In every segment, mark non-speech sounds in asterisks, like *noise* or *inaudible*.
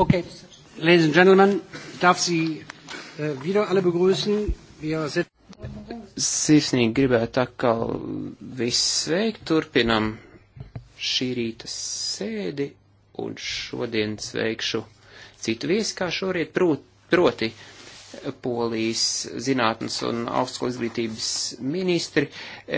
Okay, ladies and gentlemen, darf Sie äh, wieder alle begrüßen. Wir setzen Sirsnīgi gribētu atkal visus sveikt, turpinam šī rīta sēdi un šodien sveikšu citu viesi, kā šorīt proti. proti Polijas zinātnes un augstsko izglītības ministri,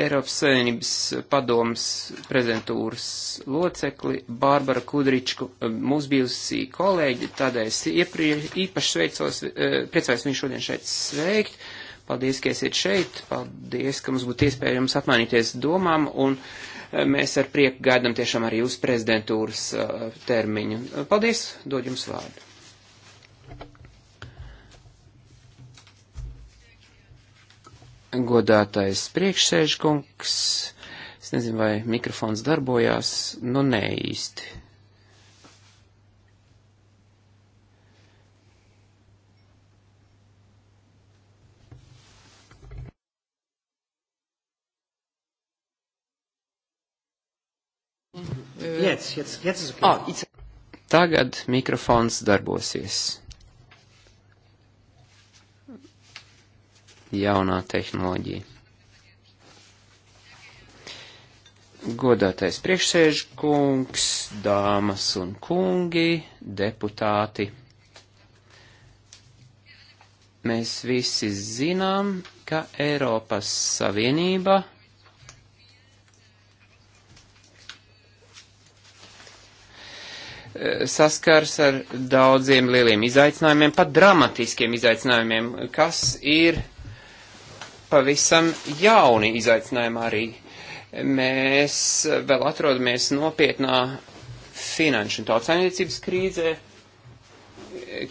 Eiropas Savienības padomas prezentūras locekli, Bārbara Kudričku, eh, mūsu bijusī kolēģi, tādēļ es ieprie, īpaši sveicos, eh, priecājos viņu šodien šeit sveikt. Paldies, ka esat šeit, paldies, ka mums būtu iespēja jums apmainīties domām un eh, mēs ar prieku gaidām tiešām arī jūsu prezidentūras termiņu. Paldies, dod jums vārdu. godātais priekšsēžkungs. Es nezinu, vai mikrofons darbojās, nu nē īsti. Jetzt, jetzt, jetzt ist okay. oh, Tagad mikrofons darbosies. jaunā tehnoloģija. Godātais priekšsēžkungs, dāmas un kungi, deputāti. Mēs visi zinām, ka Eiropas Savienība saskars ar daudziem lieliem izaicinājumiem, pat dramatiskiem izaicinājumiem, kas ir pavisam jauni izaicinājumi arī. Mēs vēl atrodamies nopietnā finanšu un tautsājumniecības krīzē,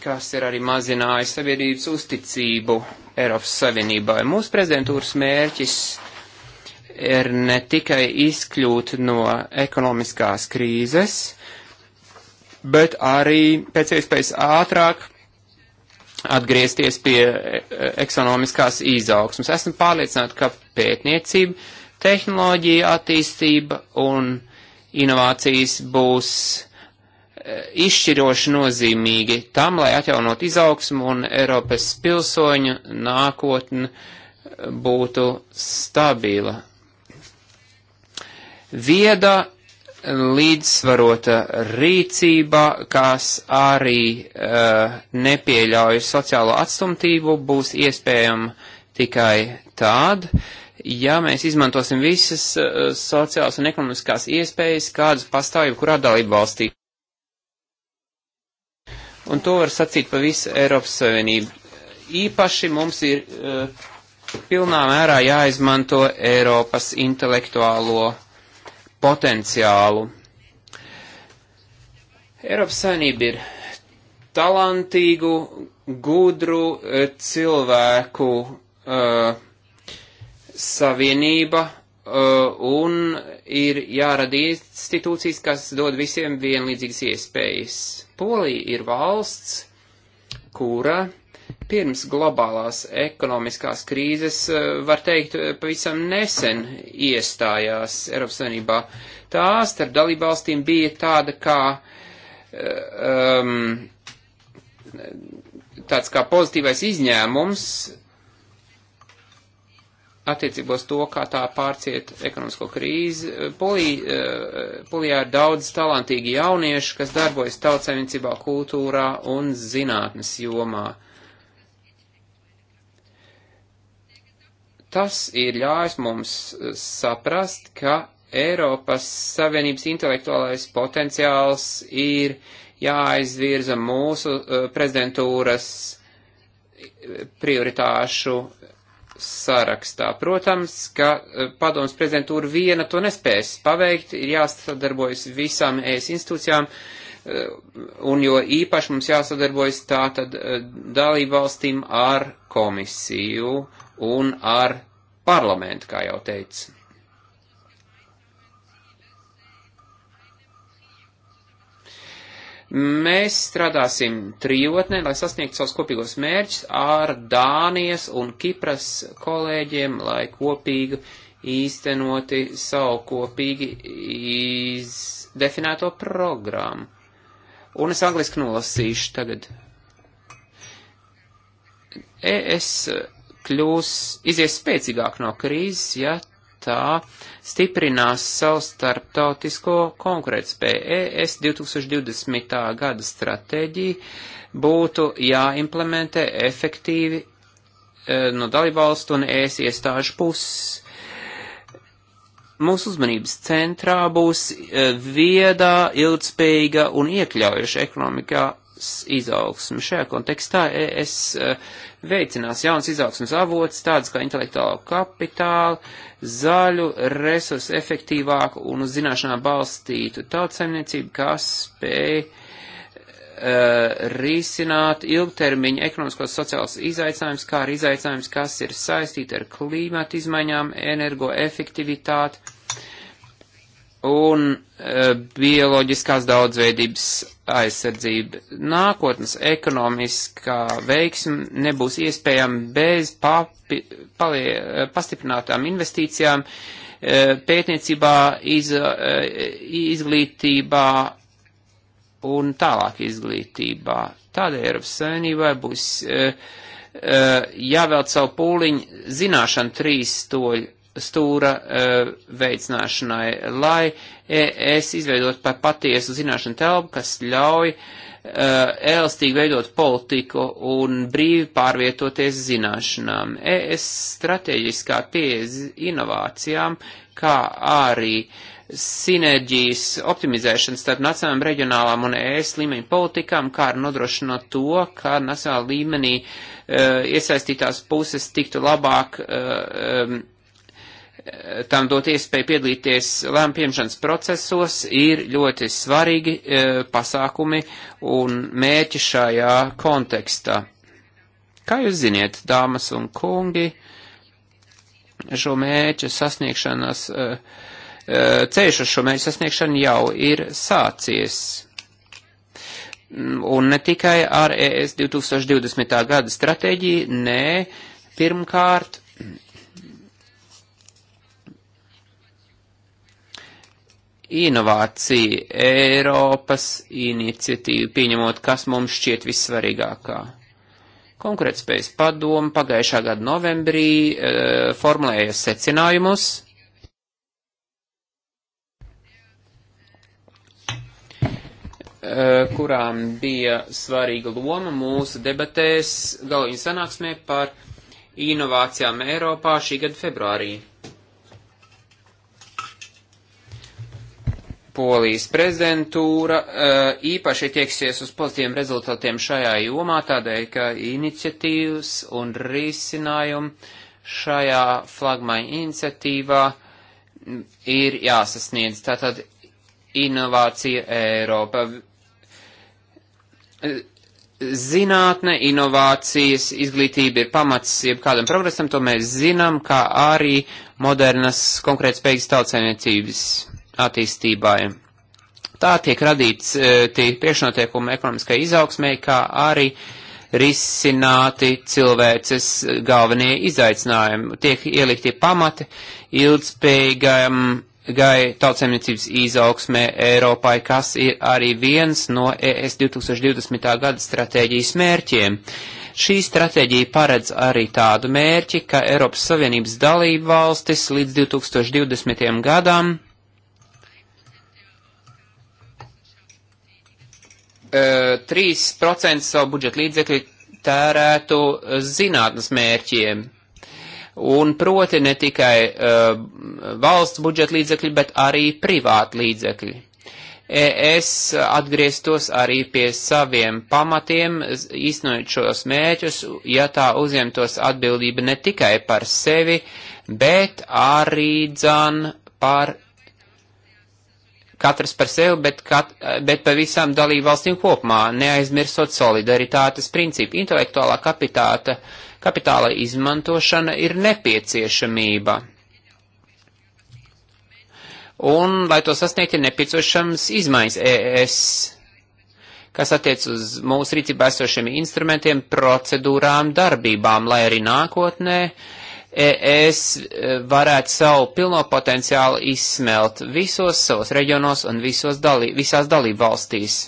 kas ir arī mazinājis sabiedrības uzticību Eiropas Savienībai. Mūsu prezidentūras mērķis ir ne tikai izkļūt no ekonomiskās krīzes, bet arī pēc iespējas ātrāk atgriezties pie e, ekonomiskās izaugsmas. Esmu pārliecināta, ka pētniecība, tehnoloģija attīstība un inovācijas būs e, izšķiroši nozīmīgi tam, lai atjaunot izaugsmu un Eiropas pilsoņu nākotni būtu stabila. Vieda līdzsvarota rīcība, kas arī uh, nepieļauj sociālo atstumtību, būs iespējama tikai tād, ja mēs izmantosim visas uh, sociālas un ekonomiskās iespējas, kādas pastāv jebkurā dalību valstī. Un to var sacīt pa visu Eiropas Savienību. Īpaši mums ir uh, pilnā mērā jāizmanto Eiropas intelektuālo uh, potenciālu. Eiropas saimnība ir talantīgu, gudru eh, cilvēku uh, savienība, uh, un ir jārada institūcijas, kas dod visiem vienlīdzīgas iespējas. Polija ir valsts, kura pirms globālās ekonomiskās krīzes, eh, var teikt, eh, pavisam nesen iestājās Eiropas Savienībā. Tā starp dalībvalstīm bija tāda kā eh, um, tāds kā pozitīvais izņēmums attiecībos to, kā tā pārciet ekonomisko krīzi. Polija, Polijā ir daudz talantīgi jaunieši, kas darbojas tautsēmniecībā, kultūrā un zinātnes jomā. Uh, Tas ir ļājis mums eh, saprast, ka Eiropas Savienības intelektuālais potenciāls ir jāaizvirza mūsu eh, prezidentūras eh, prioritāšu sarakstā. Protams, ka padoms prezidentūra viena to nespēs paveikt, ir jāsadarbojas visām ES institūcijām, un jo īpaši mums jāsadarbojas tātad dalību valstīm ar komisiju un ar parlamentu, kā jau teicu. Mēs strādāsim trijotnē, lai sasniegtu savus kopīgos mērķus ar Dānijas un Kipras kolēģiem, lai kopīgi īstenoti savu kopīgi izdefinēto programmu. Un es angliski nolasīšu tagad. Es kļūs, izies spēcīgāk no krīzes, ja tā stiprinās savu starptautisko konkurētspēju. E ES 2020. gada stratēģija būtu jāimplementē efektīvi e, no dalībvalstu un ES iestāžu puses. Mūsu uzmanības centrā būs e, viedā, ilgspējīga un iekļaujoša ekonomikā izaugsmu. Šajā kontekstā es e, veicinās jauns izaugsmas avots, tāds kā intelektuālo kapitālu, zaļu, resursu efektīvāku un uz zināšanā balstītu tautsaimniecību, kas spēj uh, risināt ilgtermiņa ekonomiskos sociālus izaicinājumus, kā arī izaicinājumus, kas ir saistīti ar klīmatu izmaiņām, energoefektivitāti un e, bioloģiskās daudzveidības aizsardzība. Nākotnes ekonomiskā veiksme nebūs iespējama bez papi, palie, pastiprinātām investīcijām, e, pētniecībā, iz, e, izglītībā un tālāk izglītībā. Tādēļ Eiropas Savienībai būs e, e, jāvēlt savu pūliņu zināšanu trīs toļu stūra uh, veicināšanai, lai e, es izveidot par patiesu zināšanu telpu, kas ļauj uh, elastīgi veidot politiku un brīvi pārvietoties zināšanām. E, es strateģiskā pieeja inovācijām, kā arī sinerģijas optimizēšana starp nacionālām, reģionālām un ES līmeņu politikām, kā arī nodrošinot to, ka nacionālā līmenī uh, iesaistītās puses tiktu labāk uh, um, tam dot iespēju piedalīties lēmumu pieņemšanas procesos, ir ļoti svarīgi e, pasākumi un mērķi šajā kontekstā. Kā jūs ziniet, dāmas un kungi, šo mērķu sasniegšanas, e, e, ceļš uz šo mērķu sasniegšanu jau ir sācies. Un ne tikai ar e ES 2020. gada stratēģiju, nē, pirmkārt inovācija Eiropas iniciatīva, pieņemot, kas mums šķiet vissvarīgākā. Konkurētspējas padoma pagājušā gada novembrī e, formulēja secinājumus. E, kurām bija svarīga loma mūsu debatēs galviņu sanāksmē par inovācijām Eiropā šī gada februārī. Polijas prezidentūra eh, īpaši tieksies uz pozitīviem rezultātiem šajā jomā, tādēļ, ka iniciatīvas un risinājumi šajā flagmaņa iniciatīvā ir jāsasniedz. Tātad inovācija Eiropa. Zinātne, inovācijas, izglītība ir pamats jebkādam progresam, to mēs zinām, kā arī modernas konkrētspējīgas tautsēmniecības attīstībai. Tā tiek radīts e, tie priekšnoteikumi ekonomiskai izaugsmēji, kā arī risināti cilvēces galvenie izaicinājumi. Tiek ielikti pamati ilgspējīgam gai tautsēmniecības izaugsmē Eiropai, kas ir arī viens no e ES 2020. gada stratēģijas mērķiem. Šī stratēģija paredz arī tādu mērķi, ka Eiropas Savienības dalību valstis līdz 2020. gadam 3% savu budžetu līdzekļu tērētu zinātnes mērķiem. Un proti ne tikai uh, valsts budžeta līdzekļi, bet arī privāti līdzekļi. Es atgrieztos arī pie saviem pamatiem, iznojot šos mēķus, ja tā uzņemtos atbildība ne tikai par sevi, bet arī dzan par katrs par sevi, bet, kat, bet par visām dalību valstīm kopumā, neaizmirsot solidaritātes principu. Intelektuālā kapitāta, kapitāla izmantošana ir nepieciešamība. Un, lai to sasniegt, ir nepieciešams izmaiņas ES, kas attiec uz mūsu rīcībā esošiem instrumentiem, procedūrām, darbībām, lai arī nākotnē uh, es e, varētu savu pilno potenciālu izsmelt visos savos reģionos un visos dalī, visās dalību valstīs.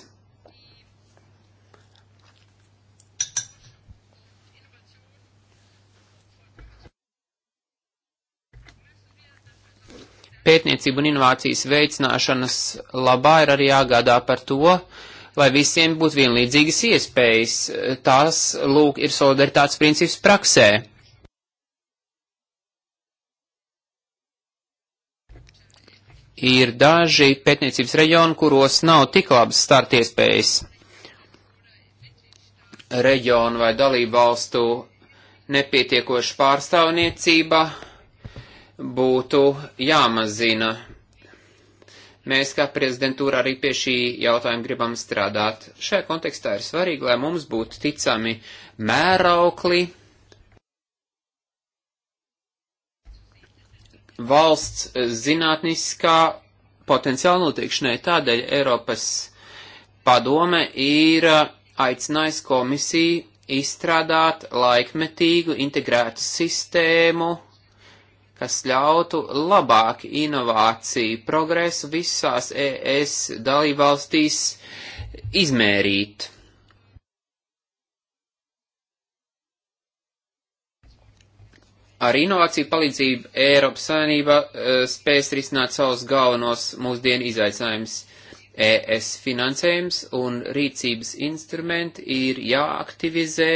Pētniecību un inovācijas veicināšanas labā ir arī jāgādā par to, lai visiem būtu vienlīdzīgas iespējas. Tās, lūk, ir solidaritātes princips praksē ir daži pētniecības reģioni, kuros nav tik labas starta iespējas. Reģionu vai dalību valstu nepietiekoša pārstāvniecība būtu jāmazina. Mēs kā prezidentūra arī pie šī jautājuma gribam strādāt. Šajā kontekstā ir svarīgi, lai mums būtu ticami mēraukli valsts zinātniskā potenciāla notiekšanai. Tādēļ Eiropas padome ir uh, aicinājusi komisiju izstrādāt laikmetīgu integrētu sistēmu, kas ļautu labāk inovāciju progresu visās ES dalībvalstīs izmērīt. Ar inovāciju palīdzību Eiropas Savienība eh, spēs risināt savus galvenos mūsdienu izaicinājumus. ES finansējums un rīcības instrumenti ir jāaktivizē,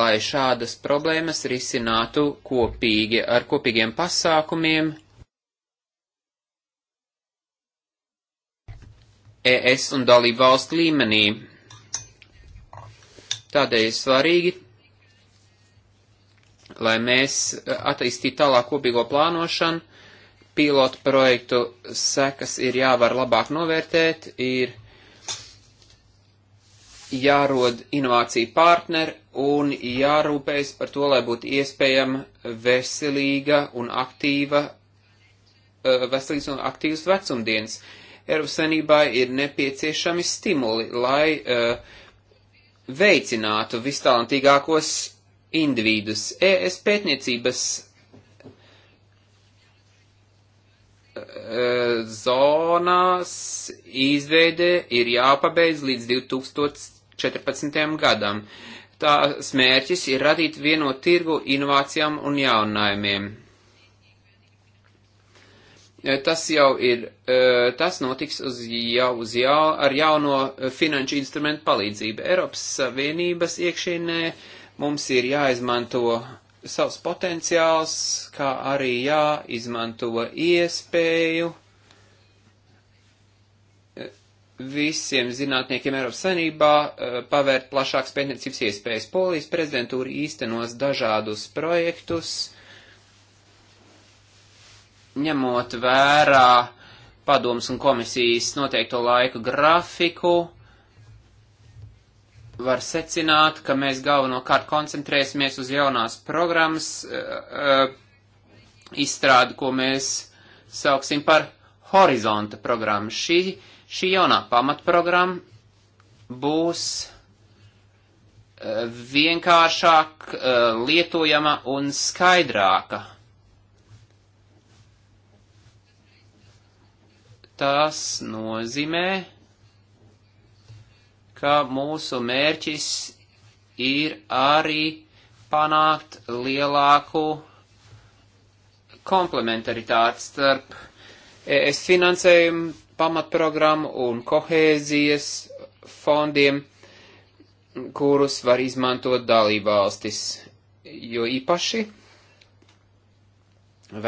lai šādas problēmas risinātu kopīgi ar kopīgiem pasākumiem. ES un dalību valstu līmenī. Tādēļ ir svarīgi lai mēs eh, attīstītu tālāk kopīgo plānošanu. Pilotu projektu sekas ir jāvar labāk novērtēt, ir jārod inovāciju partneri un jārūpējas par to, lai būtu iespējama veselīga un aktīva, eh, veselīgs un aktīvs vecumdienas. Eiropas Savienībai ir nepieciešami stimuli, lai uh, veicinātu vistālantīgākos individus. ES pētniecības e, zonās izveide ir jāpabeidz līdz 2014. gadam. Tā smērķis ir radīt vienot tirgu inovācijām un jauninājumiem. E, tas jau ir, e, tas notiks uz jau, uz jau, ar jauno finanšu instrumentu palīdzību. Eiropas Savienības iekšienē uh, Mums ir jāizmanto savs potenciāls, kā arī jāizmanto iespēju visiem zinātniekiem Eiropas Savienībā eh, pavērt plašākas pētniecības iespējas. Polijas prezidentūra īstenos dažādus projektus, ņemot vērā padomus un komisijas noteikto laiku grafiku var secināt, ka mēs galvenokārt koncentrēsimies uz jaunās programmas eh, eh, izstrādi, ko mēs sauksim par horizonta programmu. Šī, šī jaunā pamatprogramma būs eh, vienkāršāk lietojama un skaidrāka. Tas nozīmē, ka mūsu mērķis ir arī panākt lielāku komplementaritāti starp es finansējumu pamatprogrammu un kohēzijas fondiem, kurus var izmantot dalībvalstis, jo īpaši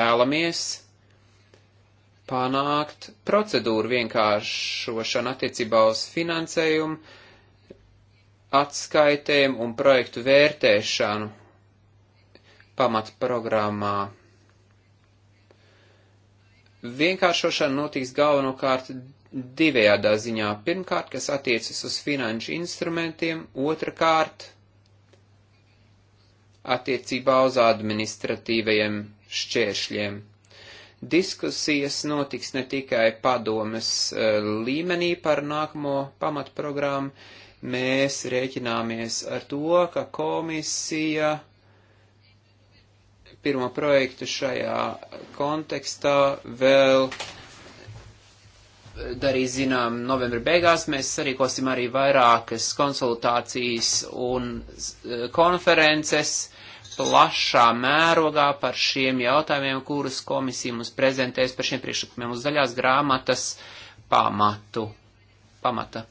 vēlamies panākt procedūru vienkāršošanu attiecībā uz finansējumu, atskaitēm un projektu vērtēšanu pamatprogrammā. Vienkāršošana notiks galvenokārt divējādā ziņā. Pirmkārt, kas attiecas uz finanšu instrumentiem, otrkārt, attiecībā uz administratīvajiem šķēršļiem. Diskusijas notiks ne tikai padomes eh, līmenī par nākamo pamatprogrammu, Mēs rēķināmies ar to, ka komisija pirmo projektu šajā kontekstā vēl darīs zinām novembra beigās. Mēs sarīkosim arī vairākas konsultācijas un e, konferences plašā mērogā par šiem jautājumiem, kurus komisija mums prezentēs par šiem priekšlikumiem uz zaļās grāmatas pamatu. Pamata.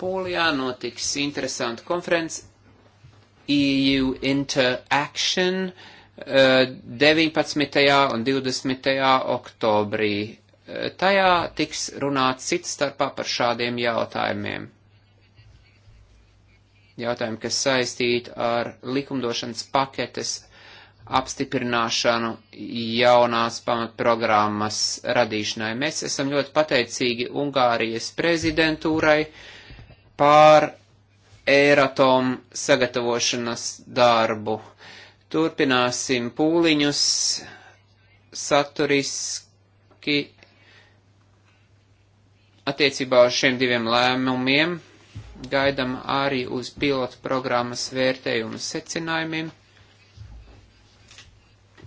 Polijā notiks interesanta konference EU Interaction 19. Eh, un 20. oktobrī. Eh, tajā tiks runāts cits starpā par šādiem jautājumiem jautājumi, kas saistīti ar likumdošanas paketes apstiprināšanu jaunās pamatprogrammas radīšanai. Mēs esam ļoti pateicīgi Ungārijas prezidentūrai pār Eiratom sagatavošanas darbu. Turpināsim pūliņus saturiski attiecībā uz šiem diviem lēmumiem. Gaidam arī uz pilotu programmas vērtējumu secinājumiem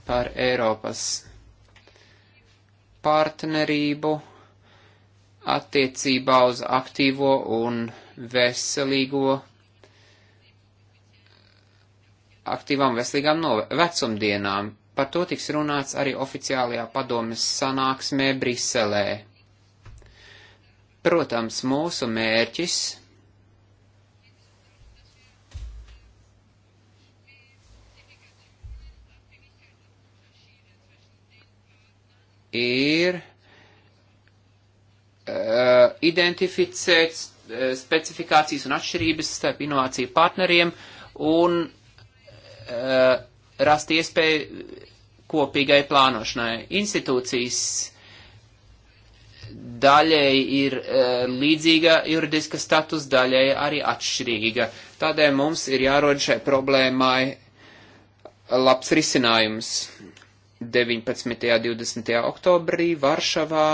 par Eiropas partnerību attiecībā uz aktīvo un veselīgo, aktīvām veselīgām no vecumdienām. Par to tiks runāts arī oficiālajā padomes sanāksmē Briselē. Protams, mūsu mērķis ir uh, identificēt Eh, specifikācijas un atšķirības starp inovāciju partneriem un uh, rast iespēju kopīgai plānošanai. Institūcijas daļēji ir uh, līdzīga juridiska status, daļēji arī atšķirīga. Tādēļ mums ir jārod šai problēmai labs risinājums. 19. un 20. oktobrī Varšavā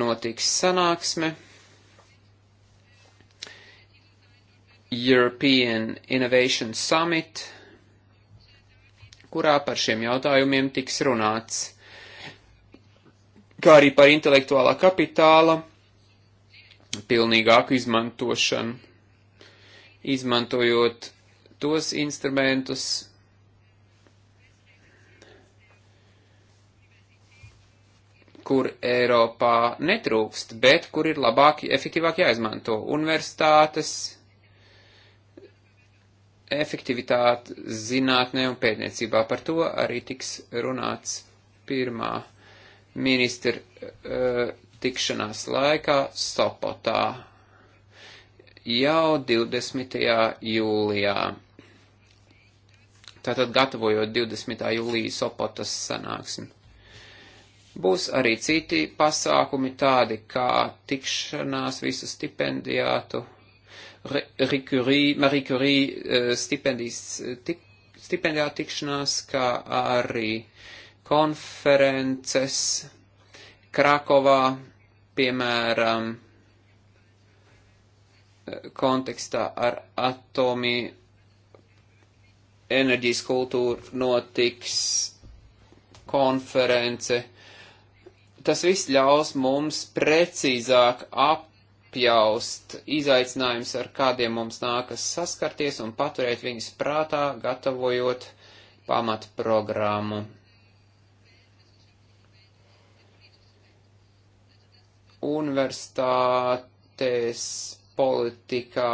notiks sanāksme. European Innovation Summit, kurā par šiem jautājumiem tiks runāts, kā arī par intelektuālā kapitāla pilnīgāku izmantošanu, izmantojot tos instrumentus, kur Eiropā netrūkst, bet kur ir labāk, efektīvāk jāizmanto universitātes, efektivitāti zinātnē un pētniecībā. Par to arī tiks runāts pirmā ministra uh, tikšanās laikā Sopotā jau 20. jūlijā. Tātad gatavojot 20. jūlija Sopotas sanāksmi. Būs arī citi pasākumi tādi kā tikšanās visu stipendijātu Curie, Marie Curie eh, stipendijas eh, tik, stipendijā tikšanās, kā arī konferences Krakovā, piemēram, eh, kontekstā ar atomi enerģijas kultūru notiks konference. Tas viss ļaus mums precīzāk ap apjaust izaicinājumus, ar kādiem mums nākas saskarties un paturēt viņus prātā, gatavojot pamatprogrammu. Universitātēs, politikā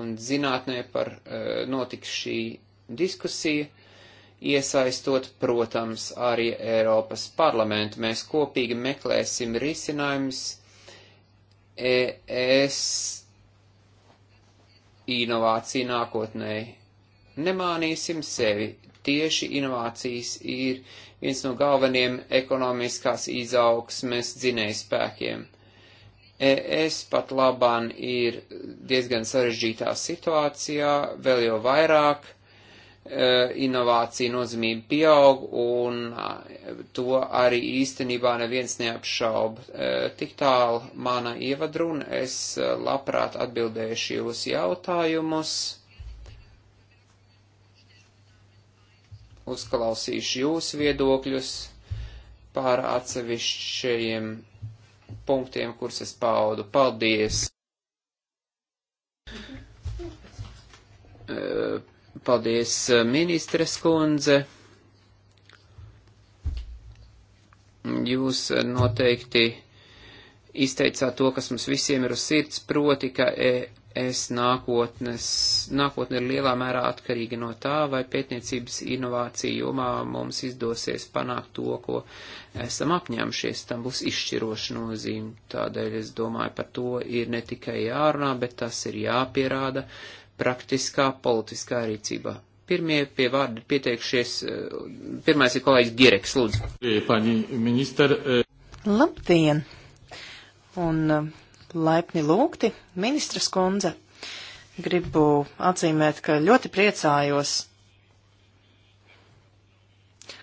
un zinātnē par e, notiks šī diskusija iesaistot, protams, arī Eiropas parlamentu. Mēs kopīgi meklēsim risinājumus ES inovāciju nākotnē. Nemānīsim sevi. Tieši inovācijas ir viens no galveniem ekonomiskās izaugsmes dzinējspēkiem. ES pat labāk ir diezgan sarežģītā situācijā, vēl jau vairāk Eh, inovāciju nozīmība pieaug, un eh, to arī īstenībā neviens neapšauba. Eh, tik tālu mana ievadruna, es labprāt atbildēšu jūs jautājumus, uzklausīšu jūs viedokļus par atsevišķajiem punktiem, kurus es paudu. Paldies! Uh, Paldies, eh, ministres kundze. Jūs eh, noteikti izteicāt to, kas mums visiem ir uz sirds, proti, ka eh, es nākotnes, nākotne ir lielā mērā atkarīga no tā, vai pētniecības inovācija jomā mums izdosies panākt to, ko esam apņēmušies. Tam būs izšķiroša nozīme. Tādēļ es domāju, par to ir ne tikai jārunā, bet tas ir jāpierāda praktiskā politiskā rīcībā. Pirmie pie vārda pieteikšies, eh, pirmais ir kolēģis Gireks, lūdzu. E, Paņi minister. E, Labdien! Un eh, laipni lūgti, ministras kundze. Gribu atzīmēt, ka ļoti priecājos,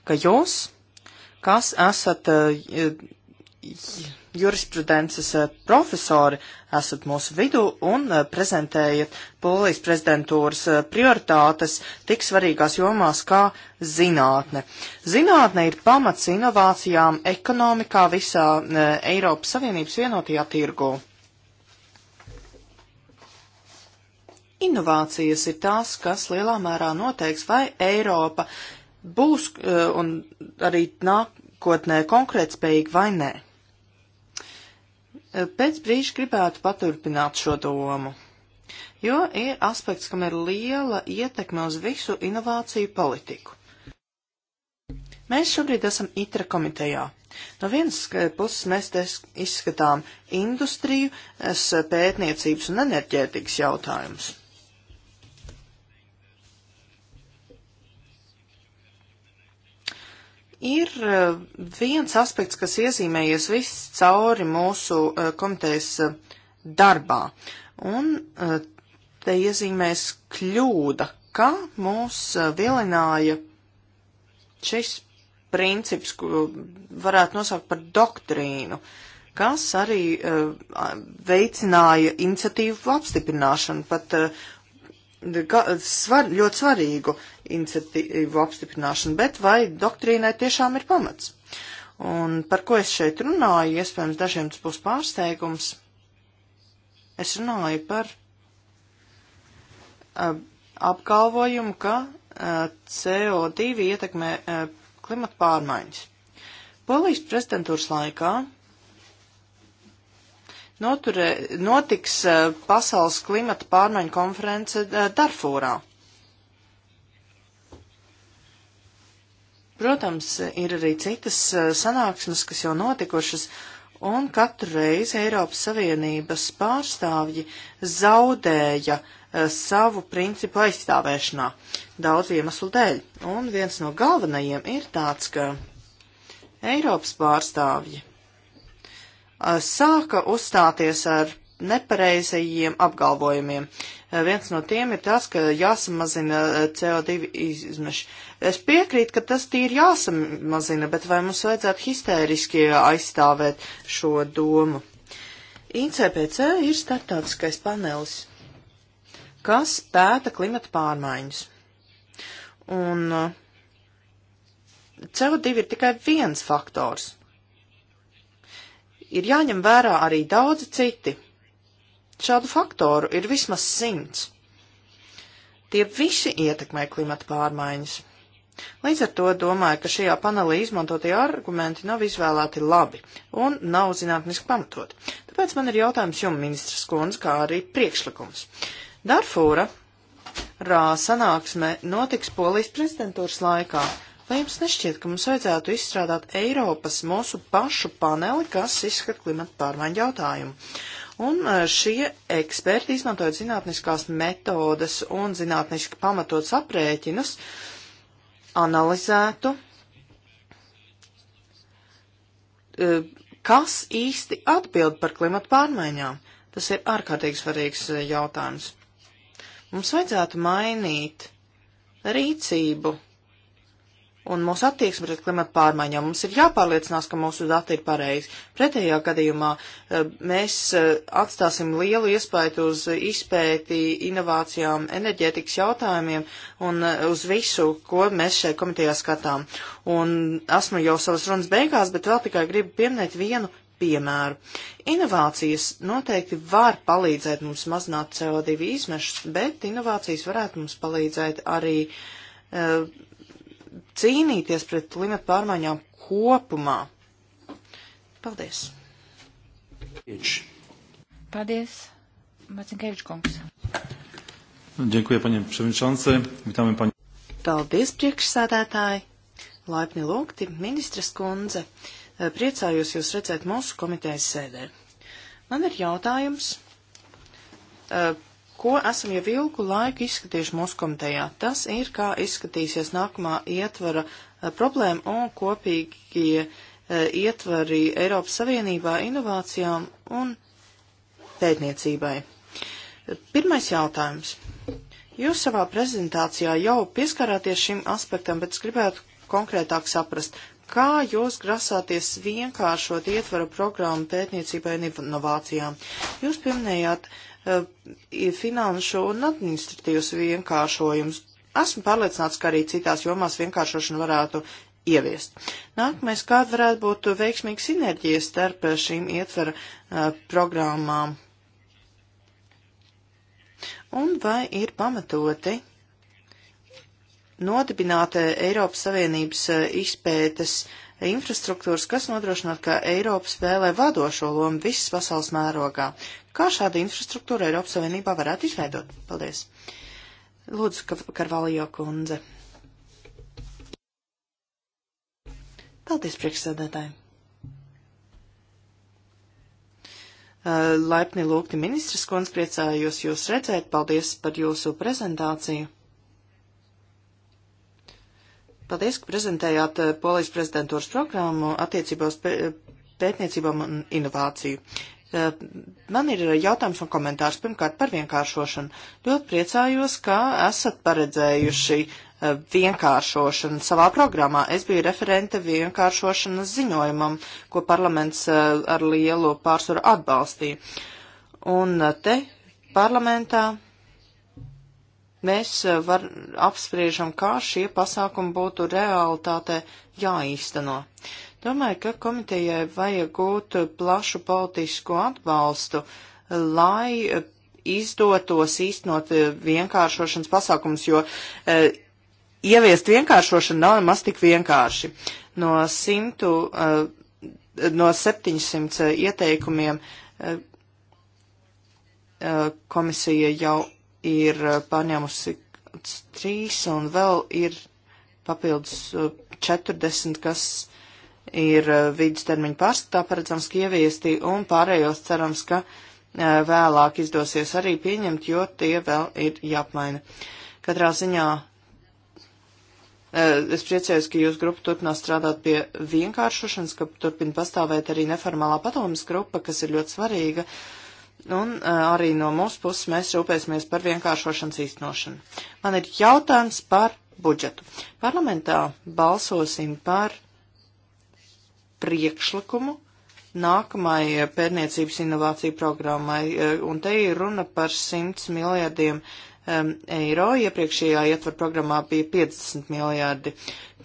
ka jūs, kas esat eh, jurisprudences eh, profesori esat mūsu vidū un eh, prezentējat Polijas prezidentūras eh, prioritātes tik svarīgās jomās kā zinātne. Zinātne ir pamats inovācijām ekonomikā visā Eiropas Savienības vienotajā tirgū. Inovācijas ir tās, kas lielā mērā noteiks, vai Eiropa būs un arī nākotnē konkrētspējīga vai nē. Pēc brīža gribētu paturpināt šo domu, jo ir aspekts, kam ir liela ietekme uz visu inovāciju politiku. Mēs šobrīd esam ITRA komitejā. No vienas puses mēs izskatām industriju, pētniecības un enerģētikas jautājumus. Ir eh, viens aspekts, kas iezīmējies viss cauri mūsu eh, komitejas eh, darbā, un te iezīmēs kļūda, ka mūs vilināja šis princips, ko varētu nosaukt par doktrīnu, kas arī veicināja iniciatīvu apstiprināšanu, pat svar, ļoti svarīgu iniciatīvu apstiprināšanu, bet vai doktrīnai tiešām ir pamats? Un par ko es šeit runāju, iespējams, dažiem tas būs pārsteigums. Es runāju par uh, apgalvojumu, ka uh, CO2 ietekmē uh, klimata pārmaiņas. Polijas prezidentūras laikā noturē, notiks eh, pasaules klimata pārmaiņu konference eh, Darfūrā. Protams, ir arī citas eh, sanāksmes, kas jau notikušas, un katru reizi Eiropas Savienības pārstāvji zaudēja savu principu aizstāvēšanā daudz iemeslu dēļ. Un viens no galvenajiem ir tāds, ka Eiropas pārstāvji Eh, sāka uzstāties ar nepareizajiem apgalvojumiem. Eh, viens no tiem ir tas, ka jāsamazina eh, CO2 izmeši. Es piekrītu, ka tas tīri jāsamazina, bet vai mums vajadzētu histēriski aizstāvēt šo domu? ICPC ir startautiskais panelis, kas pēta klimata pārmaiņas. Un CO2 ir tikai viens faktors ir jāņem vērā arī daudzi citi. Šādu faktoru ir vismaz simts. Tie visi ietekmē klimata pārmaiņas. Līdz ar to domāju, ka šajā panelī izmantotie argumenti nav izvēlēti labi un nav zinātniski pamatot. Tāpēc man ir jautājums jums, ministrs Kundze, kā arī priekšlikums. Darfūra rā sanāksme notiks Polijas prezidentūras laikā, Vai jums nešķiet, ka mums vajadzētu izstrādāt Eiropas mūsu pašu paneli, kas izskat klimata pārmaiņu jautājumu? Un e, šie eksperti, izmantojot zinātniskās metodas un zinātniski pamatots aprēķinus, analizētu, e, kas īsti atbild par klimatu pārmaiņām. Tas ir ārkārtīgi svarīgs e, jautājums. Mums vajadzētu mainīt rīcību un mūsu attieksme pret klimatu pārmaiņām. Mums ir jāpārliecinās, ka mūsu dati ir pareizi. Pretējā gadījumā eh, mēs eh, atstāsim lielu iespēju uz izpēti, inovācijām, enerģētikas jautājumiem un eh, uz visu, ko mēs šeit komitejā skatām. Un esmu jau savas runas beigās, bet vēl tikai gribu pieminēt vienu piemēru. Inovācijas noteikti var palīdzēt mums mazināt CO2 izmešus, bet inovācijas varētu mums palīdzēt arī uh, cīnīties pret klimatu pārmaiņām kopumā. Paldies! Paldies, Macinkēvičs kungs. Dziękuję, panie przewodniczący. Witamy panie. Paldies, priekšsādātāji. Laipni lūgti, ministras kundze. Priecājos jūs redzēt mūsu komitejas sēdē. Man ir jautājums eh, ko esam jau ilgu laiku izskatījuši mūsu komitejā. Tas ir, kā izskatīsies nākamā ietvara eh, problēma un kopīgie eh, ietvari Eiropas Savienībā inovācijām un pētniecībai. Pirmais jautājums. Jūs savā prezentācijā jau pieskarāties šim aspektam, bet es gribētu konkrētāk saprast, kā jūs grasāties vienkāršot ietvara programmu pētniecībai un inovācijām. Jūs pieminējāt uh, Eh, ir finanšu un administratīvs vienkāršojums. Esmu pārliecināts, ka arī citās jomās vienkāršošanu varētu ieviest. Nākamais, kāda varētu būt veiksmīga sinerģija starp šīm ietvera uh, programmām? Un vai ir pamatoti nodibināt eh, Eiropas Savienības izpētes infrastruktūras, kas nodrošinātu, ka Eiropa spēlē vadošo lomu visas pasaules mērogā? Kā šāda infrastruktūra Eiropas Savienībā varētu izveidot? Paldies! Lūdzu, Karvalijo kundze. Paldies, priekšsēdētāji! Laipni lūgti ministras kundz, priecājos jūs redzēt, paldies par jūsu prezentāciju. Paldies, ka prezentējāt Polijas prezidentūras programmu attiecībā uz pētniecībām un inovāciju. Eh, man ir jautājums un komentārs pirmkārt par vienkāršošanu. Ļoti priecājos, ka esat paredzējuši eh, vienkāršošanu savā programmā. Es biju referente vienkāršošanas ziņojumam, ko parlaments eh, ar lielu pārsvaru atbalstīja. Un te parlamentā mēs eh, var apspriežam, kā šie pasākumi būtu realitātē jāīsteno. Domāju, ka komitejai vajag gūt plašu politisku atbalstu, lai eh, izdotos īstenot eh, vienkāršošanas pasākums, jo e, ieviest vienkāršošanu nav nemaz tik vienkārši. No, simtu, e, no 700 ieteikumiem e, komisija jau ir eh, paņēmusi trīs un vēl ir papildus 40, eh, kas ir eh, vidustermiņa pārskatā paredzams, ka ieviesti, un pārējos cerams, ka vēlāk izdosies arī pieņemt, jo tie vēl ir jāapmaina. Katrā ziņā es priecājos, ka jūs grupa turpinās strādāt pie vienkāršošanas, ka turpina pastāvēt arī neformālā padomas grupa, kas ir ļoti svarīga. Uh, Un eh, arī no mūsu puses mēs rūpēsimies par vienkāršošanas īstenošanu. Man ir jautājums par budžetu. Parlamentā balsosim par priekšlikumu nākamai pērniecības inovāciju programmai, eh, un te ir runa par 100 miljardiem um, eiro, iepriekšējā ietvar programmā bija 50 miljardi.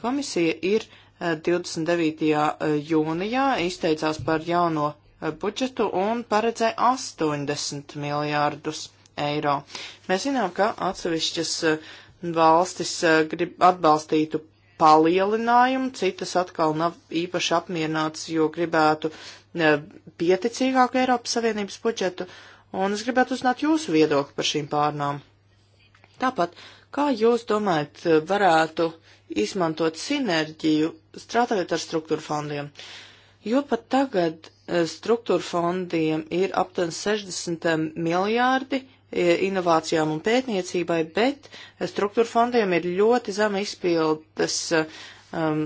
Komisija ir 29. Eh, jūnijā izteicās par jauno budžetu un paredzēja 80 miljārdus eiro. Mēs zinām, ka atsevišķas eh, valstis eh, grib atbalstītu palielinājumu, citas atkal nav īpaši apmierināts, jo gribētu eh, pieticīgāku Eiropas Savienības budžetu, un es gribētu uzzināt jūsu viedokli par šīm pārnām. Tāpat, kā jūs domājat, varētu izmantot sinerģiju strādājot ar struktūra fondiem? Jo pat tagad Eh, struktūra fondiem ir aptuveni 60 eh, miljārdi eh, inovācijām un pētniecībai, bet struktūra fondiem ir ļoti zema izpildes, um,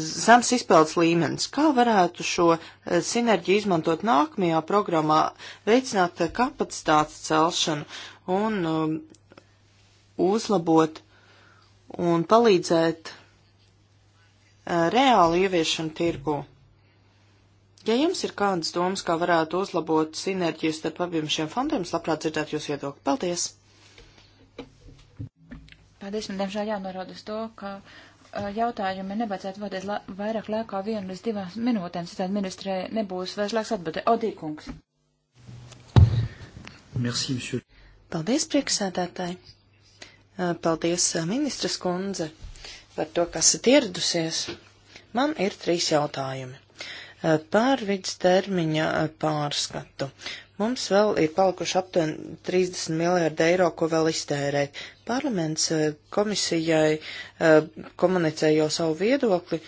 zems izpildes līmenis. Kā varētu šo sinerģiju izmantot nākamajā programmā, veicināt kapacitātes celšanu un um, uzlabot un palīdzēt uh, reāli ieviešanu tirgu? Ja jums ir kādas domas, kā varētu uzlabot sinerģiju starp abiem šiem fondiem, es labprāt dzirdētu jūs viedokli. Paldies! Paldies, man diemžēl jānorāda uz to, ka jautājumi nebadzētu vadīt la vairāk laikā vienu līdz divām minūtēm, citādi ministrē nebūs vairs laiks atbildēt. Odīkungs. Merci, monsieur. Paldies, prieksēdētāji. Paldies, ministras kundze, par to, kas esat ieradusies. Man ir trīs jautājumi. Eh, par vidustermiņa eh, pārskatu. Mums vēl ir palikuši aptuveni 30 miljārdi eiro, ko vēl iztērēt. Parlaments eh, komisijai komunicē jau savu viedokli,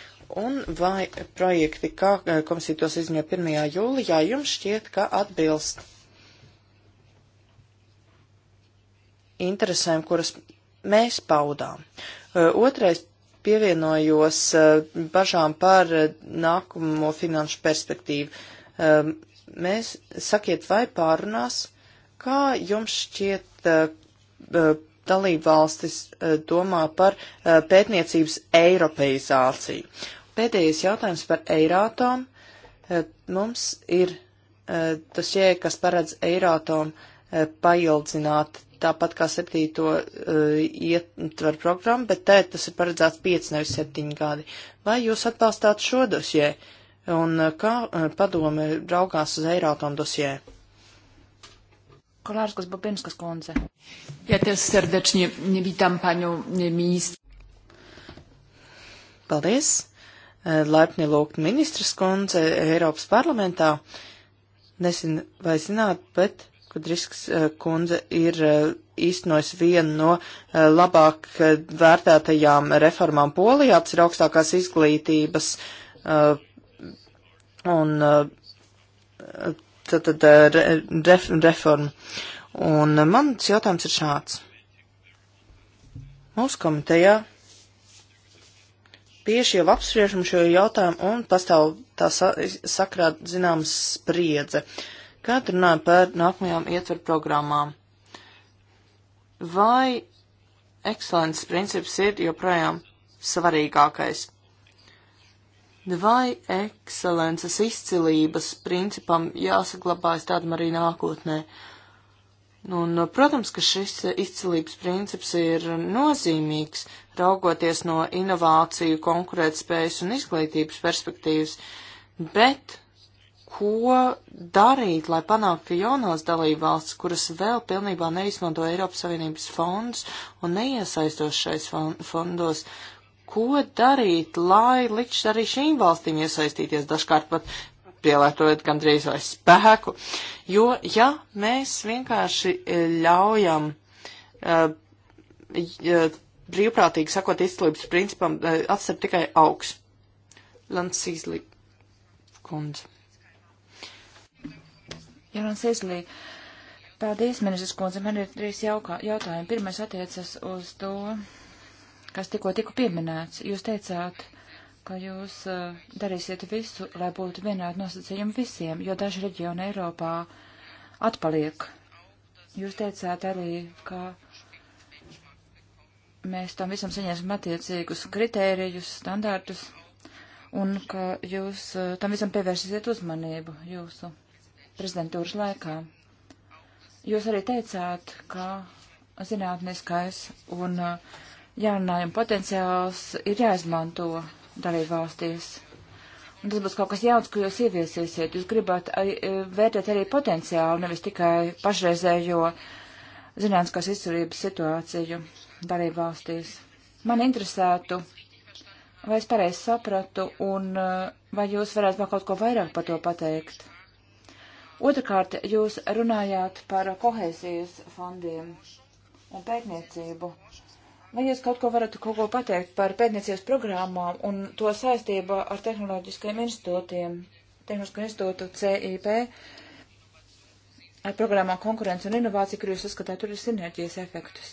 un vai projekti, kā komisija tos izņēma 1. jūlijā, jums šķiet, ka atbilst interesēm, kuras mēs paudām. Otrais pievienojos eh, bažām par eh, nākamo finanšu perspektīvu. Eh, mēs sakiet, vai pārunās, kā jums šķiet dalību valstis domā par pētniecības eiropeizāciju. Pēdējais jautājums par Eirātom. Mums ir tas jē, kas paredz Eirātom paildzināt tāpat kā septīto uh, ietver programmu, bet te tas ir paredzēts 5, nevis 7 gadi. Vai jūs atbalstāt šo dosjē? Un uh, kā uh, padome raugās uz Eirātom dosjē? Kolārskas Babinskas kundze. Ja ties serdečņi vītam paņu ministru. Paldies. Laipni lūgt ministras kundze Eiropas parlamentā. Nesin, vai zināt, bet Kudrisks eh, kundze ir eh, īstenojis vienu no eh, labāk vērtētajām reformām Polijā, tas ir augstākās izglītības un tad, tad re, reforma. Un mans jautājums ir šāds. Mūsu komitejā tieši jau apspriežam šo jautājumu un pastāv tā sakrāt zināmas spriedze. Uh, Kad runājam par nākamajām ietveru programmām, vai ekscelences princips ir joprojām svarīgākais? Vai ekscelences izcilības principam jāsaglabājas tādam arī nākotnē? Nu, un, nu, protams, ka šis izcilības princips ir nozīmīgs, raugoties no inovāciju, konkurētspējas un izglītības perspektīvas, bet ko darīt, lai panāktu, ka jaunās dalībvalsts, kuras vēl pilnībā neizmanto Eiropas Savienības fondus un neiesaistos šais fondos, ko darīt, lai likšķi arī šīm valstīm iesaistīties dažkārt pat pielietojot gandrīz vai spēku. Jo, ja mēs vienkārši e, ļaujam uh, brīvprātīgi sakot izcilības principam, uh, atstāt tikai augs. Lansīzli kundze. Jārans Eslī. Paldies, ministrs kundze. Man ir trīs jaukā, jautājumi. Pirmais attiecas uz to, kas tikko tika pieminēts. Jūs teicāt, ka jūs uh, darīsiet visu, lai būtu vienādi nosacījumi visiem, jo daži reģioni Eiropā atpaliek. Jūs teicāt arī, ka mēs tam visam saņemsim attiecīgus kritērijus, standārtus, un ka jūs uh, tam visam pievērsīsiet uzmanību jūsu prezidentūras laikā. Jūs arī teicāt, ka zinātniskais un uh, jauninājuma potenciāls ir jāizmanto dalībvalstīs. Un tas būs kaut kas jauns, ko jūs ieviesiesiet. Jūs gribat arī, eh, vērtēt arī potenciālu, nevis tikai pašreizējo zinātniskās izturības situāciju darību valstīs. Man interesētu, vai es pareizi sapratu, un eh, vai jūs varētu vēl kaut ko vairāk par to pateikt? Otrakārt, jūs runājāt par kohēzijas fondiem un pētniecību. Vai jūs kaut ko varat kaut ko pateikt par pētniecības programmām un to saistību ar tehnoloģiskajiem institūtiem, tehnoloģisko institūtu CIP, ar programmām konkurence un inovācija, kur jūs uzskatāt, tur ir sinerģijas efektus?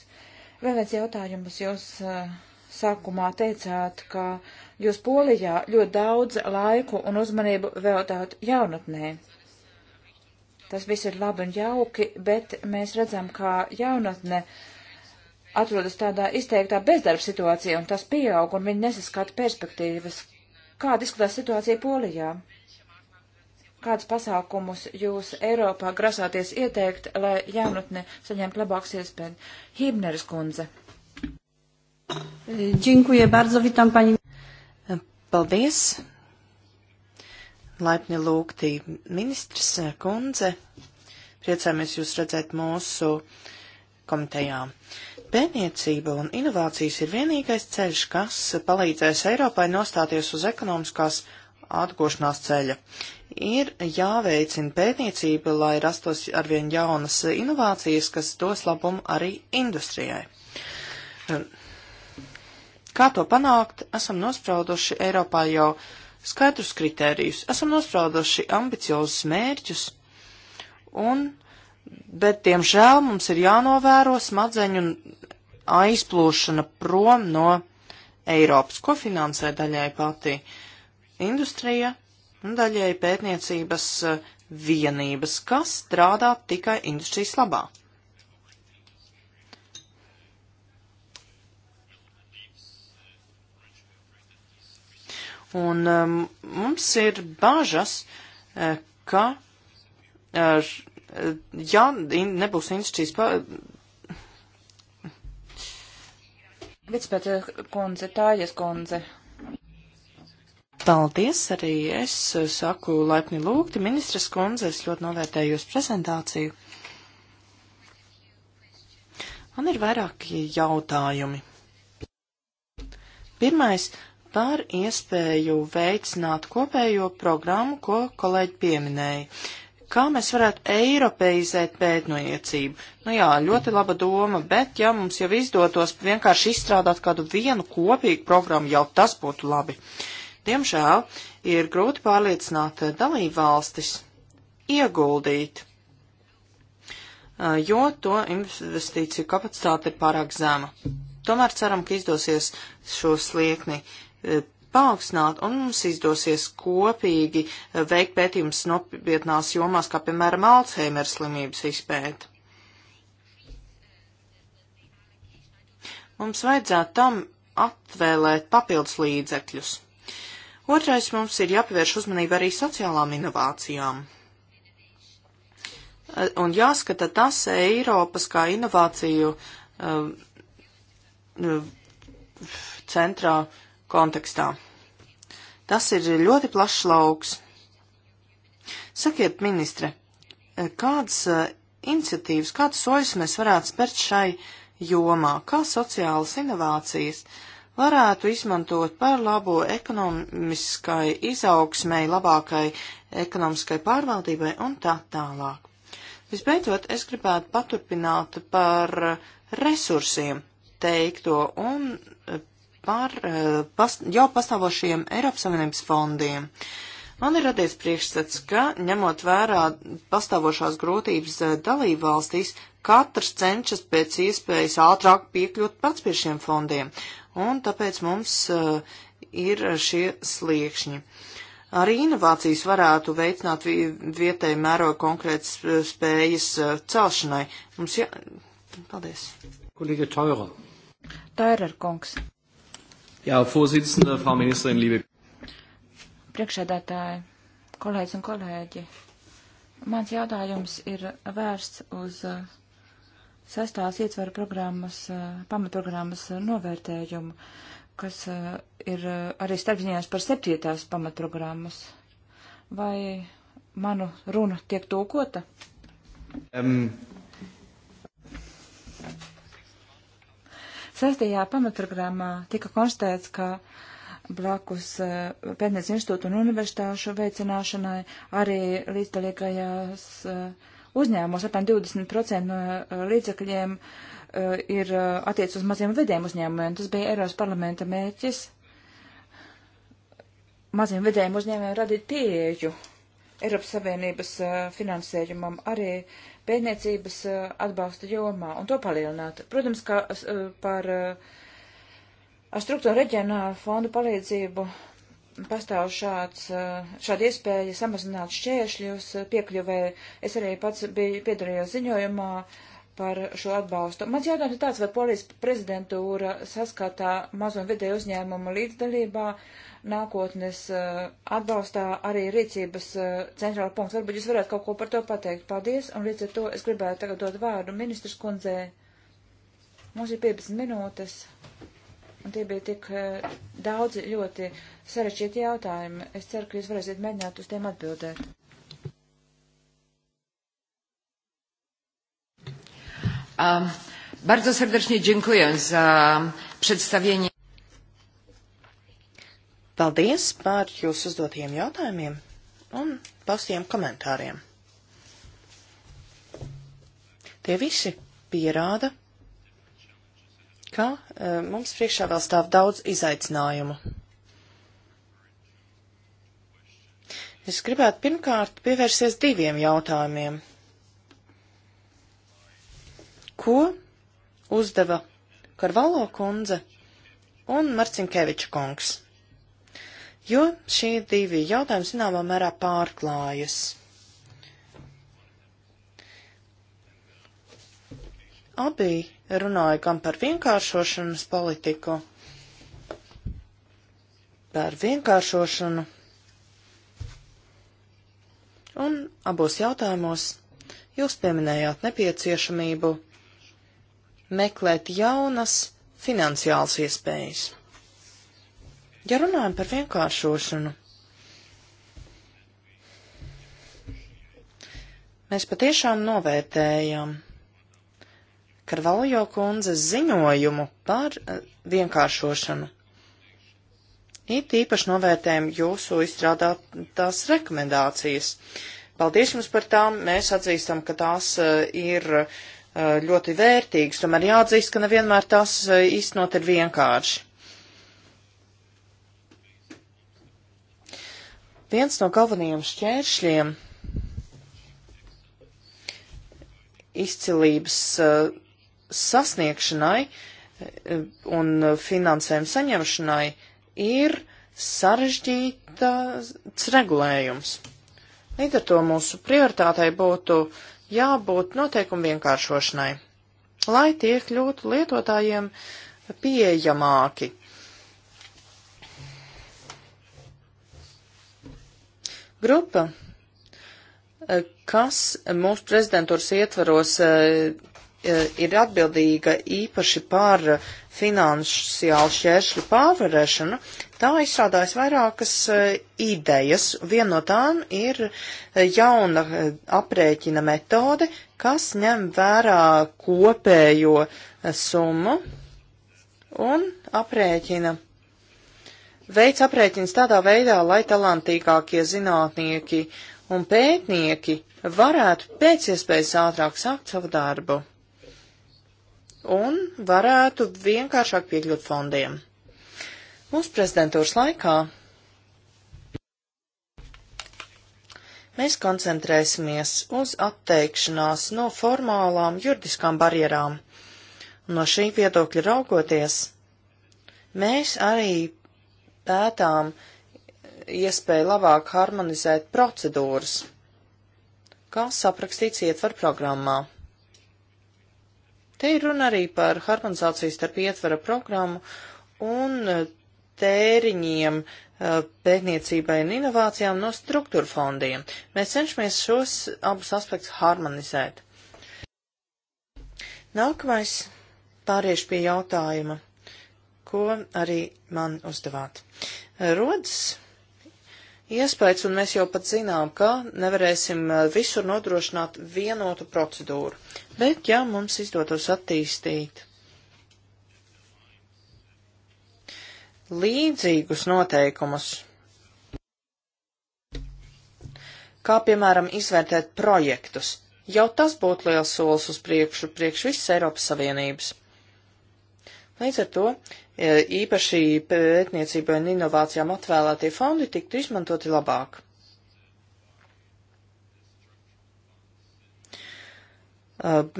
Vēl viens jautājums jūs uh, sākumā teicāt, ka jūs Polijā ļoti daudz laiku un uzmanību veltāt jaunatnē. Tas viss ir labi un jauki, bet mēs redzam, kā jaunatne atrodas tādā izteiktā bezdarba situācijā, un tas pieaug, un viņi nesaskata perspektīvas. Kāda izskatās situācija Polijā? Kādas pasākumus jūs Eiropā grasāties ieteikt, lai jaunatne saņemtu labāks iespējas? Hībneris kundze. Dziękuję bardzo, witam pani. Paldies. Laipni lūgti ministrs eh, kundze. Priecāmies jūs redzēt mūsu komitejā. Pētniecība un inovācijas ir vienīgais ceļš, kas palīdzēs Eiropai nostāties uz ekonomiskās atgošanās ceļa. Ir jāveicina pētniecība, lai rastos arvien jaunas inovācijas, kas dos labumu arī industrijai. Kā to panākt, esam nosprauduši Eiropā jau skaidrus kritērijus. Esam nospraudoši ambiciozus mērķus, un, bet, diemžēl, mums ir jānovēro smadzeņu aizplūšana prom no Eiropas, ko finansē daļai pati industrija un daļai pētniecības eh, vienības, kas strādā tikai industrijas labā. Un um, mums ir bažas, uh, ka, ja nebūs institūcijas pa... Vicpēta kundze, tājas kundze. Paldies arī es uh, saku laipni lūgti, ministras kundze, es ļoti novērtēju jūsu prezentāciju. Man ir vairāki jautājumi. Pirmais par iespēju veicināt kopējo programmu, ko kolēģi pieminēja. Kā mēs varētu eiropeizēt pētniecību? Nu jā, ļoti laba doma, bet ja mums jau izdotos vienkārši izstrādāt kādu vienu kopīgu programmu, jau tas būtu labi. Diemžēl ir grūti pārliecināt dalību valstis ieguldīt, jo to investīciju kapacitāte ir pārāk zema. Tomēr ceram, ka izdosies šo sliekni uh, E, paaugstināt, un mums izdosies kopīgi e, veikt pētījumus nopietnās jomās, kā piemēram Alzheimer slimības izpēta. Mums vajadzētu tam atvēlēt papildus līdzekļus. Otrais mums ir jāpievērš uzmanība arī sociālām inovācijām. E, un jāskata tas Eiropas kā inovāciju centrā uh, kontekstā. Tas ir ļoti plašs lauks. Sakiet, ministre, kādas eh, iniciatīvas, kādas soļus mēs varētu spērt šai jomā, kā sociālas inovācijas varētu izmantot par labu ekonomiskai izaugsmai, labākai ekonomiskai pārvaldībai un tā tālāk. Visbeidzot, es gribētu paturpināt par resursiem teikto un eh, par eh, pas, jau pastāvošiem Eiropas Savienības fondiem. Man ir radies priekšstats, ka, ņemot vērā pastāvošās grūtības eh, dalību valstīs, katrs cenšas pēc iespējas ātrāk piekļūt pats pie šiem fondiem, un tāpēc mums uh, ir šie sliekšņi. Arī inovācijas varētu veicināt vietēji mēroga konkrētas spējas celšanai. Mums jā... Paldies. Kolīga Taira. Taira kungs. Jā, Fūzītisna, Frau Ministrin, Lībe. Priekšēdētāji, kolēģis un kolēģi, mans jautājums ir vērsts uz uh, sestās ietvaru programmas, uh, pamatprogrammas uh, novērtējumu, kas ir arī starpziņās par septītās pamatprogrammas. Vai manu runa tiek tūkota? Um, Sestajā pamatprogrammā tika konstatēts, ka blakus eh, pētniecības institūtu un universitāšu veicināšanai arī līdzdalīgajās eh, uzņēmumos apmēram 20% no eh, līdzekļiem ir attiec uz maziem vediem uzņēmumiem. Tas bija Eiropas parlamenta mērķis maziem vedējiem uzņēmējiem radīt pieeju Eiropas Savienības finansējumam arī pētniecības eh, atbalsta jomā un to palielināt. Protams, ka eh, par eh, ar struktūru reģionālu fondu palīdzību pastāv šāds, šāda iespēja samazināt šķēršļus piekļuvē. Es arī pats biju piedarījos ziņojumā par šo atbalstu. Mans jautājums ir tāds, vai polijas prezidentūra saskatā mazo un vidēju uzņēmumu līdzdalībā nākotnes eh, atbalstā arī rīcības eh, centrāla punkts. Varbūt jūs varētu kaut ko par to pateikt. Paldies, un līdz ar to es gribētu tagad dot vārdu ministrs kundzē. Mums ir 15 minūtes, un tie bija tik eh, daudzi ļoti sarešķīti jautājumi. Es ceru, ka jūs varēsiet mēģināt uz tiem atbildēt. Bardzo serdecznie dziękuję za przedstawienie. Paldies par jūsu uzdotajiem jautājumiem un paustajiem komentāriem. Tie visi pierāda, ka e, mums priekšā vēl stāv daudz izaicinājumu. Es gribētu pirmkārt pievērsties diviem jautājumiem, ko uzdeva Karvalo kundze un Marcinkeviča kungs, jo šie divi jautājumi zināmā mērā pārklājas. Abi runāja gan par vienkāršošanas politiku, par vienkāršošanu, un abos jautājumos jūs pieminējāt nepieciešamību meklēt jaunas finansiālas iespējas. Ja runājam par vienkāršošanu, mēs patiešām novērtējam Karvaljo kundzes ziņojumu par eh, vienkāršošanu. It īpaši novērtējam jūsu izstrādātās rekomendācijas. Paldies jums par tām. Mēs atzīstam, ka tās eh, ir uh, Eh, ļoti vērtīgas, tomēr jāatzīst, ka nevienmēr tās eh, īstenot ir vienkārši. Viens no galvenajiem šķēršļiem izcilības eh, sasniegšanai un finansējuma saņemšanai ir sarežģītas regulējums. Līdz ar to mūsu prioritātei būtu jābūt noteikumu vienkāršošanai, lai tie kļūtu lietotājiem pieejamāki. Grupa, kas mūsu prezidentūras ietvaros E, ir atbildīga īpaši par finansiālu šķēršļu pārvarēšanu, tā izstrādājas vairākas e, idejas. Viena no tām ir e, jauna aprēķina metode, kas ņem vērā kopējo summu un aprēķina. Veids aprēķins tādā veidā, lai talantīgākie zinātnieki un pētnieki varētu pēc iespējas ātrāk sākt savu darbu un varētu vienkāršāk piekļūt fondiem. Mūsu prezidentūras laikā mēs koncentrēsimies uz atteikšanās no formālām juridiskām barjerām. No šī viedokļa raugoties, mēs arī pētām iespēju labāk harmonizēt procedūras, kā saprakstīts ietver programmā. Te ir runa arī par harmonizāciju starp ietvara programmu un e, tēriņiem e, pētniecībai un inovācijām no struktūra fondiem. Mēs cenšamies šos abus aspektus harmonizēt. Nākamais pāriešu pie jautājuma, ko arī man uzdevāt. E, rodas iespējas, un mēs jau pat zinām, ka nevarēsim eh, visur nodrošināt vienotu procedūru. Bet, ja mums izdotos attīstīt līdzīgus noteikumus, kā piemēram izvērtēt projektus, jau tas būtu liels solis uz priekšu, priekš visas Eiropas Savienības. Līdz ar to E, īpaši pētniecībai un inovācijām atvēlētie fondi tiktu izmantoti labāk. E,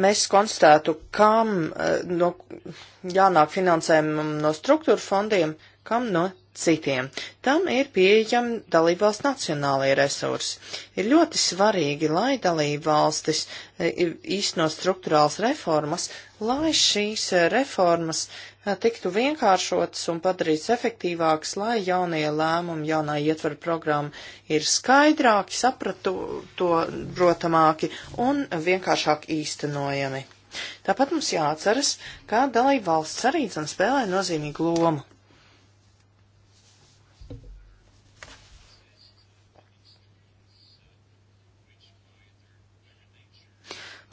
mēs konstatētu, kam e, no, jānāk finansējumu no struktūra fondiem, kam no citiem. Tam ir pieejami dalībvalsts nacionālajie resursi. Ir ļoti svarīgi, lai dalībvalstis e, īsteno struktūrāls reformas, lai šīs e, reformas e, tiktu vienkāršotas un padarīts efektīvāks, lai jaunie lēmumi, jaunā ietveru programma ir skaidrāki, saprotamāki un vienkāršāk īstenojami. Tāpat mums jāatceras, ka dalībvalsts arī dzan spēlē nozīmīgu lomu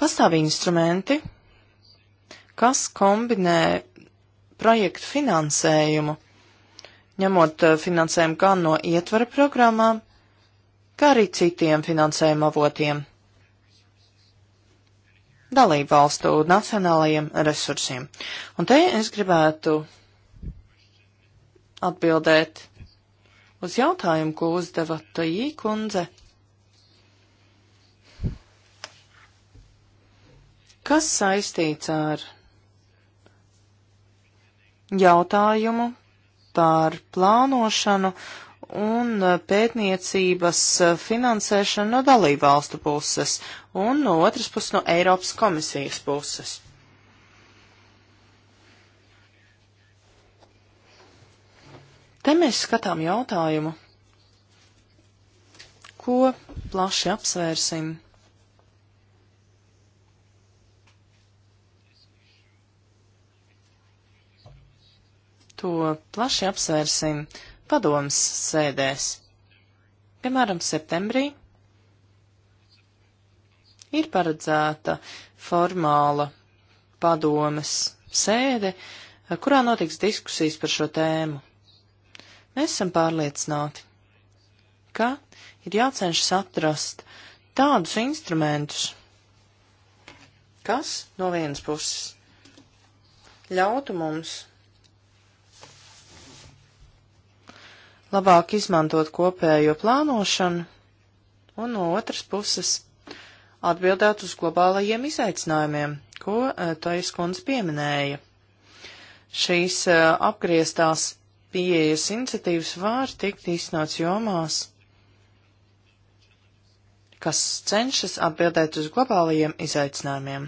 Pastāv instrumenti, kas kombinē projektu finansējumu, ņemot eh, finansējumu gan no ietvara programmām, kā arī citiem finansējuma avotiem dalību valstu nacionālajiem resursiem. Un te es gribētu atbildēt uz jautājumu, ko uzdeva Tajī kundze kas saistīts ar jautājumu par plānošanu un pētniecības finansēšanu no dalībvalstu puses un no otras puses no Eiropas komisijas puses. Te mēs skatām jautājumu, ko plaši apsvērsim to plaši apsvērsim padomas sēdēs. Piemēram, septembrī ir paredzēta formāla padomas sēde, kurā notiks diskusijas par šo tēmu. Mēs esam pārliecināti, ka ir jācenšas atrast tādus instrumentus, kas no vienas puses ļautu mums labāk izmantot kopējo plānošanu, un no otras puses atbildēt uz globālajiem izaicinājumiem, ko eh, Tais kundze pieminēja. Šīs eh, apgrieztās pieejas iniciatīvas var tikt īstenots jomās, kas cenšas atbildēt uz globālajiem izaicinājumiem.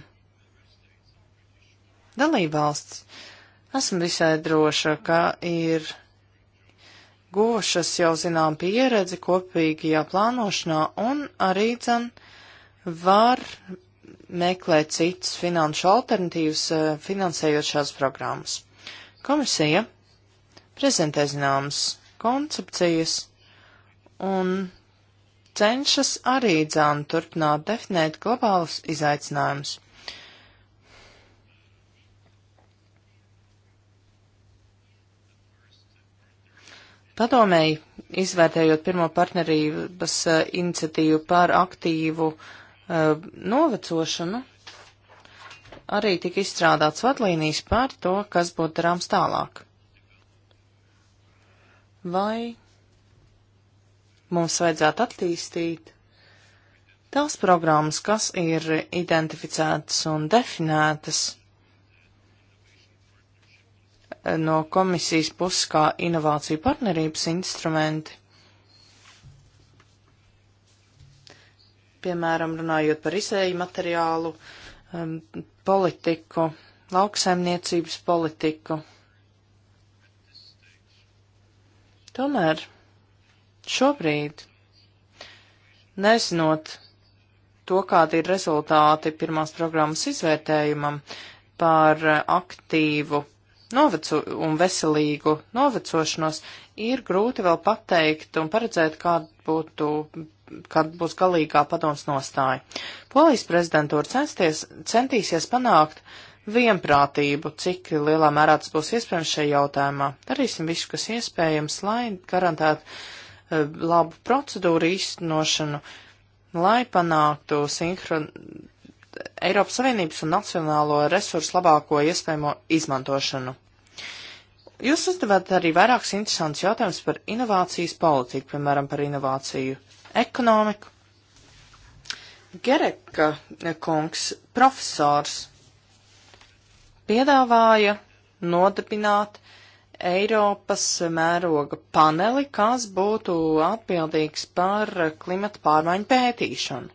Dalībvalsts. Esmu visai droša, ka ir guvušas jau zinām pieredzi kopīgajā plānošanā un arī, dzen, var meklēt citas finanšu alternatīvas, eh, finansējot šās programmas. Komisija prezentē zināmas koncepcijas un cenšas arī, dzen, turpināt definēt globālus izaicinājumus. Padomēji, izvērtējot pirmo partnerības eh, iniciatīvu par aktīvu uh, novecošanu, arī tika izstrādāts vadlīnijas par to, kas būtu darāms tālāk. Vai mums vajadzētu attīstīt tās programmas, kas ir identificētas un definētas no komisijas puses kā inovāciju partnerības instrumenti. Piemēram, runājot par izēju materiālu, um, politiku, lauksaimniecības politiku. Tomēr šobrīd, nezinot to, kādi ir rezultāti pirmās programmas izvērtējumam par aktīvu noveco un veselīgu novecošanos, ir grūti vēl pateikt un paredzēt, kāda būtu, kad būs galīgā padoms nostāja. Polijas prezidentūra censties, centīsies panākt vienprātību, cik lielā mērā tas būs iespējams šajā jautājumā. Darīsim visu, kas iespējams, lai garantētu uh, labu procedūru īstenošanu, lai panāktu sinhron Eiropas Savienības un nacionālo resursu labāko iespējamo izmantošanu. Jūs uzdevāt arī vairākus interesantus jautājumus par inovācijas politiku, piemēram, par inovāciju ekonomiku. Gereka kungs, profesors, piedāvāja nodibināt Eiropas mēroga paneli, kas būtu atbildīgs par klimata pārmaiņu pētīšanu.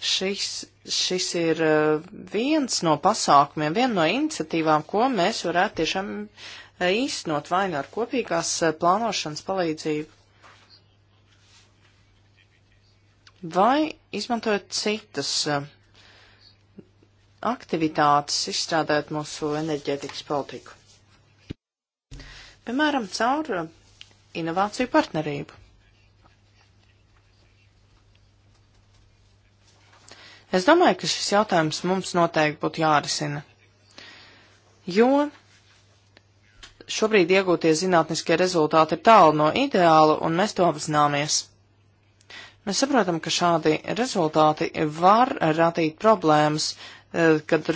Šis, šis ir eh, viens no pasākumiem, viena no iniciatīvām, ko mēs varētu tiešām eh, īstenot vai nu ar kopīgās eh, plānošanas palīdzību, vai izmantojot citas aktivitātes, izstrādājot mūsu enerģētikas politiku. Piemēram, caur inovāciju partnerību. Es domāju, ka šis jautājums mums noteikti būtu jārisina, jo šobrīd iegūtie zinātniskie rezultāti ir tālu no ideāla, un mēs to apzināmies. Mēs saprotam, ka šādi rezultāti var radīt problēmas, e, kad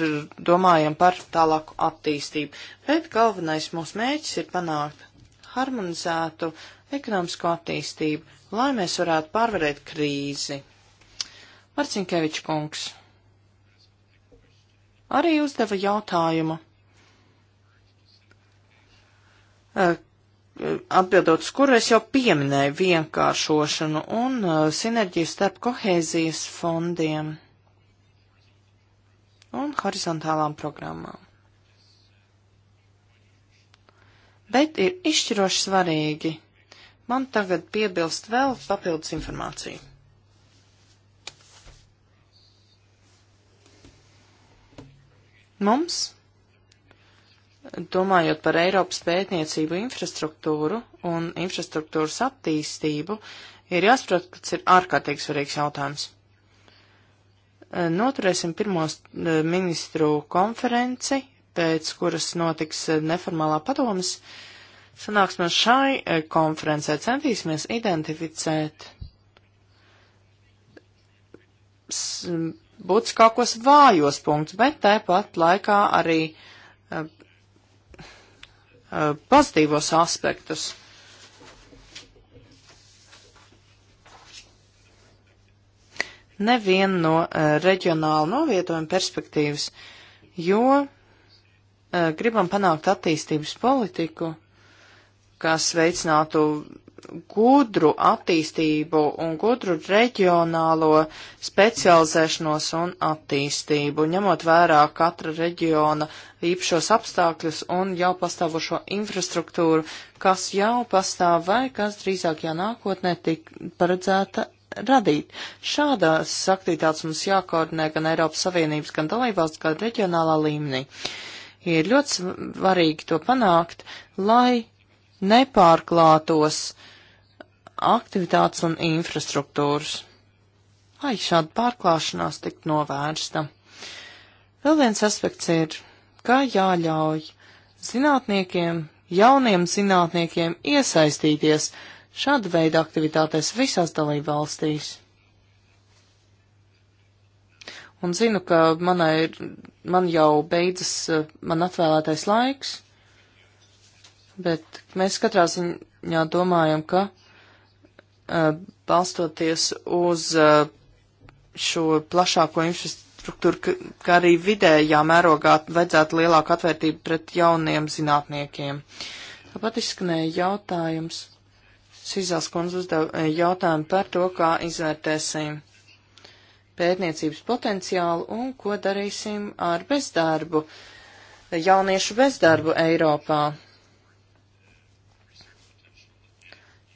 domājam par tālāku attīstību, bet galvenais mūsu mēģis ir panākt harmonizētu ekonomisko attīstību, lai mēs varētu pārvarēt krīzi. Marcinkeviča kungs arī uzdeva jautājumu. Eh, atbildot, uz kuru es jau pieminēju vienkāršošanu un eh, sinerģiju starp kohēzijas fondiem un horizontālām programmām. Bet ir izšķiroši svarīgi man tagad piebilst vēl papildus informāciju. Mums, domājot par Eiropas pētniecību infrastruktūru un infrastruktūras attīstību, ir jāsaprot, ka tas ir ārkārtīgi svarīgs jautājums. Eh, noturēsim pirmos eh, ministru konferenci, pēc kuras notiks eh, neformālā padomas. Sanāksmē šai konferencē centīsimies identificēt būtis kaut kos vājos punktus, bet tāpat laikā arī uh, uh, pozitīvos aspektus. Nevienu no uh, reģionāla novietojuma perspektīvas, jo gribam panākt attīstības politiku, kas veicinātu gudru attīstību un gudru reģionālo specializēšanos un attīstību, ņemot vērā katra reģiona īpašos apstākļus un jau pastāvošo infrastruktūru, kas jau pastāv vai kas drīzākajā nākotnē tik paredzēta radīt. Šādās aktivitātes mums jākoordinē gan Eiropas Savienības, gan dalībvalsts, gan reģionālā līmenī. Ir ļoti svarīgi to panākt, lai nepārklātos uh, aktivitātes un infrastruktūras, lai šāda pārklāšanās tiktu novērsta. Vēl viens aspekts ir, ka jāļauj zinātniekiem, jauniem zinātniekiem iesaistīties šāda veida aktivitātēs visās dalību valstīs. Un zinu, ka manai, man jau beidzas man atvēlētais laiks, bet mēs katrā ziņā domājam, ka Uh, balstoties uz uh, šo plašāko infrastruktūru, kā arī vidējā mērogā vajadzētu lielāku atvērtību pret jauniem zinātniekiem. Tāpat izskanēja jautājums. Sīzās kundze uzdeva uh, jautājumu par to, kā izvērtēsim pētniecības potenciālu un ko darīsim ar bezdarbu, jauniešu bezdarbu Eiropā.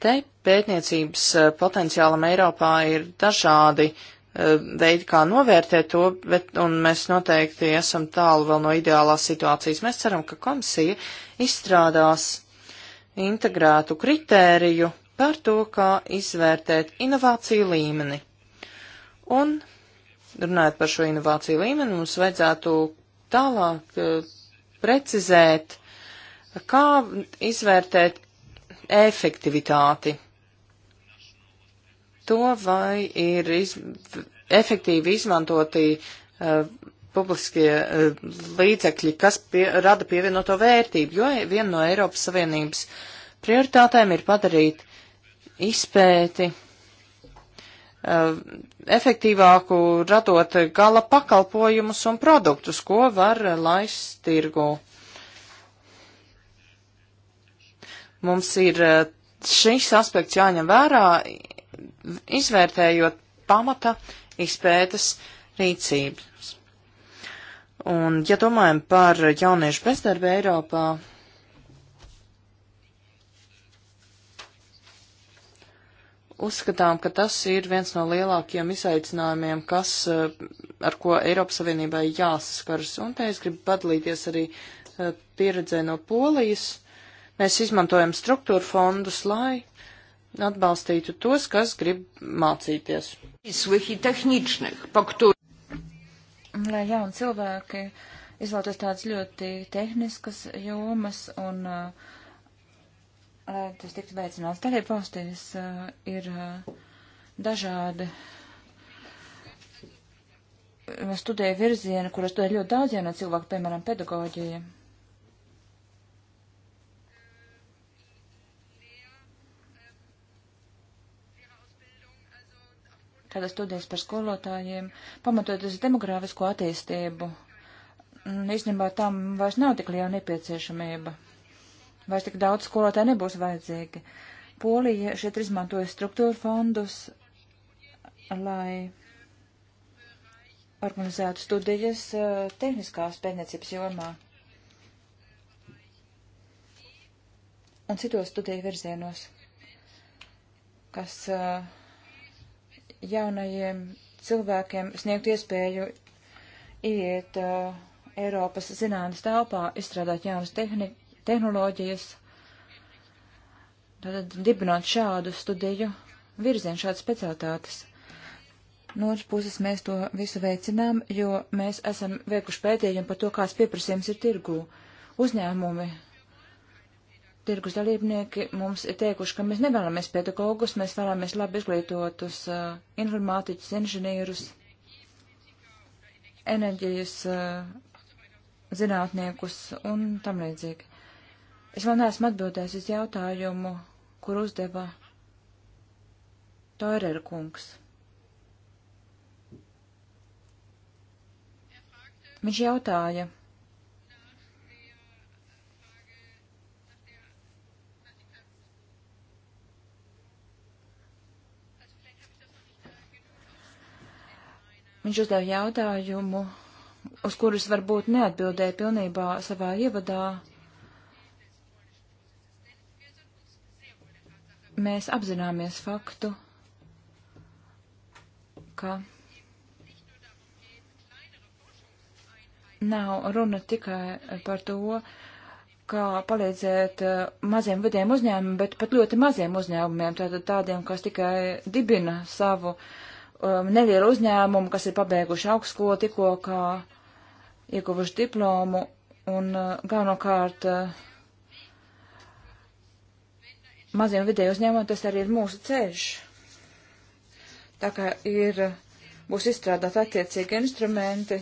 Te pētniecības eh, potenciālam Eiropā ir dažādi eh, veidi, kā novērtēt to, bet, un mēs noteikti esam tālu vēl no ideālās situācijas. Mēs ceram, ka komisija izstrādās integrētu kritēriju par to, kā izvērtēt inovāciju līmeni. Un, runājot par šo inovāciju līmeni, mums vajadzētu tālāk eh, precizēt, kā izvērtēt efektivitāti. To vai ir iz, efektīvi izmantoti uh, publiskie uh, līdzekļi, kas pie, rada pievienoto vērtību, jo viena no Eiropas Savienības prioritātēm ir padarīt izpēti uh, efektīvāku, radot gala pakalpojumus un produktus, ko var laist tirgu. Mums ir e, šis aspekts jāņem vērā, izvērtējot pamata izpētes rīcības. Un, ja domājam par jauniešu bezdarbu Eiropā, uzskatām, ka tas ir viens no lielākajiem izaicinājumiem, kas, e, ar ko Eiropas Savienībai jāsaskars. Un te es gribu padalīties arī e, pieredzē no Polijas. Mēs izmantojam struktūra fondus, lai atbalstītu tos, kas grib mācīties. Lai jauni cilvēki izvēlētos tādas ļoti tehniskas jomas un uh, lai tas tiktu veicināts. Dalību valstīs uh, ir uh, dažādi studēja virzieni, kuras studē ļoti daudz jaunu cilvēku, piemēram, pedagoģija. tādas studijas par skolotājiem, pamatoties demogrāfisko attīstību. Īstenībā tam vairs nav tik liela nepieciešamība. Vairs tik daudz skolotāju nebūs vajadzīgi. Polija šeit izmantoja struktūra fondus, lai organizētu studijas eh, tehniskās pētniecības jomā un citos studiju virzienos, kas uh, jaunajiem cilvēkiem sniegt iespēju iet uh, Eiropas zinātnes telpā, izstrādāt jaunas tehni, tehnoloģijas, tad dibinot šādu studiju virzienu, šādas specialitātes. No otras puses mēs to visu veicinām, jo mēs esam veikuši pētījumu par to, kāds pieprasījums ir tirgū. Uzņēmumi tirgus dalībnieki mums ir teikuši, ka mēs nevēlamies pedagogus, mēs vēlamies labi izglītotus uh, informātiķus, inženierus, enerģijas uh, zinātniekus un tam līdzīgi. Es vēl neesmu atbildējis uz jautājumu, kur uzdeva Toirer kungs. Viņš jautāja. Viņš uzdeva jautājumu, uz kurus varbūt neatbildēja pilnībā savā ievadā. Mēs apzināmies faktu, ka nav runa tikai par to, kā palīdzēt uh, maziem vidiem uzņēmumiem, bet pat ļoti maziem uzņēmumiem, tātad tādiem, kas tikai dibina savu uh, um, nevielu uzņēmumu, kas ir pabeiguši augstskolu, tikko kā ieguvuši diplomu un uh, galvenokārt uh, maziem vidēju uzņēmumiem tas arī ir mūsu ceļš. Tā kā ir, būs izstrādāt attiecīgi instrumenti,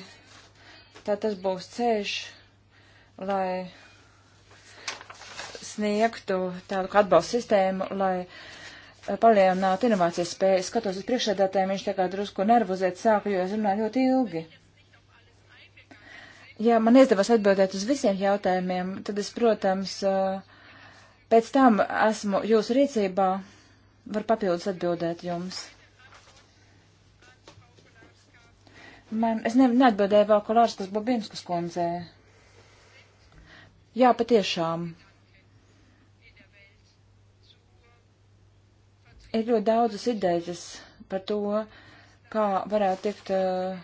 tā tas būs ceļš, lai sniegtu tādu atbalstu sistēmu, lai uh, palielināt inovācijas spēju. Skatos uz priekšsēdētājiem, viņš tā kā drusku nervozēt sāka, jo es runāju ļoti ilgi. Ja man izdevās atbildēt uz visiem jautājumiem, tad es, protams, pēc tam esmu jūsu rīcībā, var papildus atbildēt jums. Man, es ne, neatbildēju vēl Kolārskas Bobinskas kundzē. Jā, patiešām. ir ļoti daudzas idejas par to, kā varētu tikt uh,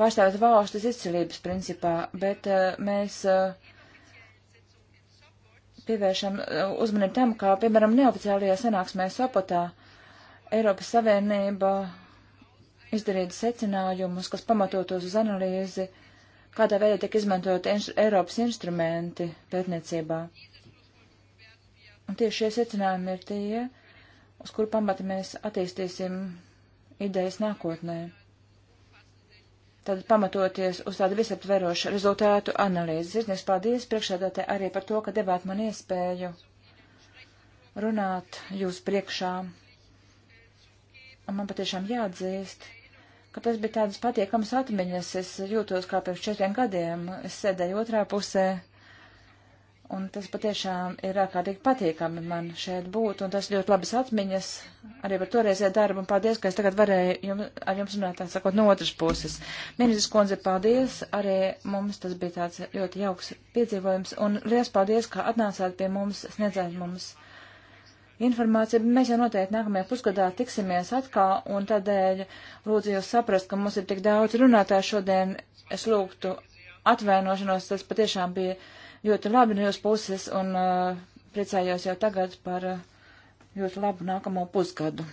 pārstāvēt valstis izcilības principā, bet uh, mēs uh, pievēršam uzmanību tam, kā, piemēram, neoficiālajā sanāksmē Sopotā Eiropas Savienība izdarīja secinājumus, kas pamatotos uz analīzi, kādā veidā tiek izmantot inš Eiropas instrumenti pētniecībā. Un tieši šie secinājumi ir tie, uh, uz kuru pamata mēs attīstīsim idejas nākotnē. Tad pamatoties uz tādu visaptverošu rezultātu analīzi. Zirnieks, paldies priekšādātē arī par to, ka devāt man iespēju runāt jūs priekšā. Un man patiešām jāatzīst, ka tas bija tādas patiekamas atmiņas. Es jūtos kā pirms četriem gadiem. Es sēdēju otrā pusē Un tas patiešām ir ārkārtīgi patīkami man šeit būt, un tas ļoti labas atmiņas arī par toreizē darbu, un paldies, ka es tagad varēju jums, ar jums runāt, tā sakot, no otras puses. Ministrs kundze, paldies, arī mums tas bija tāds ļoti jauks piedzīvojums, un liels paldies, ka atnācāt pie mums, sniedzāt mums informāciju. Mēs jau noteikti nākamajā pusgadā tiksimies atkal, un tādēļ lūdzu jūs saprast, ka mums ir tik daudz runātāju šodien, es lūgtu atvainošanos, tas patiešām bija ļoti labi no jūsu puses un uh, priecājos jau tagad par uh, ļoti labu nākamo pusgadu.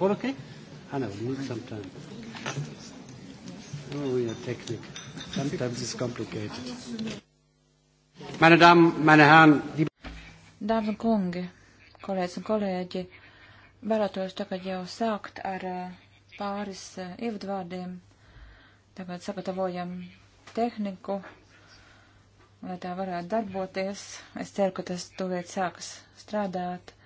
4 okay? Hannah, we need some time. Oh, we are technical. Sometimes it's complicated. Meine Damen, meine Herren, die Dāmas un kungi, kolēģis un kolēģi, vēlētos tagad jau sākt ar eh, pāris eh, ievadvārdiem. Tagad sagatavojam tehniku, lai tā varētu darboties. Es ceru, ka tas tuviet sākas strādāt.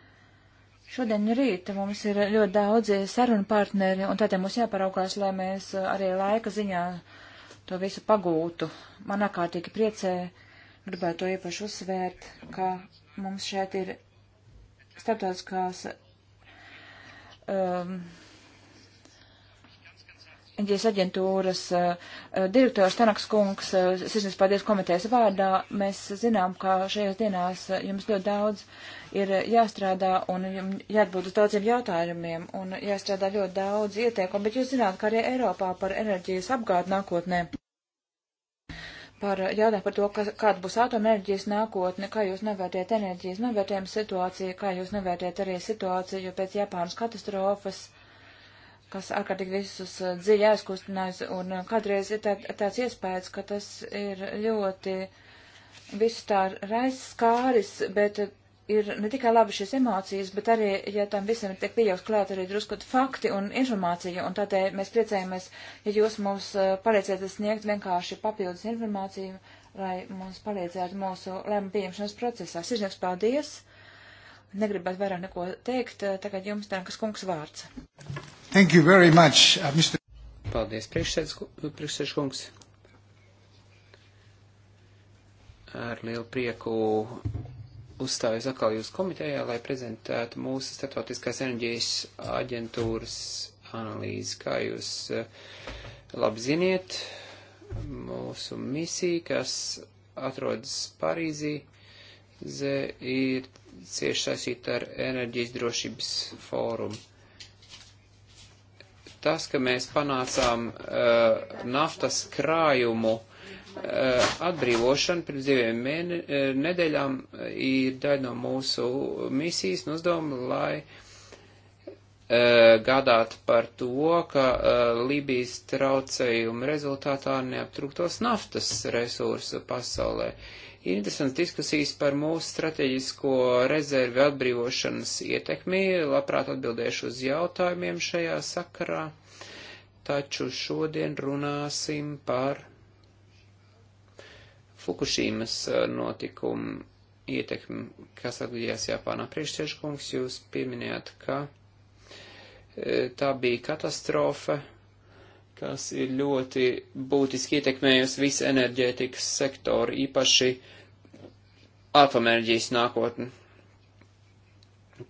Šodien rīt mums ir ļoti daudzi sarunu partneri, un tādēļ mums jāparaukās, lai mēs eh, arī laika ziņā to visu pagūtu. Man ārkārtīgi priecē, gribētu to īpaši uzsvērt, ka mums šeit ir starptautiskās um, Enerģijas aģentūras eh, eh, direktors Tanaks Kungs, eh, sirsnīgs paldies komitejas vārdā. Mēs zinām, ka šajās dienās jums ļoti daudz ir jāstrādā un jāatbūt uz daudziem jautājumiem un jāstrādā ļoti daudz ieteikumu, bet jūs zināt, ka arī Eiropā par enerģijas apgādu nākotnē. Par jautājumu par to, ka, kāda būs atomenerģijas nākotne, kā jūs nevērtējat enerģijas novērtējumu situāciju, kā jūs nevērtējat arī situāciju pēc Japānas katastrofas kas ārkārtīgi visus uh, dziļi aizkustinājusi, un uh, kādreiz ir tā, tāds iespējas, ka tas ir ļoti visu tā raizskāris, bet uh, ir ne tikai labi šīs emocijas, bet arī, ja tam visam tiek pieejams klāt arī druskot fakti un informācija, un tādēļ mēs priecājamies, ja jūs mums palīdzētu sniegt vienkārši papildus informāciju, lai mums palīdzētu mūsu lēmumu pieņemšanas procesā. Sirdnieks, paldies! Negribētu vairāk neko teikt, tagad jums, Tankas kungs, vārds. Thank you very much, uh, Mr. Paldies, priekšsēdkungs. Ar lielu prieku uzstājos atkal jūsu komitejā, lai prezentētu mūsu Startautiskās enerģijas aģentūras analīzi. Kā jūs uh, labi ziniet, mūsu misija, kas atrodas Parīzī, ir cieši saistīta ar enerģijas drošības fórumu tas, ka mēs panācām uh, naftas krājumu uh, atbrīvošanu pirms diviem mēne, uh, nedēļām, ir daļa no mūsu misijas un uzdevuma, lai uh, gādāt par to, ka uh, Libijas traucējuma rezultātā neaptrūktos naftas resursu pasaulē. Uh, Interesants diskusijas par mūsu strateģisko rezervi atbrīvošanas ietekmi. Labprāt atbildēšu uz jautājumiem šajā sakarā, taču šodien runāsim par Fukušīmas eh, notikumu ietekmi, kas atgadījās Japānā. Priekšsēžkungs, jūs pieminējāt, ka eh, tā bija katastrofa kas ir ļoti būtiski ietekmējusi visu enerģētikas sektoru, īpaši atomenerģijas nākotni.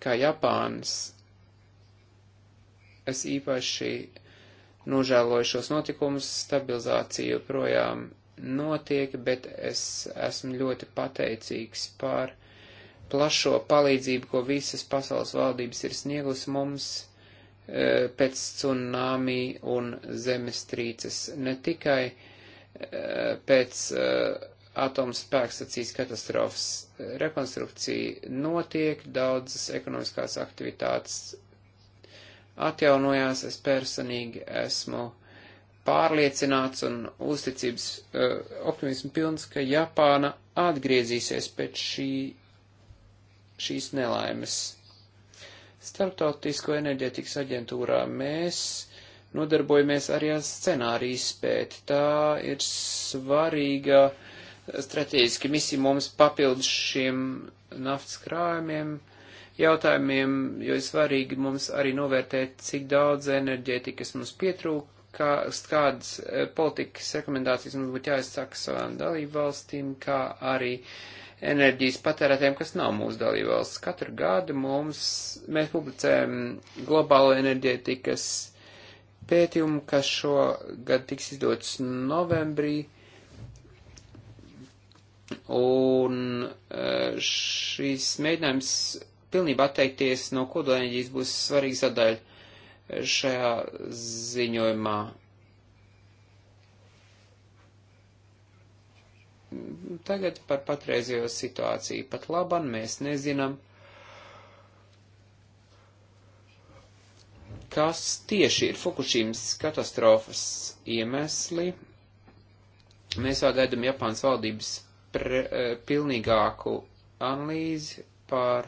Kā Japāns, es īpaši nožēloju šos notikumus, stabilizācija joprojām notiek, bet es esmu ļoti pateicīgs par plašo palīdzību, ko visas pasaules valdības ir sniegusi mums E, pēc tsunami un zemestrīces, ne tikai e, pēc e, atomspēkstacijas katastrofas. Rekonstrukcija notiek, daudzas ekonomiskās aktivitātes atjaunojās, es personīgi esmu pārliecināts un uzticības uh, optimismu pilns, ka Japāna atgriezīsies pēc šī, šīs nelaimes. Startautisko enerģetikas aģentūrā mēs nodarbojamies arī ar scenāriju izpēti. Tā ir svarīga strateģiski misija mums papildus šiem naftas krājumiem jautājumiem, jo ir svarīgi mums arī novērtēt, cik daudz enerģētikas mums pietrūk, kā, kādas eh, politikas rekomendācijas mums būtu jāizsaka savām dalību valstīm, kā arī uh, enerģijas patērētiem, kas nav mūsu dalībvalsts. Katru gadu mums, mēs publicējam globālo enerģētikas pētījumu, kas šogad tiks izdots novembrī. Un eh, šīs mēģinājums pilnībā atteikties no kodolenerģijas būs svarīga sadaļa eh, šajā ziņojumā. Tagad par patreizējo situāciju pat laban mēs nezinām, kas tieši ir Fukušīmas katastrofas iemesli. Mēs vēl gaidām Japānas valdības pre, e, pilnīgāku analīzi par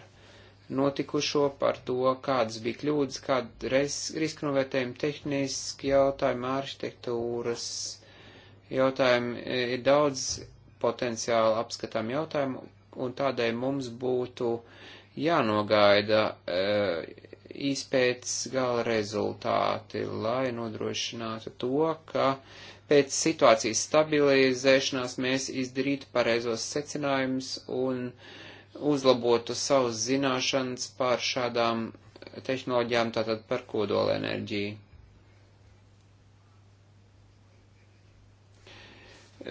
notikušo, par to, kādas bija kļūdas, kāda riska novērtējuma tehniski jautājumi, arhitektūras jautājumi. E, ir daudz potenciāli apskatām jautājumu, un tādēļ mums būtu jānogaida izpētes eh, gala rezultāti, lai nodrošinātu to, ka pēc situācijas stabilizēšanās mēs izdarītu pareizos secinājumus un uzlabotu savus zināšanas par šādām tehnoloģijām, tātad par kodolenerģiju.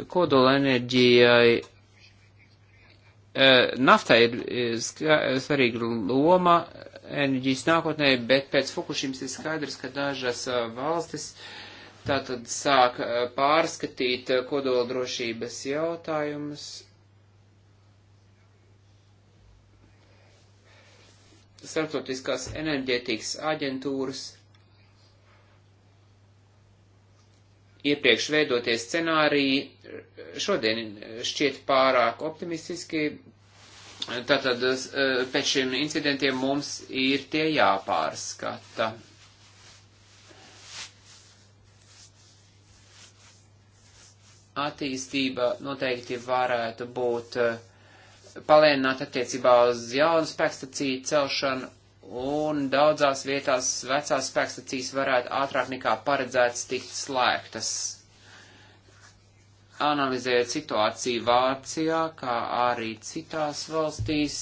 kodolenerģijai eh, naftai ir eh, svarīga loma enerģijas nākotnē, bet pēc Fukushimas ir skaidrs, ka dažas eh, valstis tātad sāk pārskatīt kodoldrošības jautājumus. Starptautiskās enerģētikas aģentūras iepriekš veidoties scenāriji šodien šķiet pārāk optimistiski. Tātad e, pēc šiem incidentiem mums ir tie jāpārskata. Attīstība noteikti varētu būt e, palēnināt attiecībā uz jaunu spēkstacīju celšanu un daudzās vietās vecās spēkstacijas varētu ātrāk nekā paredzēts tikt slēgtas. Analizējot situāciju Vācijā, kā arī citās valstīs,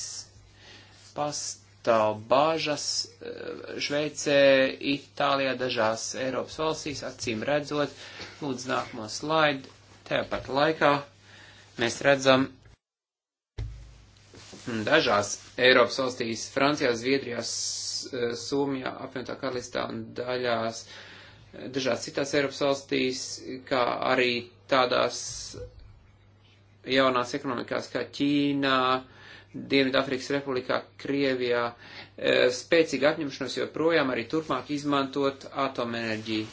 pastāv bažas eh, Šveicē, Itālijā, dažās Eiropas valstīs, acīm redzot, lūdzu nākamo slaidu, tepat laikā mēs redzam Dažās Eiropas valstīs, Francijā, Zviedrijā, e, Somijā, apvienotā karalistā un daļās, e, dažās citās Eiropas valstīs, kā arī tādās jaunās ekonomikās kā Ķīnā, Dienvidāfrikas Republikā, Krievijā, e, spēcīgi apņemšanos joprojām arī turpmāk izmantot atomenerģiju.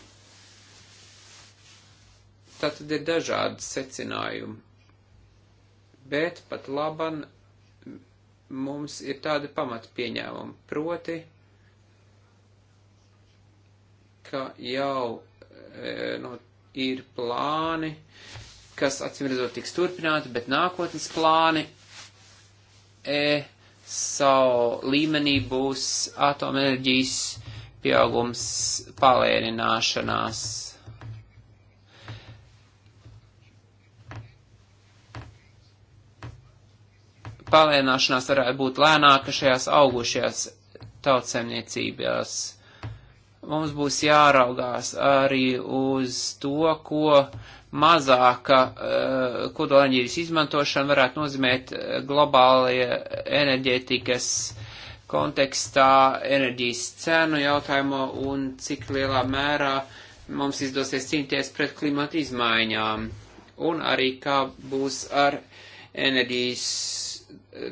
Tātad ir dažādi secinājumi. Bet pat laban mums ir tādi pamatpieņēmumi, proti, ka jau e, nu, ir plāni, kas atsimredzot tiks turpināti, bet nākotnes plāni e, savu līmenī būs atomenerģijas pieaugums palēnināšanās. palēnāšanās varētu būt lēnāka šajās augušajās tautsemniecībās. Mums būs jāraugās arī uz to, ko mazāka eh, kodolenerģijas izmantošana varētu nozīmēt globālajā enerģētikas kontekstā, enerģijas cenu jautājumu un cik lielā mērā mums izdosies cīnīties pret klimatu izmaiņām. Un arī kā būs ar enerģijas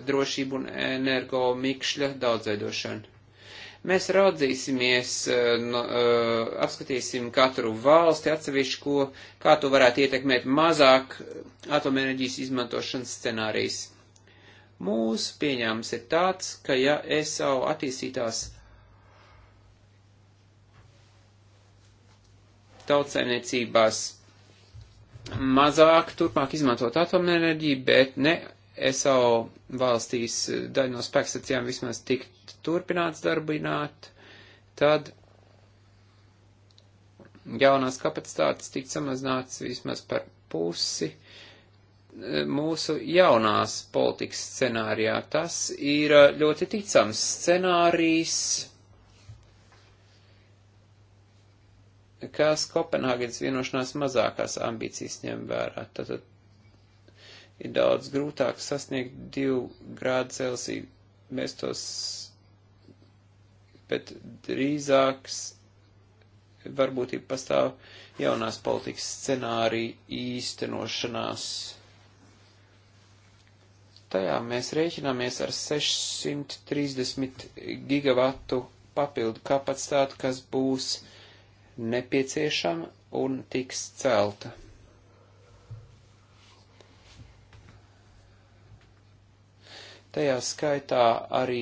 drošību un energo mikšļa daudzveidošanu. Mēs raudzīsimies, e, no, e, apskatīsim katru valsti atsevišķi, ko, kā to varētu ietekmēt mazāk atomenerģijas izmantošanas scenārijas. Mūsu pieņēmums ir tāds, ka ja ESO attīstītās tautsaimniecībās mazāk turpmāk izmantot atomenerģiju, bet ne SAO valstīs eh, daļu no spēkstacijām vismaz tikt turpināts darbināt, tad jaunās kapacitātes tikt samazināts vismaz par pusi eh, mūsu jaunās politikas scenārijā. Tas ir eh, ļoti ticams scenārijs, kas Kopenhāgenes vienošanās mazākās ambīcijas ņem vērā. Tātad ir daudz grūtāk sasniegt 2 grādu Celsiju. Mēs tos, bet drīzāks varbūt ir pastāv jaunās politikas scenārija īstenošanās. Tajā mēs rēķināmies ar 630 gigavatu papildu kapacitāti, kas būs nepieciešama un tiks celta. tajā skaitā arī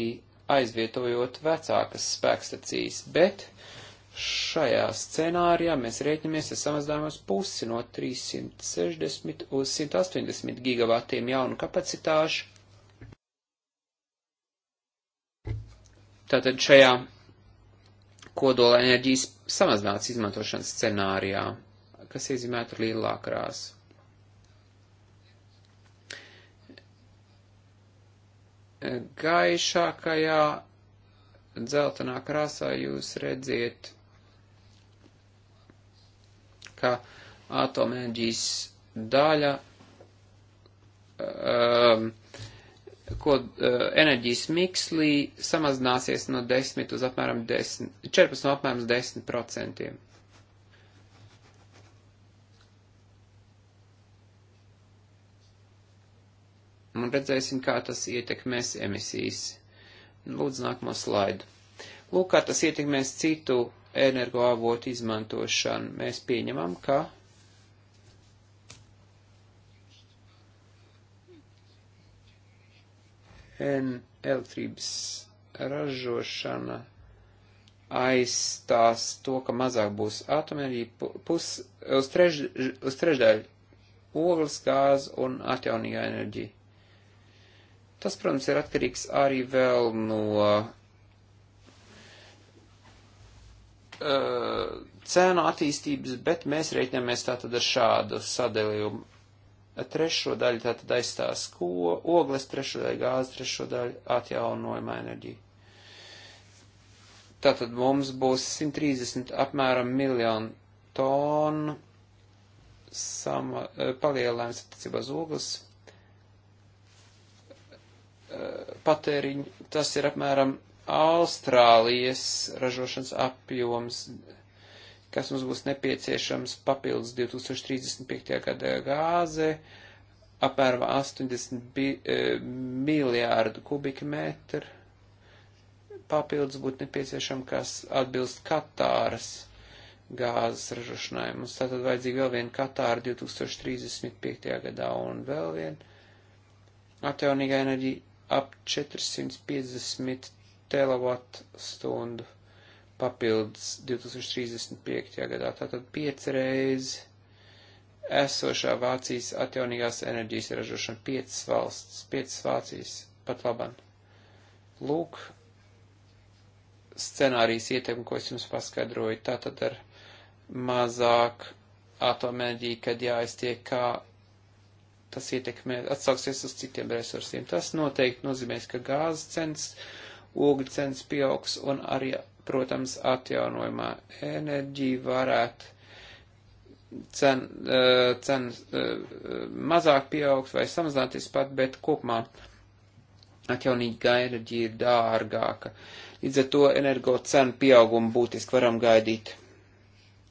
aizvietojot vecākas spēkstacijas, bet šajā scenārijā mēs rēķinamies ar samazinājumus pusi no 360 uz 180 gigavatiem jaunu kapacitāšu. Tātad šajā kodola enerģijas samazināts izmantošanas scenārijā, kas iezīmēta lielākrās. gaišākajā dzeltenā krāsā jūs redziet, ka atomenerģijas daļa, um, ko uh, enerģijas mikslī samazināsies no 10 uz apmēram 10, 14 no apmēram 10 procentiem. Un redzēsim, kā tas ietekmēs emisijas. Lūdzu, nākamo slaidu. Lūk, kā tas ietekmēs citu energoavotu izmantošanu. Mēs pieņemam, ka N elektrības ražošana aizstās to, ka mazāk būs atomenerģija, pus, uz, trež, uz trešdaļu ogles, gāzi un atjaunīgā enerģija. Tas, protams, ir atkarīgs arī vēl no uh, cēnu attīstības, bet mēs reiķinamies tātad ar šādu sadalījumu. Trešo daļu tātad aizstās ko, ogles, trešo daļu gāzi, trešo daļu atjaunojumā enerģija. Tātad mums būs 130 apmēram miljonu tonu sama, eh, palielinājums attiecībā uz ogles Eh, patēriņu, tas ir apmēram Austrālijas ražošanas apjoms, kas mums būs nepieciešams papildus 2035. gadā gāze, apmēram 80 bi, eh, miljārdu kubikmetru papildus būtu nepieciešama, kas atbilst Katāras gāzes ražošanai. Mums tātad vajadzīga vēl viena Katāra 2035. gadā un vēl viena atjaunīgā enerģija ap 450 terawatt stundu papildus 2035. gadā, tātad piecreiz esošā Vācijas atjaunīgās enerģijas ražošana piecas valsts, piecas Vācijas pat laban. Lūk, scenārijas ieteikumu, ko es jums paskaidroju, tātad ar mazāk atomenerģiju, kad jāiztiek kā tas ietekmē, atsauksies uz citiem resursiem. Tas noteikti nozīmēs, ka gāzes cenas, ogļu cenas pieaugs un arī, protams, atjaunojumā enerģija varētu cen, eh, cen eh, mazāk pieaugs vai samazināties pat, bet kopumā atjaunīga enerģija ir dārgāka. Līdz ar to energo cenu pieaugumu būtiski varam gaidīt.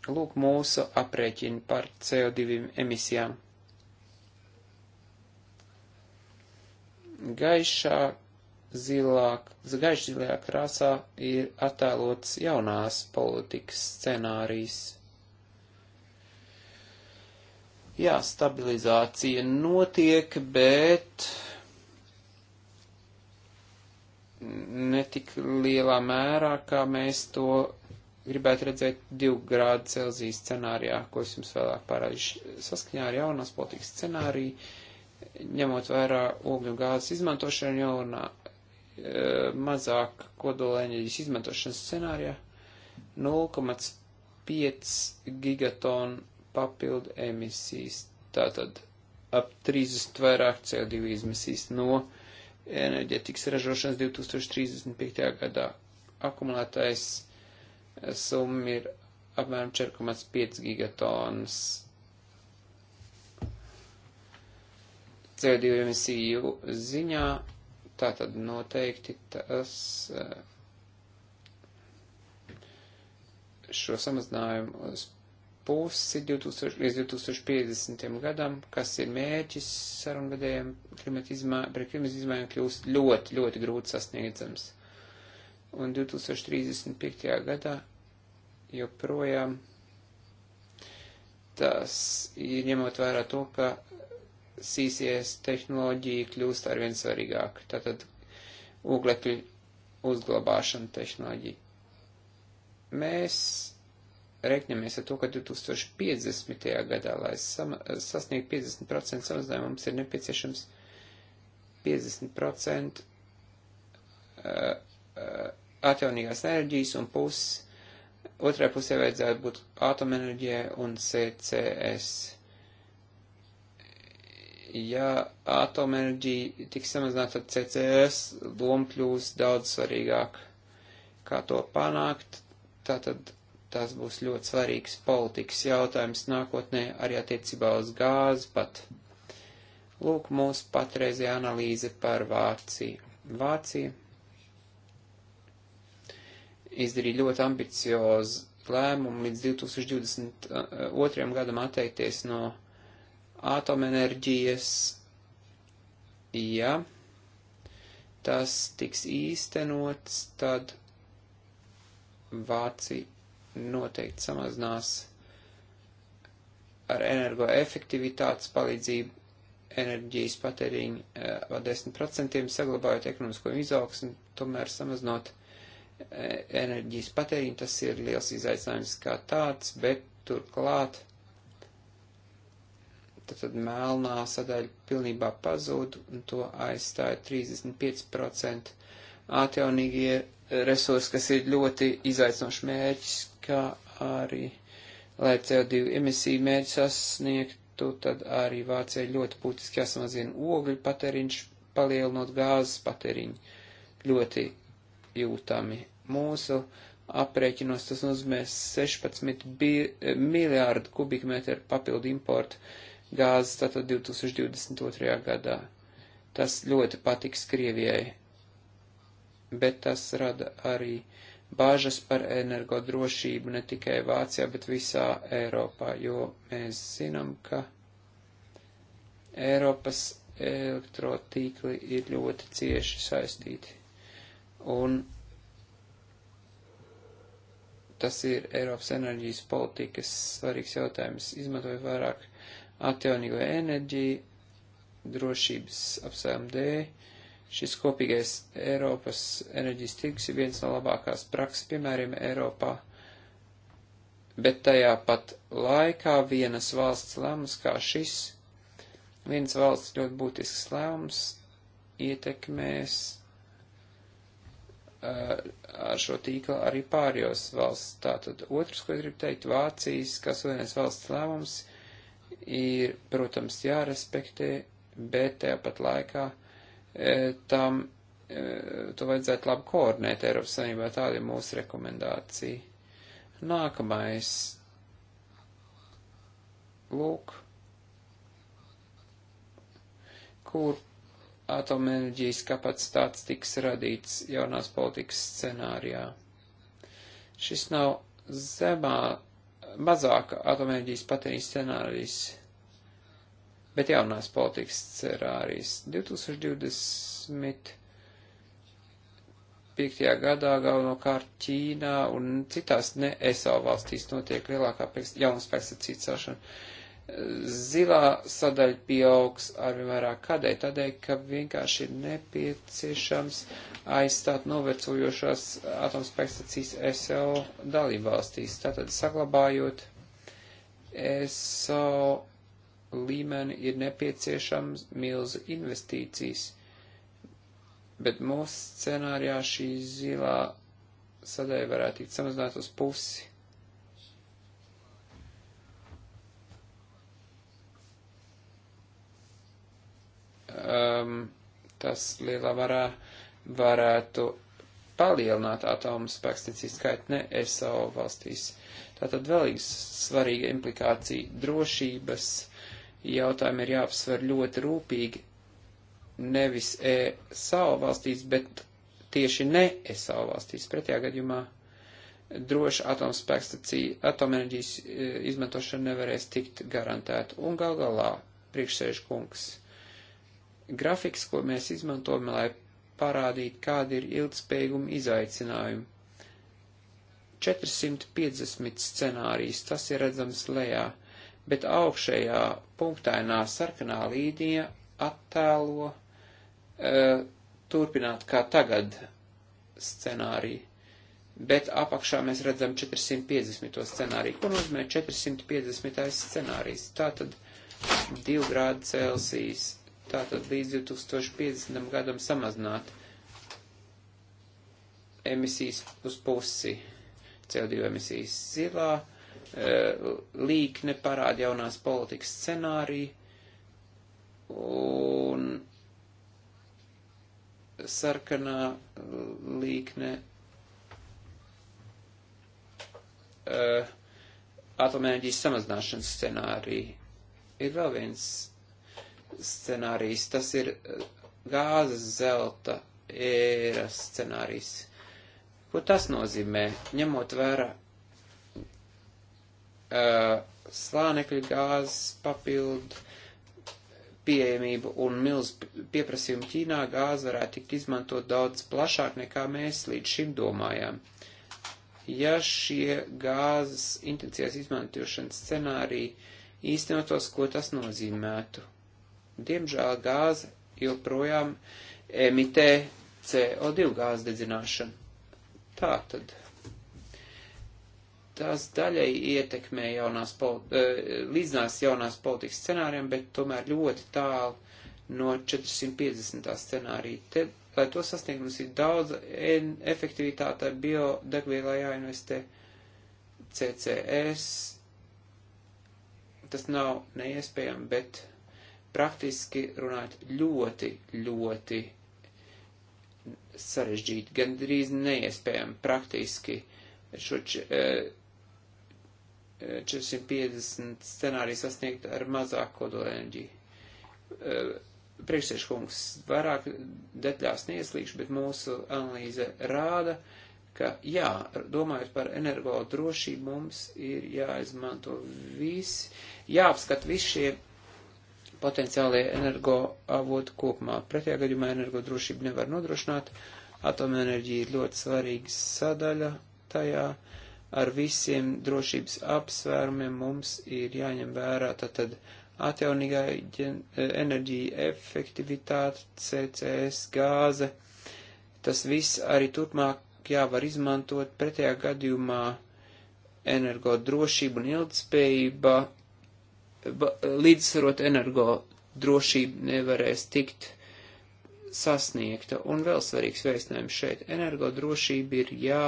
Lūk mūsu aprēķini par CO2 emisijām. gaišāk, zilāk, gaiši zilajā krāsā ir attēlots jaunās politikas scenārijs. Jā, stabilizācija notiek, bet netik lielā mērā, kā mēs to gribētu redzēt 2 grādu Celzijas scenārijā, ko es jums vēlāk parādīšu. Saskaņā ar jaunās politikas scenāriju ņemot vērā ogļu gāzes izmantošanu jaunā e, mazāk kodolenerģijas izmantošanas scenārijā 0,5 gigatonu papildu emisijas, tātad ap 30 vairāk CO2 izmisīs no enerģetikas ražošanas 2035. gadā. Akumulētais e, summa ir apmēram 4,5 gigatonas CO2 emisiju ziņā, tā tad noteikti tas eh, šo samazinājumu uz pusi 2000, līdz 2050. gadam, kas ir mērķis sarunvedējiem pret klimata izmaiņām kļūst ļoti, ļoti grūti sasniedzams. Un 2035. gadā joprojām tas ir ņemot vērā to, ka sīsies tehnoloģija kļūst arvien svarīgāka. Tātad oglekļu uzglabāšana tehnoloģija. Mēs reiķinamies ar to, ka 2050. gadā, lai sama, sasniegtu 50% samazinājumu, mums ir nepieciešams 50% atjaunīgās enerģijas un puses. Otrajā pusē vajadzētu būt atomenerģijai un CCS ja atomenerģija tiks samazināta, tad CCS loma kļūs daudz svarīgāk. Kā to panākt, tātad tas būs ļoti svarīgs politikas jautājums nākotnē arī attiecībā uz gāzi pat. Lūk mūsu patreizajā analīze par Vāciju. Vācija izdarīja ļoti ambiciozu lēmumu līdz 2022. Uh, uh, gadam atteikties no atomenerģijas, ja tas tiks īstenots, tad Vācija noteikti samazinās ar energoefektivitātes palīdzību enerģijas patēriņu eh, par 10%, saglabājot ekonomisko izaugsmu, tomēr samazinot eh, enerģijas patēriņu, tas ir liels izaicinājums kā tāds, bet turklāt tad, tad melnā sadaļa pilnībā pazūd un to aizstāja 35% atjaunīgie eh, resursi, kas ir ļoti izaicinošs mērķis, kā arī, lai CO2 emisiju mērķi sasniegtu, tad arī Vācijai ļoti būtiski jāsamazina ogļu patēriņš, palielinot gāzes patēriņu ļoti jūtami. Mūsu aprēķinos tas nozīmē 16 eh, miljārdu kubikmetru papildu importu gāzes tātad 2022. gadā. Tas ļoti patiks Krievijai, bet tas rada arī bāžas par energodrošību ne tikai Vācijā, bet visā Eiropā, jo mēs zinām, ka Eiropas elektrotīkli ir ļoti cieši saistīti. Un tas ir Eiropas enerģijas politikas svarīgs jautājums, izmantojot vairāk atjaunīgo enerģiju, drošības apsvērumu dēļ. Šis kopīgais Eiropas enerģijas tirgus ir viens no labākās prakses piemēriem Eiropā, bet tajā pat laikā vienas valsts lēmums kā šis, viens valsts ļoti būtisks lēmums ietekmēs ar šo tīklu arī pārējos valsts. Tātad otrs, ko es gribu teikt, Vācijas, kas vienais valsts lēmums, uh, ir, protams, jārespektē, bet tāpat laikā e, tam e, to vajadzētu labi koordinēt Eiropas Savienībā, tāda ir mūsu rekomendācija. Nākamais. Lūk, kur atomenerģijas kapacitātes tiks radīts jaunās politikas scenārijā. Šis nav zemā mazāk atomenerģijas patēriņa scenārijs, bet jaunās politikas scenārijs 2020. 5. gadā galvenokārt Ķīnā un citās ne ESO valstīs notiek lielākā jaunas pēcsacītas celšana. Zilā sadaļa pieaugs arvien vairāk kādēļ, tādēļ, ka vienkārši ir nepieciešams aizstāt novecojošās atomspēkstacijas SO dalībvalstīs. Tātad saglabājot SO līmeni ir nepieciešams milzu investīcijas, bet mūsu scenārijā šī zilā sadaļa varētu tikt samazināta uz pusi. um, tas lielā varā varētu palielināt atomu spēkstaciju skaitu ne ESO valstīs. Tātad vēl svarīga implikācija drošības jautājumi ir jāapsver ļoti rūpīgi, nevis ESO valstīs, bet tieši ne ESO valstīs. Pretējā gadījumā droša atomspēkstacija, atomenerģijas e, izmantošana nevarēs tikt garantēta. Un gal galā, priekšsēžu kungs, grafiks, ko mēs izmantojam, lai parādītu, kāda ir ilgspējīguma izaicinājumi. 450 scenārijs, tas ir redzams lejā, bet augšējā punktainā sarkanā līnija attēlo e, turpināt kā tagad scenāriju, bet apakšā mēs redzam 450 scenāriju. Ko nozīmē 450 scenārijs? Tātad 2 grādi Celsijas tātad līdz 2050. gadam samazināt emisijas uz pusi CO2 emisijas zilā, eh, līkne parāda jaunās politikas scenāriju un sarkanā eh, līkne eh, atomēnerģijas samazināšanas scenāriju. Ir vēl viens scenārijs, tas ir eh, gāzes zelta ēras scenārijs. Ko tas nozīmē, ņemot vērā uh, slānekļa gāzes papildu pieejamību un milz pieprasījumu Ķīnā gāze varētu tikt izmantot daudz plašāk nekā mēs līdz šim domājām. Ja šie gāzes intensīvās izmantošanas scenāriji īstenotos, ko tas nozīmētu? Diemžēl gāze joprojām emitē CO2 gāzi dedzināšanu. Tā tad. Tas daļai ietekmē jaunās, e, līdzinās jaunās politikas scenārijam, bet tomēr ļoti tālu no 450. scenārija. Te, lai to sasniegt, mums ir daudz efektivitāte biodegvielā jāinvestē CCS. Tas nav neiespējami, bet praktiski runājot ļoti, ļoti sarežģīti, gandrīz neiespējami praktiski šo 450 e, e, scenāriju sasniegt ar mazāku kodolenerģiju. E, Priekšsēškungs vairāk detaļās neieslīgšu, bet mūsu analīze rāda, ka jā, domājot par energo drošību, mums ir jāizmanto visi, jāapskat visi šie potenciālie energoavoti kopumā. Pretējā gadījumā energodrošību nevar nodrošināt. Atomenerģija ir ļoti svarīga sadaļa tajā. Ar visiem drošības apsvērumiem mums ir jāņem vērā tātad atjaunīgā enerģija, efektivitāte, CCS, gāze. Tas viss arī turpmāk jāvar izmantot pretējā gadījumā energodrošība un ilgtspējība līdzsvarot energo drošību nevarēs tikt sasniegta. Un vēl svarīgs vēstījums šeit - energo drošība ir jā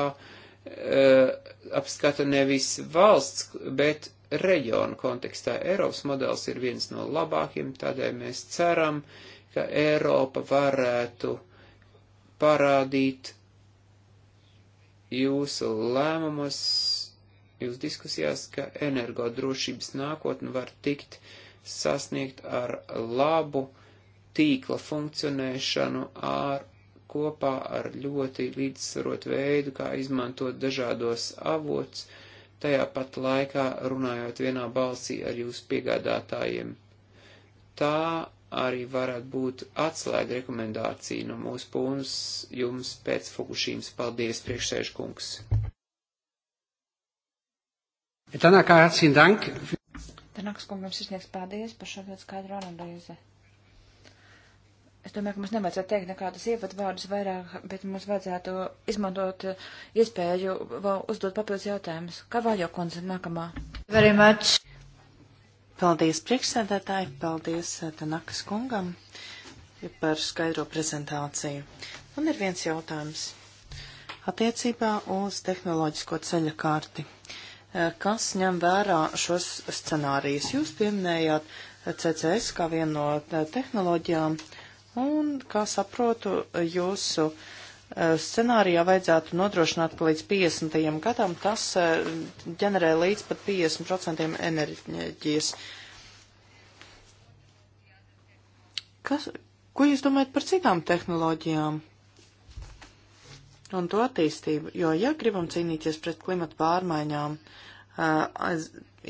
e, apskata nevis valsts, bet reģionu kontekstā. Eiropas modelis ir viens no labākiem, tādēļ mēs ceram, ka Eiropa varētu parādīt jūsu lēmumus jūs diskusijās, ka energodrošības nākotni var tikt sasniegt ar labu tīkla funkcionēšanu ar kopā ar ļoti līdzsvarot veidu, kā izmantot dažādos avots, tajā pat laikā runājot vienā balsī ar jūsu piegādātājiem. Tā arī varētu būt atslēga rekomendācija no mūsu puses jums pēc Fukušīmas. Paldies, priekšsēžkungs! Tanaka, herzlichen Dank. Tanaks kungams iznieks paldies par šo ļoti skaidru analīzi. Es domāju, ka mums nevajadzētu teikt nekādus ievadvārdus vairāk, bet mums vajadzētu izmantot eh, iespēju uzdot papildus jautājumus. Kā vājo kundze nākamā? Very much. Paldies priekšsēdētāji, paldies eh, Tanakas kungam eh, par skaidro prezentāciju. Man ir viens jautājums. Attiecībā uz tehnoloģisko ceļa kārti. Uh, Eh, kas ņem vērā šos scenārijus. Jūs pieminējāt eh, CCS kā vienu no eh, tehnoloģijām, un, kā saprotu, jūsu scenārijā vajadzētu nodrošināt, ka līdz 50. gadam tas ģenerē līdz pat 50% enerģijas. Kas, ko jūs domājat par citām tehnoloģijām? un to attīstību, jo, ja gribam cīnīties pret klimatu pārmaiņām,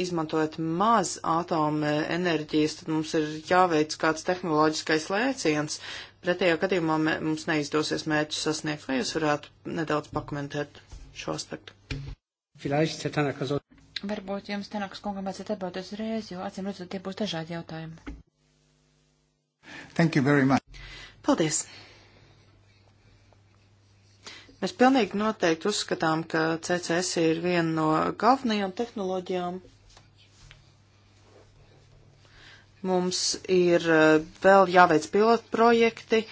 izmantojot maz atomu enerģijas, tad mums ir jāveic kāds tehnoloģiskais lēciens. Pretējā gadījumā mums neizdosies mērķus sasniegt. Vai jūs varētu nedaudz pakomentēt šo aspektu? Varbūt jums Tanakas kungam vajadzētu atbildēt uzreiz, jo acīm redzot, tie būs dažādi jautājumi. Thank you very much. Paldies. Mēs pilnīgi noteikti uzskatām, ka CCS ir viena no galvenajām tehnoloģijām. Mums ir eh, vēl jāveic pilotprojekti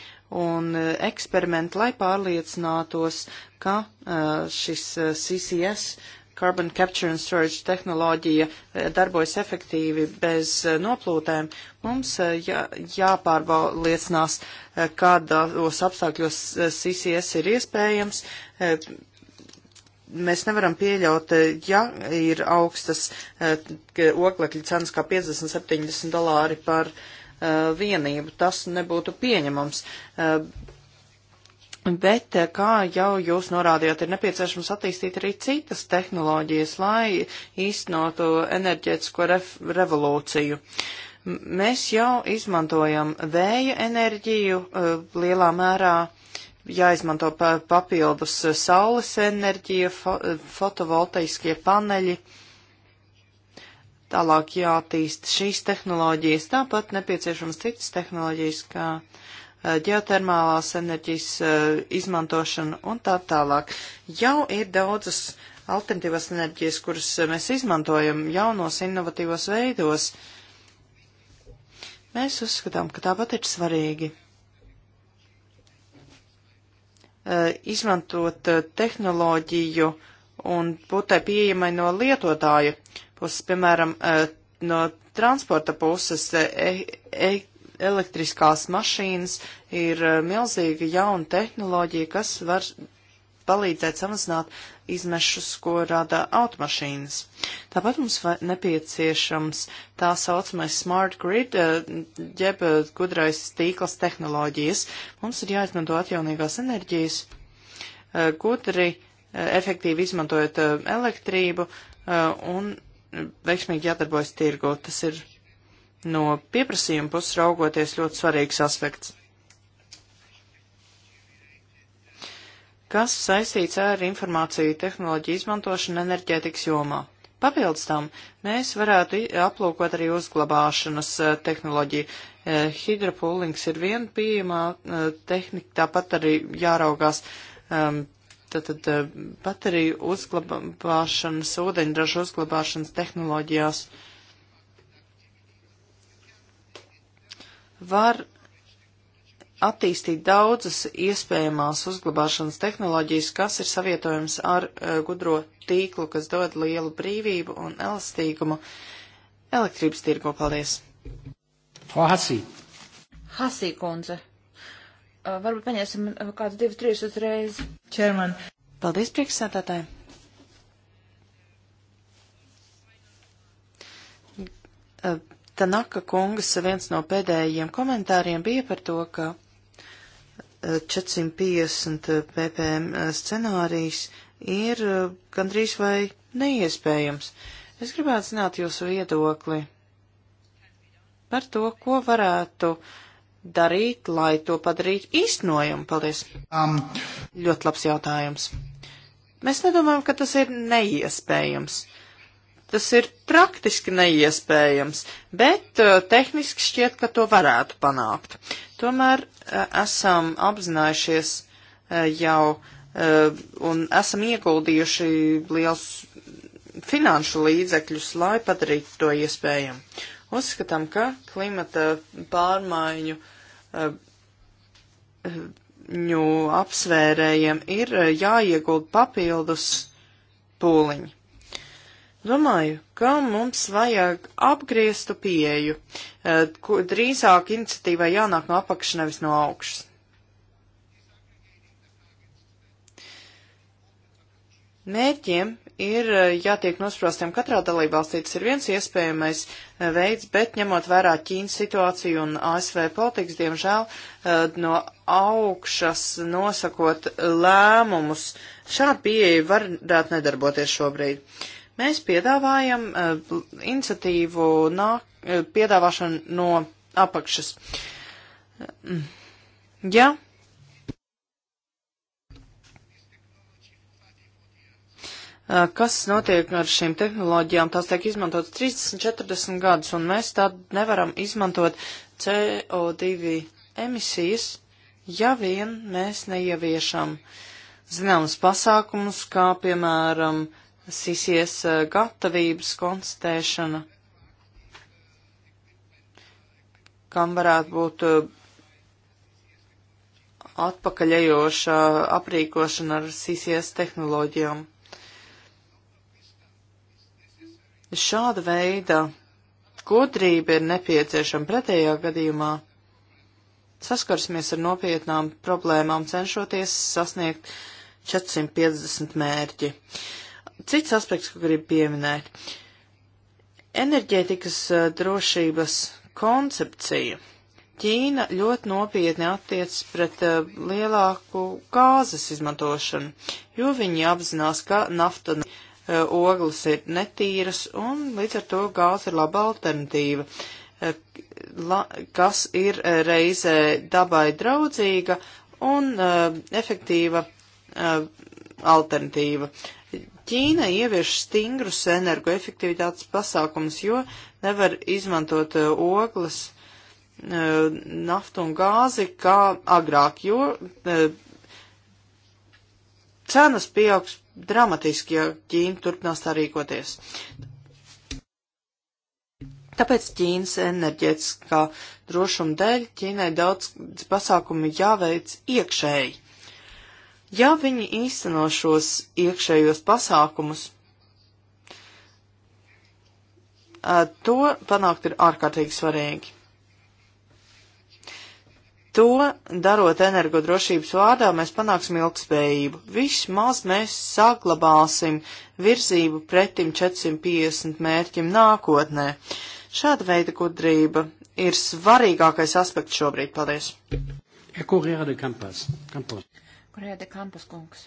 un eh, eksperimenti, lai pārliecinātos, ka eh, šis CCS carbon capture and storage tehnoloģija eh, darbojas efektīvi bez eh, noplūtēm, mums eh, jā, jāpārbaulinās, kādos apstākļos CCS ir iespējams. Mēs nevaram pieļaut, ja ir augstas oglekļa cenas kā 50-70 dolāri par vienību. Tas nebūtu pieņemams. Bet, eh, kā jau jūs norādījāt, ir nepieciešams attīstīt arī citas tehnoloģijas, lai īstenotu enerģētisko revolūciju. Mēs jau izmantojam vēja enerģiju eh, lielā mērā, jāizmanto papildus saules enerģija, fo eh, fotovoltaiskie paneļi. Tālāk jātīst šīs tehnoloģijas, tāpat nepieciešams citas tehnoloģijas, kā ģeotermālās enerģijas eh, izmantošanu un tā tālāk. Jau ir daudzas alternatīvas enerģijas, kuras mēs izmantojam jaunos innovatīvos veidos. Mēs uzskatām, ka tāpat ir svarīgi eh, izmantot eh, tehnoloģiju un būt tai pieejamai no lietotāja puses, piemēram, no transporta puses, e, e, elektriskās mašīnas ir eh, milzīga jauna tehnoloģija, kas var palīdzēt samazināt izmešus, ko rada automašīnas. Tāpat mums nepieciešams tā saucamais smart grid, eh, jeb eh, gudrais tīklas tehnoloģijas. Mums ir jāizmanto atjaunīgās enerģijas, gudri, efektīvi izmantojot elektrību un veiksmīgi jādarbojas tirgo. Tas ir no pieprasījuma puses raugoties ļoti svarīgs aspekts. Kas saistīts ar informāciju tehnoloģiju izmantošanu enerģētikas jomā? Papildus tam mēs varētu aplūkot arī uzglabāšanas eh, tehnoloģiju. Eh, Hidropūlings ir viena pieejamā eh, tehnika, tāpat arī jāraugās ehm, tātad bateriju uzglabāšanas, ūdeņražu uzglabāšanas tehnoloģijās. Uh, var attīstīt daudzas iespējamās uzglabāšanas tehnoloģijas, kas ir savietojams ar uh, gudro tīklu, kas dod lielu brīvību un elastīgumu elektrības tirgo. Paldies! Frau Hasī. Hasī kundze. Uh, varbūt paņēsim uh, e, kāds divas, trīs uzreiz. Čerman. Paldies, priekšsētātāji. Uh, Tanaka kungas viens no pēdējiem komentāriem bija par to, ka 450 e, ppm e, e, scenārijs ir gandrīz vai neiespējams. Es gribētu zināt jūsu viedokli par to, ko varētu darīt, lai to padarītu īstenojumu. Paldies! Um. Ļoti labs jautājums. Mēs nedomājam, ka tas ir neiespējams. Uh, tas ir praktiski neiespējams, bet uh, tehniski šķiet, ka to varētu panākt. Tomēr uh, esam apzinājušies uh, jau uh, un esam ieguldījuši liels finanšu līdzekļus, lai padarītu to iespējamu. Uzskatām, ka klimata pārmaiņu uh, apsvērējiem ir uh, jāiegulda papildus pūliņi. Domāju, ka mums vajag apgrieztu pieeju, eh, ko drīzāk iniciatīvai jānāk no apakšas, nevis no augšas. Mērķiem ir eh, jātiek nosprostiem katrā dalībvalstī, tas ir viens iespējamais eh, veids, bet ņemot vērā Ķīnas situāciju un ASV politikas, diemžēl no augšas nosakot lēmumus, šāda pieeja varētu nedarboties šobrīd. Uh, Mēs piedāvājam uh, iniciatīvu nāk, uh, piedāvāšanu no apakšas. Eh, ja kas notiek ar šīm tehnoloģijām. Tās tiek izmantotas 30, 40 gadus, un mēs tad nevaram izmantot CO2 emisijas, ja vien mēs neieviešam zināmas pasākumus, kā piemēram sīsies gatavības konstatēšana, kam varētu būt atpakaļejoša aprīkošana ar sīsies tehnoloģijām. Šāda veida gudrība ir nepieciešama pretējā gadījumā. Saskarsimies ar nopietnām problēmām, cenšoties sasniegt 450 mērķi. Uh, cits aspekts, ko gribu pieminēt. Enerģētikas drošības koncepcija. Ķīna ļoti nopietni attiecas pret uh, lielāku gāzes izmantošanu, jo viņi apzinās, ka nafta un uh, ogles ir netīras un līdz ar to gāze ir laba alternatīva, uh, la, kas ir reizē dabai draudzīga un efektīva alternatīva. Ķīna ievieš stingrus energoefektivitātes pasākumus, jo nevar izmantot eh, ogles, eh, naftu un gāzi kā agrāk, jo eh, cenas pieaugs dramatiski, ja Ķīna turpinās tā rīkoties. Tāpēc Ķīnas enerģētiskā drošuma dēļ Ķīnai daudz pasākumu jāveic iekšēji. Ja viņi īsteno šos iekšējos pasākumus, eh, to panākt ir ārkārtīgi svarīgi. To darot energodrošības vārdā, mēs panāksim ilgspējību. Vismaz mēs saglabāsim virzību pretim 450 mērķim nākotnē. Šāda veida gudrība ir svarīgākais aspekts šobrīd. Paldies! Ja, Kurēja de Kampus kungs?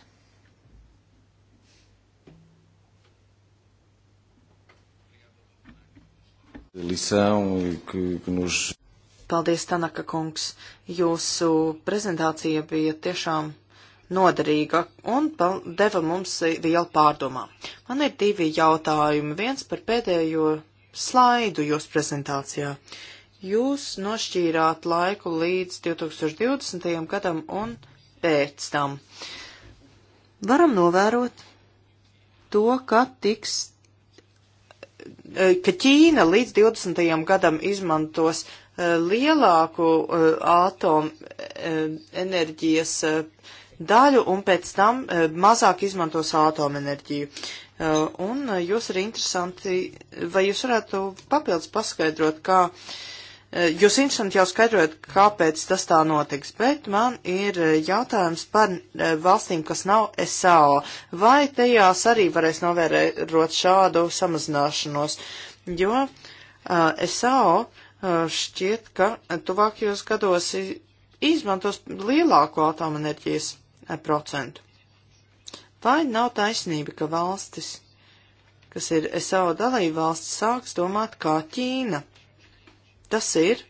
lição e que, que nos. Paldies, Tanaka kungs. Jūsu prezentācija bija tiešām noderīga un deva mums vielu pārdomā. Man ir divi jautājumi. Viens par pēdējo slaidu jūsu prezentācijā. Jūs nošķīrāt laiku līdz 2020. gadam un pēc tam. Varam novērot to, ka tiks e, ka Ķīna līdz 20. gadam izmantos e, lielāku ātomu e, enerģijas daļu un pēc tam mazāk izmantos ātomenerģiju. Un jūs arī interesanti, vai jūs varētu papildus paskaidrot, kā uh, Eh, jūs interesanti jau skaidrojat, kāpēc tas tā notiks, bet man ir eh, jautājums par eh, valstīm, kas nav SAO. Vai tajās arī varēs novērot šādu samazināšanos? Jo uh, SAO uh, šķiet, ka tuvākajos gados izmantos lielāko atomenerģijas procentu. Vai nav taisnība, ka valstis, kas ir SAO dalībvalsts, sāks domāt kā Ķīna? Tas ir,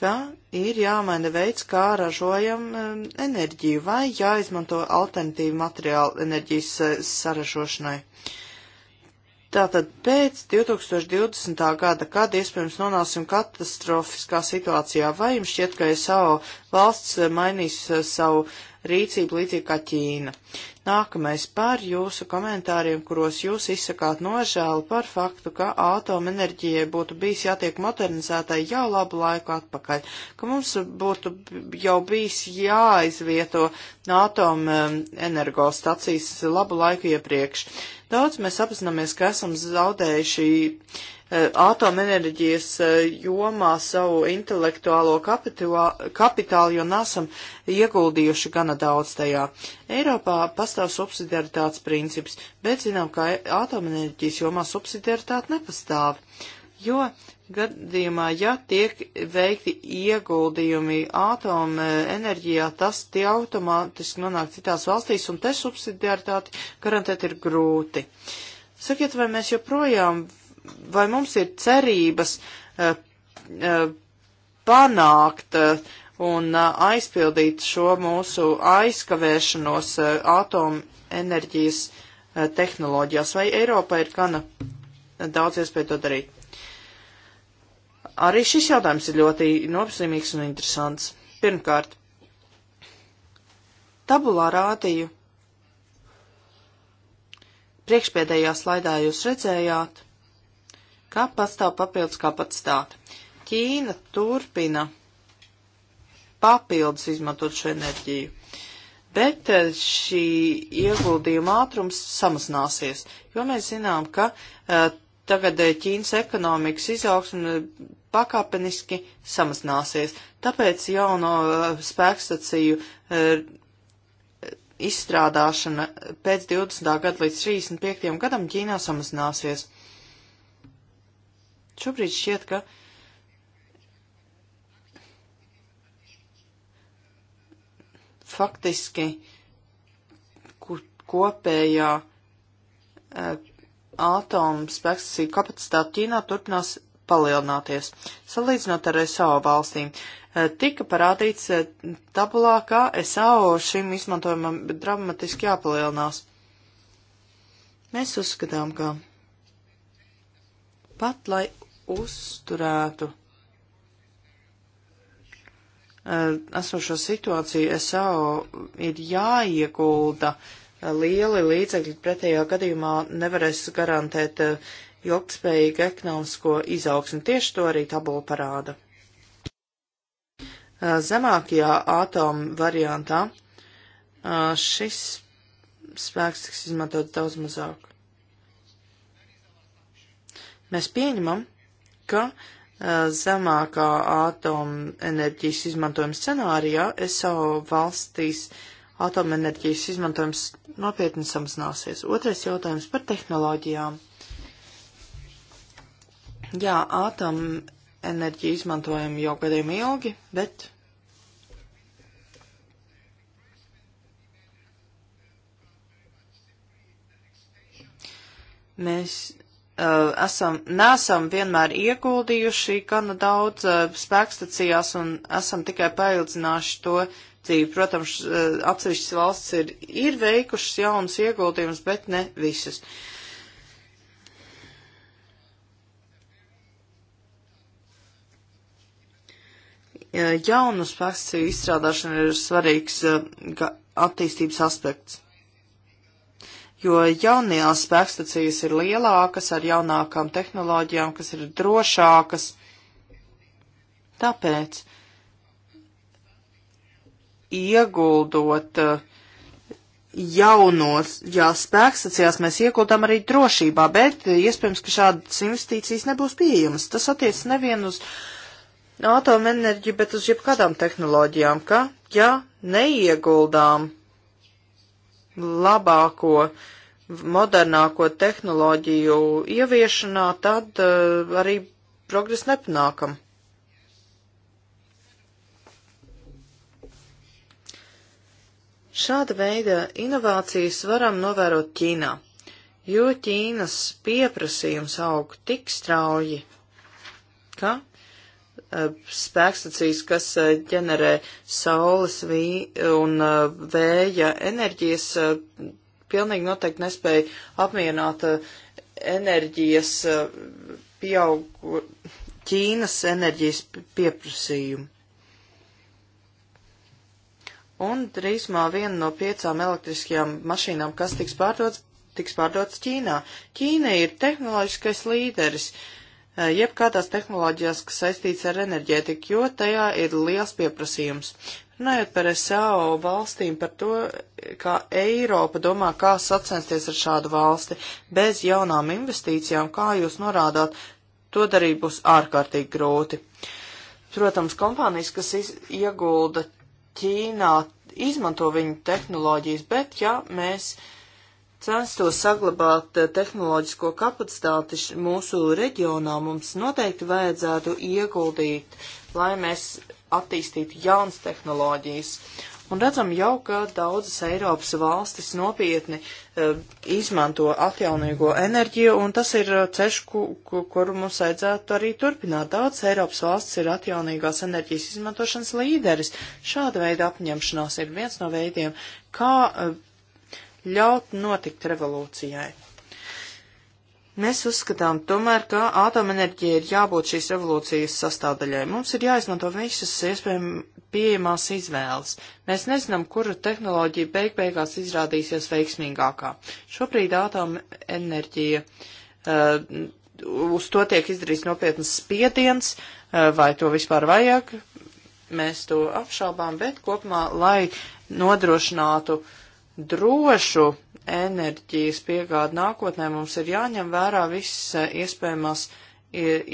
ka ir jāmaina veids, kā ražojam um, enerģiju vai jāizmanto alternatīvu materiālu enerģijas uh, saražošanai. Tātad pēc 2020. gada, kad iespējams nonāksim katastrofiskā situācijā, vai jums šķiet, ka SAO valsts uh, mainīs uh, savu rīcību līdzīgi kā Ķīna. Nākamais par jūsu komentāriem, kuros jūs izsakāt nožēlu par faktu, ka atomenerģijai būtu bijis jātiek modernizētai jau labu laiku atpakaļ, ka mums būtu jau bijis jāizvieto atomenergostacijas um, labu laiku iepriekš. Daudz mēs apzināmies, ka esam zaudējuši Eh, atomenerģijas eh, jomā savu intelektuālo kapitālu, jo nesam ieguldījuši gana daudz tajā. Eiropā pastāv subsidiaritātes princips, bet zinām, ka atomenerģijas jomā subsidiaritāte nepastāv. Jo gadījumā, ja tiek veikti ieguldījumi atomenerģijā, tas tie automātiski nonāk citās valstīs, un te subsidiaritāti garantēt ir grūti. Sakiet, vai mēs joprojām vai mums ir cerības eh, eh, panākt eh, un aizpildīt šo mūsu aizkavēšanos atomenerģijas tehnoloģijās, vai Eiropā ir gana daudz iespēju to darīt? Arī šis jautājums ir ļoti nozīmīgs un interesants. Pirmkārt, tabulā rādīju priekšpēdējā slaidā jūs redzējāt ka pastāv papildus kapacitāte. Ķīna turpina papildus izmantot šo enerģiju, bet eh, šī ieguldījuma ātrums samazināsies, jo mēs zinām, ka uh, tagad eh, Ķīnas ekonomikas izaugsme pakāpeniski samazināsies. Tāpēc jauno spēkstaciju izstrādāšana pēc 20. gada līdz 35. gadam Ķīnā samazināsies šobrīd šķiet, ka faktiski kopējā e, atomu spēkstasību kapacitāte Ķīnā turpinās palielināties, salīdzinot ar e SAO valstīm. E, tika parādīts tabulā, ka SAO šim izmantojumam dramatiski jāpalielinās. Mēs uzskatām, ka pat lai uzturētu eh, esošo situāciju SAO ir jāiegulda eh, lieli līdzekļi, pretējā gadījumā nevarēs garantēt eh, ilgtspējīgu ekonomisko izaugsmu. Tieši to arī tabula parāda. Zemākajā atomu variantā šis spēks tiks izmantots daudz mazāk. Mēs pieņemam, ka uh, zemākā atomenerģijas izmantojuma scenārijā SAO valstīs atomenerģijas izmantojums nopietni samazināsies. Otrais jautājums par tehnoloģijām. Jā, atomenerģija izmantojama jau gadiem ilgi, bet mēs Eh, esam, nesam vienmēr ieguldījuši gana daudz eh, spēkstacijās un esam tikai paildzinājuši to dzīvi. Protams, eh, atsevišķas valsts ir, ir veikušas jaunas ieguldījumus, bet ne visas. Jaunu spēkstaciju izstrādāšana ir svarīgs attīstības aspekts jo jaunās spēkstacijas ir lielākas, ar jaunākām tehnoloģijām, kas ir drošākas. Tāpēc, ieguldot eh, jaunos, jā, spēkstacijās mēs ieguldām arī drošībā, bet iespējams, ka šādas investīcijas nebūs pieejamas. Tas attiec nevien uz atomenerģiju, bet uz jebkādām tehnoloģijām, ka, ja neieguldām labāko, modernāko tehnoloģiju ieviešanā, tad uh, arī progresu nepanākam. Šāda veida inovācijas varam novērot Ķīnā, jo Ķīnas pieprasījums aug tik strauji, ka Eh, spēkstacijas, kas eh, ģenerē saules vī un eh, vēja enerģijas, pilnīgi noteikti nespēja apmierināt enerģijas pieaugu, Ķīnas enerģijas pieprasījumu. Un drīzumā viena no piecām elektriskajām mašīnām, kas tiks pārdots, tiks pārdots Ķīnā. Ķīna ir tehnoloģiskais līderis. Uh, Eh, jebkādās tehnoloģijās, kas saistīts ar enerģētiku, jo tajā ir liels pieprasījums. Runājot par SAO valstīm, par to, kā Eiropa domā, kā sacensties ar šādu valsti bez jaunām investīcijām, kā jūs norādāt, to darīt būs ārkārtīgi grūti. Protams, kompānijas, kas iz, iegulda Ķīnā, izmanto viņu tehnoloģijas, bet ja mēs uh, censtos saglabāt eh, tehnoloģisko kapacitāti mūsu reģionā, mums noteikti vajadzētu ieguldīt, lai mēs attīstītu jaunas tehnoloģijas. Un redzam jau, ka daudzas Eiropas valstis nopietni e, izmanto atjaunīgo enerģiju, un tas ir eh, ceļš, ku, ku, kuru mums vajadzētu arī turpināt. Daudz Eiropas valstis ir atjaunīgās enerģijas izmantošanas līderis. Šāda veida apņemšanās ir viens no veidiem, kā e, ļaut notikt revolūcijai. Mēs uzskatām tomēr, ka atomenerģija ir jābūt šīs revolūcijas sastāvdaļai. Mums ir jāizmanto visas iespējamās pieejamās izvēles. Mēs nezinām, kura tehnoloģija beig beigās izrādīsies veiksmīgākā. Šobrīd atomenerģija uh, uz to tiek izdarīts nopietnas spiediens, uh, vai to vispār vajag, mēs to apšaubām, bet kopumā, lai nodrošinātu uh, drošu enerģijas piegādi nākotnē, mums ir jāņem vērā viss eh, iespējamās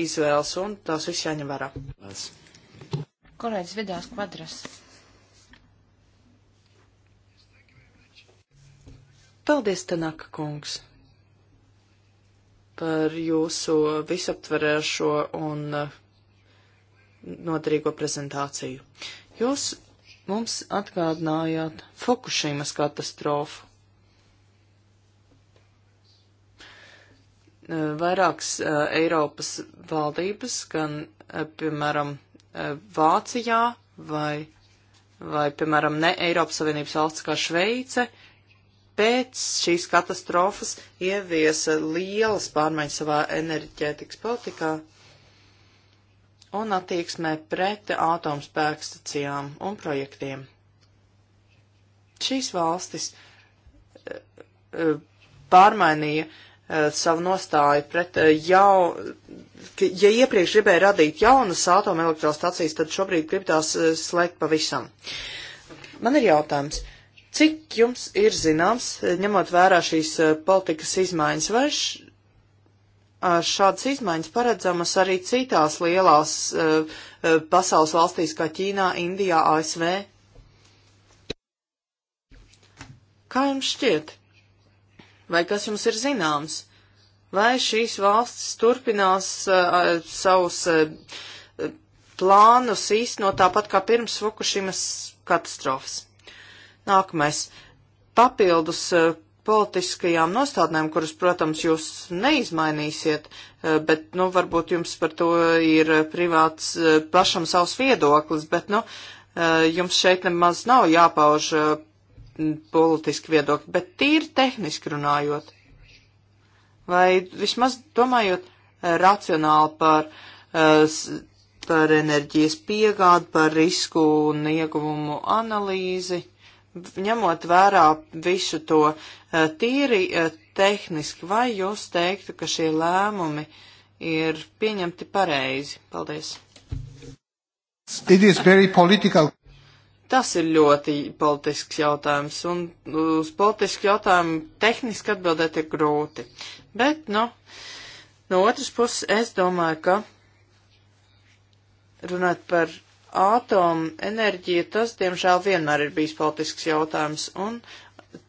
izvēles, un tās viss jāņem vērā. Kolēģis Vidās Kvadras. Paldies, Tanaka kungs, par jūsu visaptverēšo un eh, noderīgo prezentāciju. Jūs mums atgādinājāt Fukushimas katastrofu. Eh, vairākas uh, Eiropas valdības, gan, uh, piemēram, uh, Vācijā vai, vai, piemēram, ne Eiropas Savienības valsts kā Šveice, pēc šīs katastrofas ieviesa lielas pārmaiņas savā enerģētikas politikā, un attieksmē pret atomspēkstacijām un projektiem. Šīs valstis eh, eh, pārmainīja eh, savu nostāju pret jau, ja iepriekš gribēja radīt jaunas atomelektrostacijas, tad šobrīd grib tās slēgt pavisam. Man ir jautājums, cik jums ir zināms, ņemot vērā šīs politikas izmaiņas, vai š, šādas izmaiņas paredzamas arī citās lielās uh, pasaules valstīs, kā Ķīnā, Indijā, ASV. Kā jums šķiet? Vai kas jums ir zināms? Vai šīs valstis turpinās uh, savus uh, plānus īstenot tāpat kā pirms Fukushimas katastrofas? Nākamais. Papildus uh, politiskajām nostādnēm, kuras, protams, jūs neizmainīsiet, eh, bet, nu, varbūt jums par to ir privāts eh, pašam savs viedoklis, bet, nu, eh, jums šeit nemaz nav jāpauž politiski viedokļi, bet tīri tehniski runājot. Vai vismaz domājot racionāli par, par enerģijas piegādi, par risku un ieguvumu analīzi, ņemot vērā visu to uh, Eh, tīri eh, tehniski, vai jūs teiktu, ka šie lēmumi ir pieņemti pareizi? Paldies. Tas ir ļoti politisks jautājums, un uz politisku jautājumu tehniski atbildēt ir grūti. Bet, nu, no otras puses, es domāju, ka runāt par ātomu enerģiju, tas, diemžēl, vienmēr ir bijis politisks jautājums, un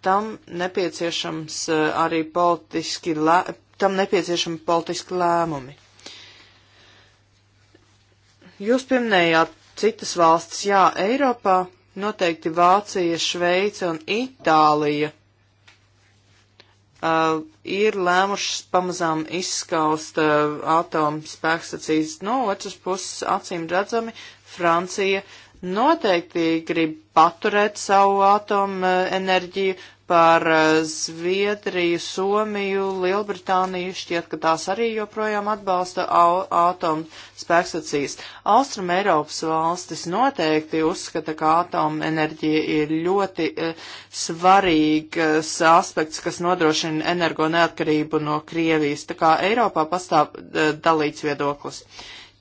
tam nepieciešams eh, arī politiski, lē, tam nepieciešami politiski lēmumi. Jūs pieminējāt citas valstis, jā, Eiropā noteikti Vācija, Šveice un Itālija uh, ir lēmušas pamazām izskaust uh, atomu spēkstacijas. No otras puses, acīm redzami, Francija uh, noteikti grib paturēt savu atomu enerģiju par e, Zviedriju, Somiju, Lielbritāniju. Šķiet, ka tās arī joprojām atbalsta atomu spēkstacijas. Austrum Eiropas valstis noteikti uzskata, ka atomu enerģija ir ļoti e, svarīgs e, aspekts, kas nodrošina energo neatkarību no Krievijas. Tā kā Eiropā pastāv e, dalīts viedoklis.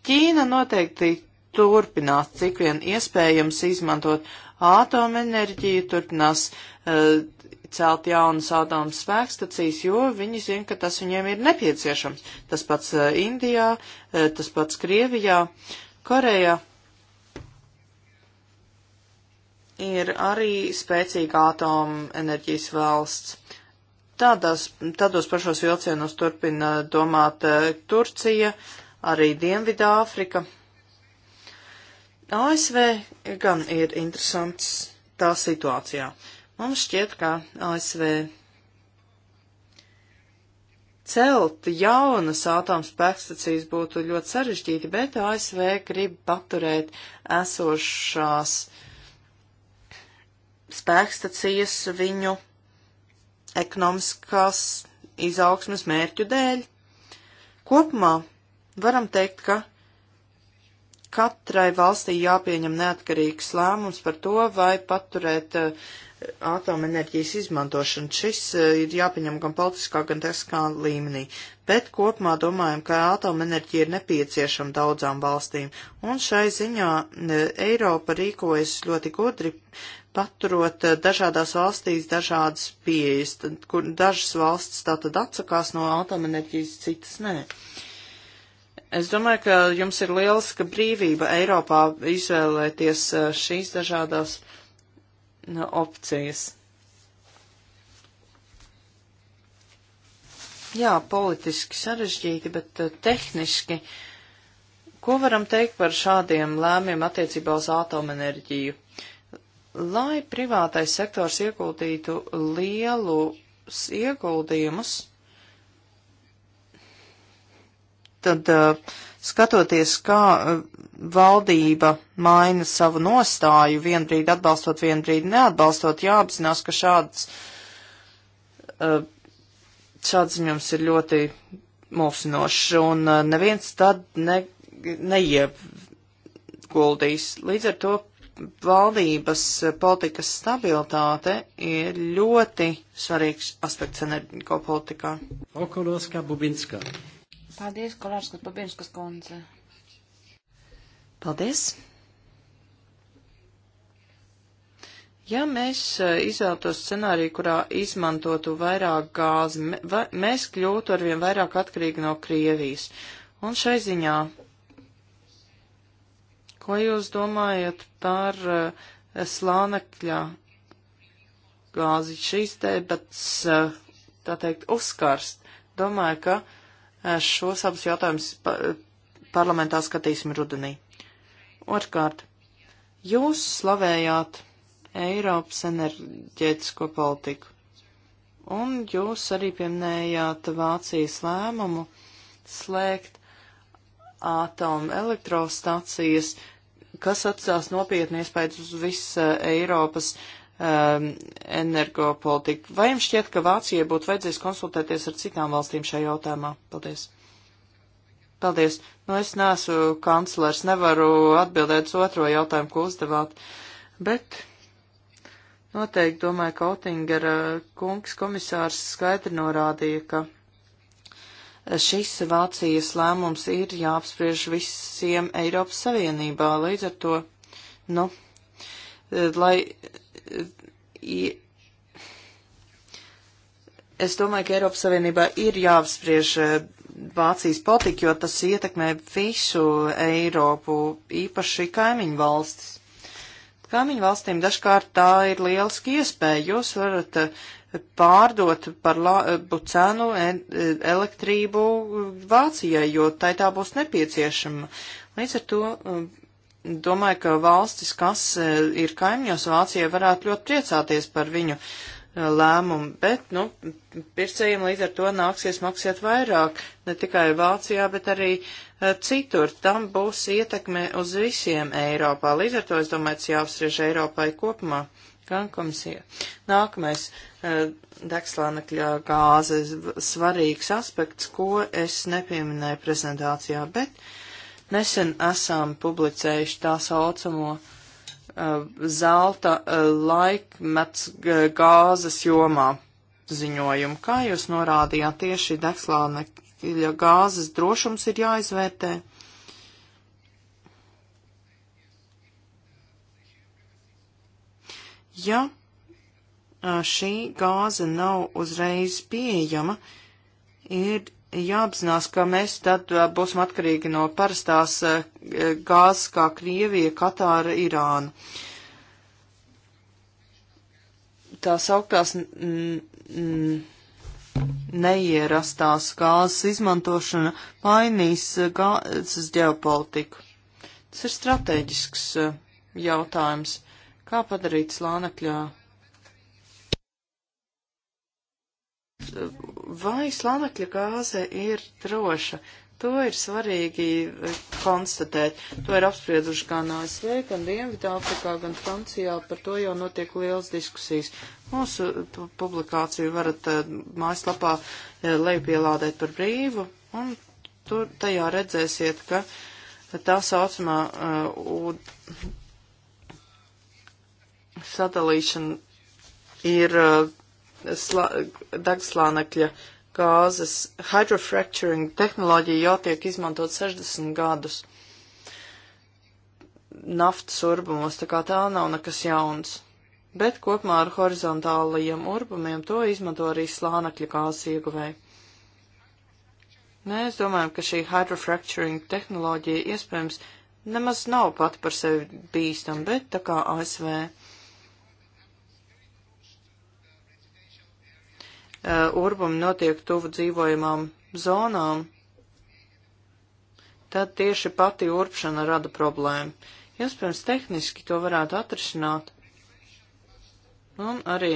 Ķīna noteikti turpinās cik vien iespējams izmantot ātomenerģiju, turpinās uh, celt jaunas atomas spēkstacijas, jo viņi zina, ka tas viņiem ir nepieciešams. Tas pats uh, Indijā, uh, tas pats Krievijā, Korejā ir arī spēcīga atomenerģijas valsts. Tādās, tādos pašos vilcienos turpina domāt Turcija, arī Dienvidāfrika. Āfrika ASV gan ir interesants tā situācijā. Mums šķiet, ka ASV celt jaunas atomspēkstacijas būtu ļoti sarežģīti, bet ASV grib paturēt esošās spēkstacijas viņu ekonomiskās izaugsmas mērķu dēļ. Kopumā varam teikt, ka katrai valstī jāpieņem neatkarīgs lēmums par to, vai paturēt uh, atomenerģijas izmantošanu. Šis uh, ir jāpieņem gan politiskā, gan tehniskā līmenī. Bet kopumā domājam, ka atomenerģija ir nepieciešama daudzām valstīm. Un šai ziņā uh, Eiropa rīkojas ļoti gudri, paturot dažādās valstīs dažādas pieejas, kur dažas valstis tātad atsakās no atomenerģijas, citas nē. Uh, Es domāju, ka jums ir lieliska brīvība Eiropā izvēlēties šīs dažādās opcijas. Jā, politiski sarežģīti, bet tehniski. Ko varam teikt par šādiem lēmiem attiecībā uz atomenerģiju? Lai privātais sektors ieguldītu lielus ieguldījumus, tad uh, skatoties, kā uh, valdība maina savu nostāju, vienbrīd atbalstot, vienbrīd neatbalstot, jāapzinās, ka šāds, uh, šāds ziņums ir ļoti mulsinošs, un neviens tad ne, neieguldīs. Līdz ar to valdības politikas stabilitāte ir ļoti svarīgs aspekts energo politikā. Okoloska Bubinska. Paldies, Kolārskas Babinskas kundze. Paldies. Ja mēs eh, izvēlētos scenāriju, kurā izmantotu vairāk gāzi, mēs kļūtu arvien vairāk atkarīgi no Krievijas. Un šai ziņā, ko jūs domājat par uh, slānekļa gāzi šīs te, bet, uh, tā teikt, uzkarst? Domāju, ka Šos abus jautājumus parlamentā skatīsim rudenī. Otrkārt, jūs slavējāt Eiropas enerģētisko politiku, un jūs arī pieminējāt Vācijas lēmumu slēgt ātomu elektrostacijas, kas atstās nopietni iespējas uz visu Eiropas uh, um, energopolitiku. Vai jums šķiet, ka Vācijai būtu vajadzēs konsultēties ar citām valstīm šajā jautājumā? Paldies! Paldies! Nu, es neesmu kanclers, nevaru atbildēt uz otro jautājumu, ko uzdevāt, bet noteikti domāju, ka Otingera kungs komisārs skaidri norādīja, ka šis Vācijas lēmums ir jāapspriež visiem Eiropas Savienībā. Līdz ar to, nu, lai Es domāju, ka Eiropas Savienībā ir jāapspriež eh, Vācijas politika, jo tas ietekmē visu Eiropu, īpaši kaimiņu valstis. Kaimiņu valstīm dažkārt tā ir lieliski iespēja. Jūs varat eh, pārdot par labu cenu e, elektrību Vācijai, jo tai tā būs nepieciešama. Līdz ar to mm, domāju, ka valstis, kas e, ir kaimiņos Vācijai, varētu ļoti priecāties par viņu e, lēmumu, bet, nu, pircējiem līdz ar to nāksies maksāt vairāk, ne tikai Vācijā, bet arī e, citur. Tam būs ietekme uz visiem Eiropā. Līdz ar to, es domāju, tas jāapsriež Eiropai kopumā. Gan komisija. Nākamais degslānekļa gāze svarīgs aspekts, ko es nepieminēju prezentācijā, bet uh, Nesen esam publicējuši tā saucamo uh, zelta uh, laikmets gāzes jomā ziņojumu. Kā jūs norādījāt, tieši degslānekļa gāzes drošums ir jāizvērtē? Ja uh, šī gāze nav uzreiz pieejama, ir jāapzinās, ka mēs tad uh, būsim atkarīgi no parastās uh, gāzes kā Krievija, Katāra, Irāna. Tās augtās neierastās gāzes izmantošana mainīs uh, gāzes ģeopolitiku. Tas ir strateģisks jautājums. Kā padarīt slānekļā vai slānekļa gāze ir droša. To ir svarīgi e, konstatēt. To ir apsprieduši gan ASV, gan Dienvidāfrikā, gan Francijā. Par to jau notiek liels diskusijas. Mūsu publikāciju varat e, mājaslapā e, lejupielādēt par brīvu, un tur tajā redzēsiet, ka tā saucamā uh, sadalīšana ir uh, slā, degslānekļa gāzes hydrofracturing tehnoloģija jau tiek izmantot 60 gadus naftas urbumos, tā kā tā nav nekas jauns. Bet kopumā ar horizontālajiem urbumiem to izmanto arī slānekļa gāzes ieguvēji. Mēs domājam, ka šī hydrofracturing tehnoloģija iespējams nemaz nav pati par sevi bīstam, bet tā kā ASV Uh, urbumi notiek tuvu dzīvojamām zonām, tad tieši pati urpšana rada problēmu. Iespējams, tehniski to varētu atrisināt. Un arī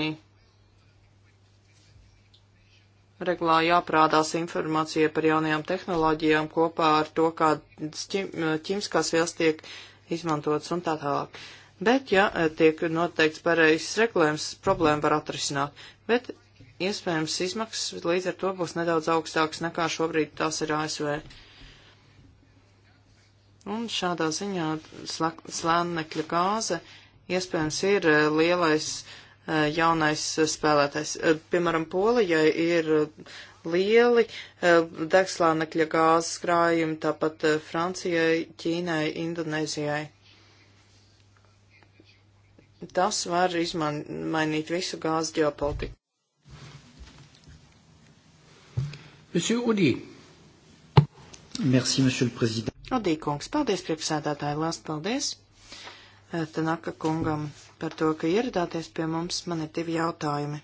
regulā jāprādās informācija par jaunajām tehnoloģijām kopā ar to, kādas ķimiskās vielas tiek izmantotas un tā tālāk. Bet, ja tiek noteikts pareizs regulējums, problēma var atrisināt. Bet iespējams izmaksas līdz ar to būs nedaudz augstākas nekā šobrīd tās ir ASV. Un šādā ziņā slēnekļa gāze iespējams ir eh, lielais eh, jaunais spēlētājs. Eh, piemēram, Polijai ir lieli degslānekļa gāzes krājumi, tāpat Francijai, Ķīnai, Indonēzijai. Tas var izmainīt visu gāzes ģeopolitiku. Monsieur Udī. Merci, monsieur le président. Udī kungs, paldies priekšsēdētāji, lāst paldies. Eh, Tanaka kungam par to, ka ieradāties pie mums, man ir divi jautājumi. Eh,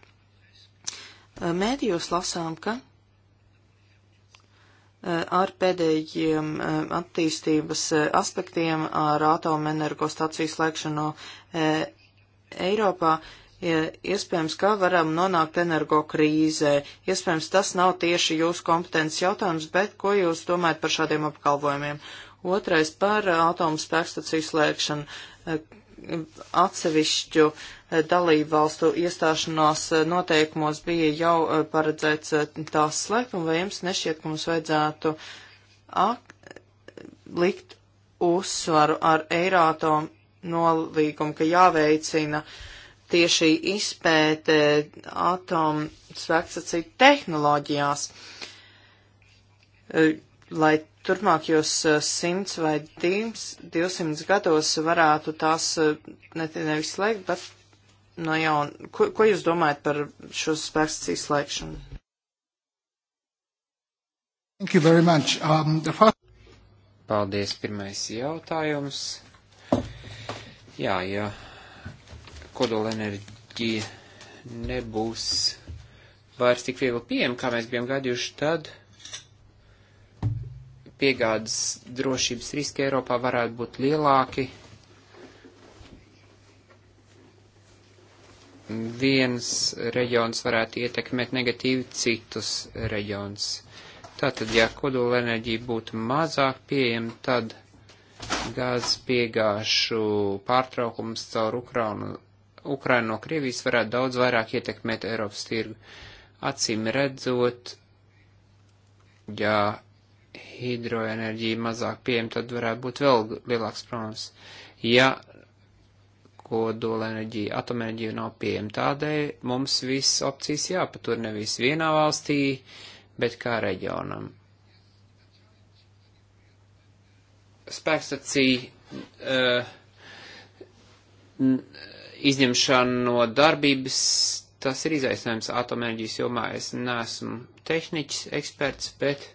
Mēdījos lasām, ka eh, ar pēdējiem attīstības aspektiem, ar atomenergostaciju slēgšanu Eiropā, iespējams, ka varam nonākt energokrīzē. Iespējams, tas nav tieši jūsu kompetences jautājums, bet ko jūs domājat par šādiem apkalvojumiem? Otrais par atomu spēkstaciju slēgšanu atsevišķu dalību valstu iestāšanās noteikumos bija jau paredzēts tās slēgt, un vai jums nešķiet, ka mums vajadzētu likt uzsvaru ar Eirātomu nolīgumu, ka jāveicina uh, tieši izpēte atomu svekstacītu tehnoloģijās, eh, lai turpmākajos eh, simts vai divsimts gados varētu tās eh, ne, nevis slēgt, bet no nu, jauna. Ko, ko jūs domājat par šo spēkstacīju slēgšanu? Thank you very much. Um, the first... Paldies, pirmais jautājums. Jā, jā. Ja kodolenerģija nebūs vairs tik viegli pieejama, kā mēs bijām gadījuši, tad piegādes drošības riski Eiropā varētu būt lielāki. Viens reģions varētu ietekmēt negatīvi citus reģions. Tātad, ja kodolenerģija būtu mazāk pieejama, tad gāzes piegāšu pārtraukums caur Ukrainu Ukraina no Krievijas varētu daudz vairāk ietekmēt Eiropas tirgu. Acīm redzot, ja hidroenerģija mazāk pieejama, tad varētu būt vēl lielāks problēmas. Ja kodolenerģija, atomenerģija nav pieejama tādēļ, mums viss opcijas jāpatur nevis vienā valstī, bet kā reģionam. Spēkstacija uh, izņemšana no darbības, tas ir izaicinājums atomenerģijas jomā. Es neesmu tehniķis, eksperts, bet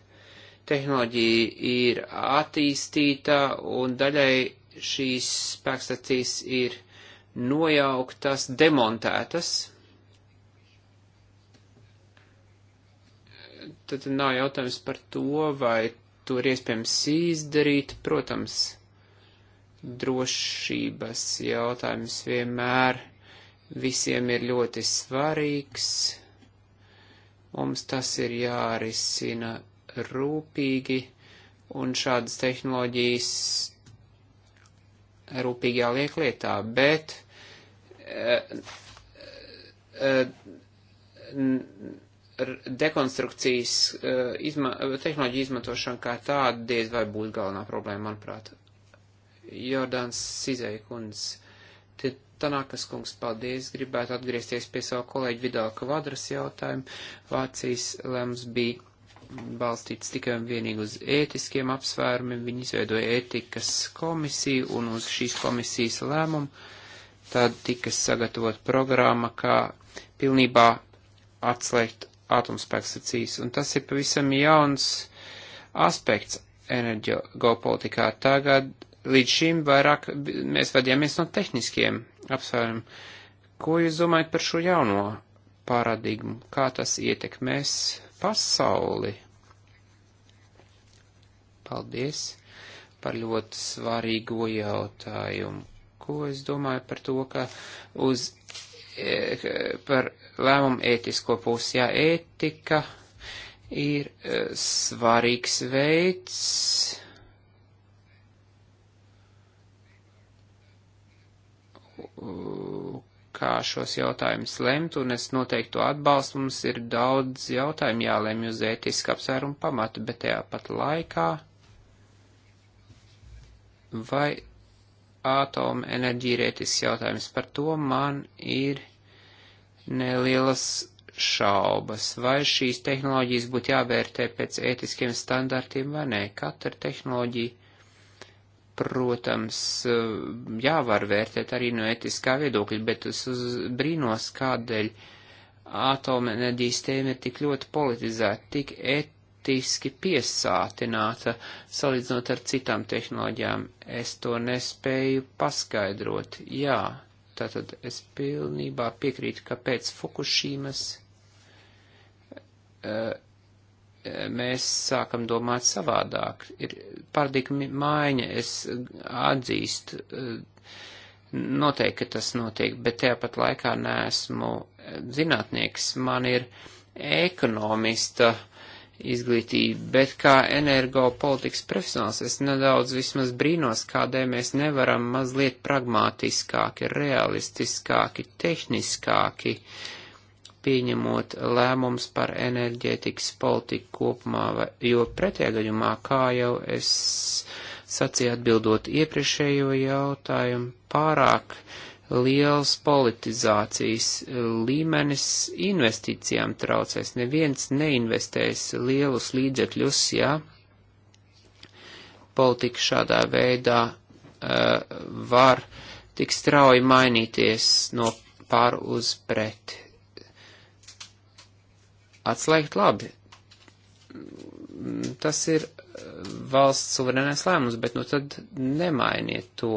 tehnoloģija ir attīstīta un daļai šīs spēkstacijas ir nojauktas, demontētas. Tad nav jautājums par to, vai to ir iespējams izdarīt. Protams, drošības jautājums vienmēr visiem ir ļoti svarīgs. Mums tas ir jārisina rūpīgi, un šādas tehnoloģijas rūpīgi jāliek lietā, bet eh, eh, dekonstrukcijas eh, izma tehnoloģija izmantošana kā tāda diez vai būtu galvenā problēma, manuprāt. Jordāns Sizēkunds. Tad Tanākas kungs, paldies, gribētu atgriezties pie savu kolēģi Vidāla Kvadras jautājumu. Vācijas lems bija balstīts tikai un vienīgi uz ētiskiem apsvērumiem, viņi izveidoja ētikas komisiju un uz šīs komisijas lēmumu. Tad tika sagatavot programma, kā pilnībā atslēgt atomspēkstacijas, un tas ir pavisam jauns aspekts enerģo politikā. Tagad Līdz šim vairāk mēs vadījāmies no tehniskiem apsvērumiem. Ko jūs domājat par šo jauno paradigmu? Kā tas ietekmēs pasauli? Paldies par ļoti svarīgo jautājumu. Ko es domāju par to, ka uz, e, e, par lēmumu ētisko pusi, jā, ētika ir e, svarīgs veids kā šos jautājumus lemt, un es noteikti to atbalstu. Mums ir daudz jautājumu jālemj uz ētiska apsvērumu pamatu, bet tajā pat laikā vai ātoma enerģija ir ētisks jautājums. Par to man ir nelielas šaubas, vai šīs tehnoloģijas būtu jāvērtē pēc ētiskiem standartiem vai nē. Katra tehnoloģija protams, eh, jāvar vērtēt arī no etiskā viedokļa, bet es uz brīnos, kādēļ atomenerģijas tēma ir tik ļoti politizēta, tik etiski piesātināta, salīdzinot ar citām tehnoloģijām. Es to nespēju paskaidrot. Jā, tātad es pilnībā piekrītu, ka pēc Fukushīmas. Uh, eh, mēs sākam domāt savādāk. Ir paradigma maiņa, es atzīstu, eh, noteikti, ka tas notiek, bet tāpat laikā neesmu eh, zinātnieks, man ir ekonomista izglītība, bet kā energopolitikas profesionāls es nedaudz vismaz brīnos, kādēļ mēs nevaram mazliet pragmātiskāki, realistiskāki, tehniskāki uh, pieņemot lēmums par enerģētikas politiku kopumā, jo pretējā gadījumā, kā jau es sacīju atbildot iepriekšējo jautājumu, pārāk liels politizācijas līmenis investīcijām traucēs. Neviens neinvestēs lielus līdzekļus, ja politika šādā veidā uh, var tik strauji mainīties no pār uz pret atslēgt labi. Tas ir valsts suverēnais lēmums, bet nu tad nemainiet to.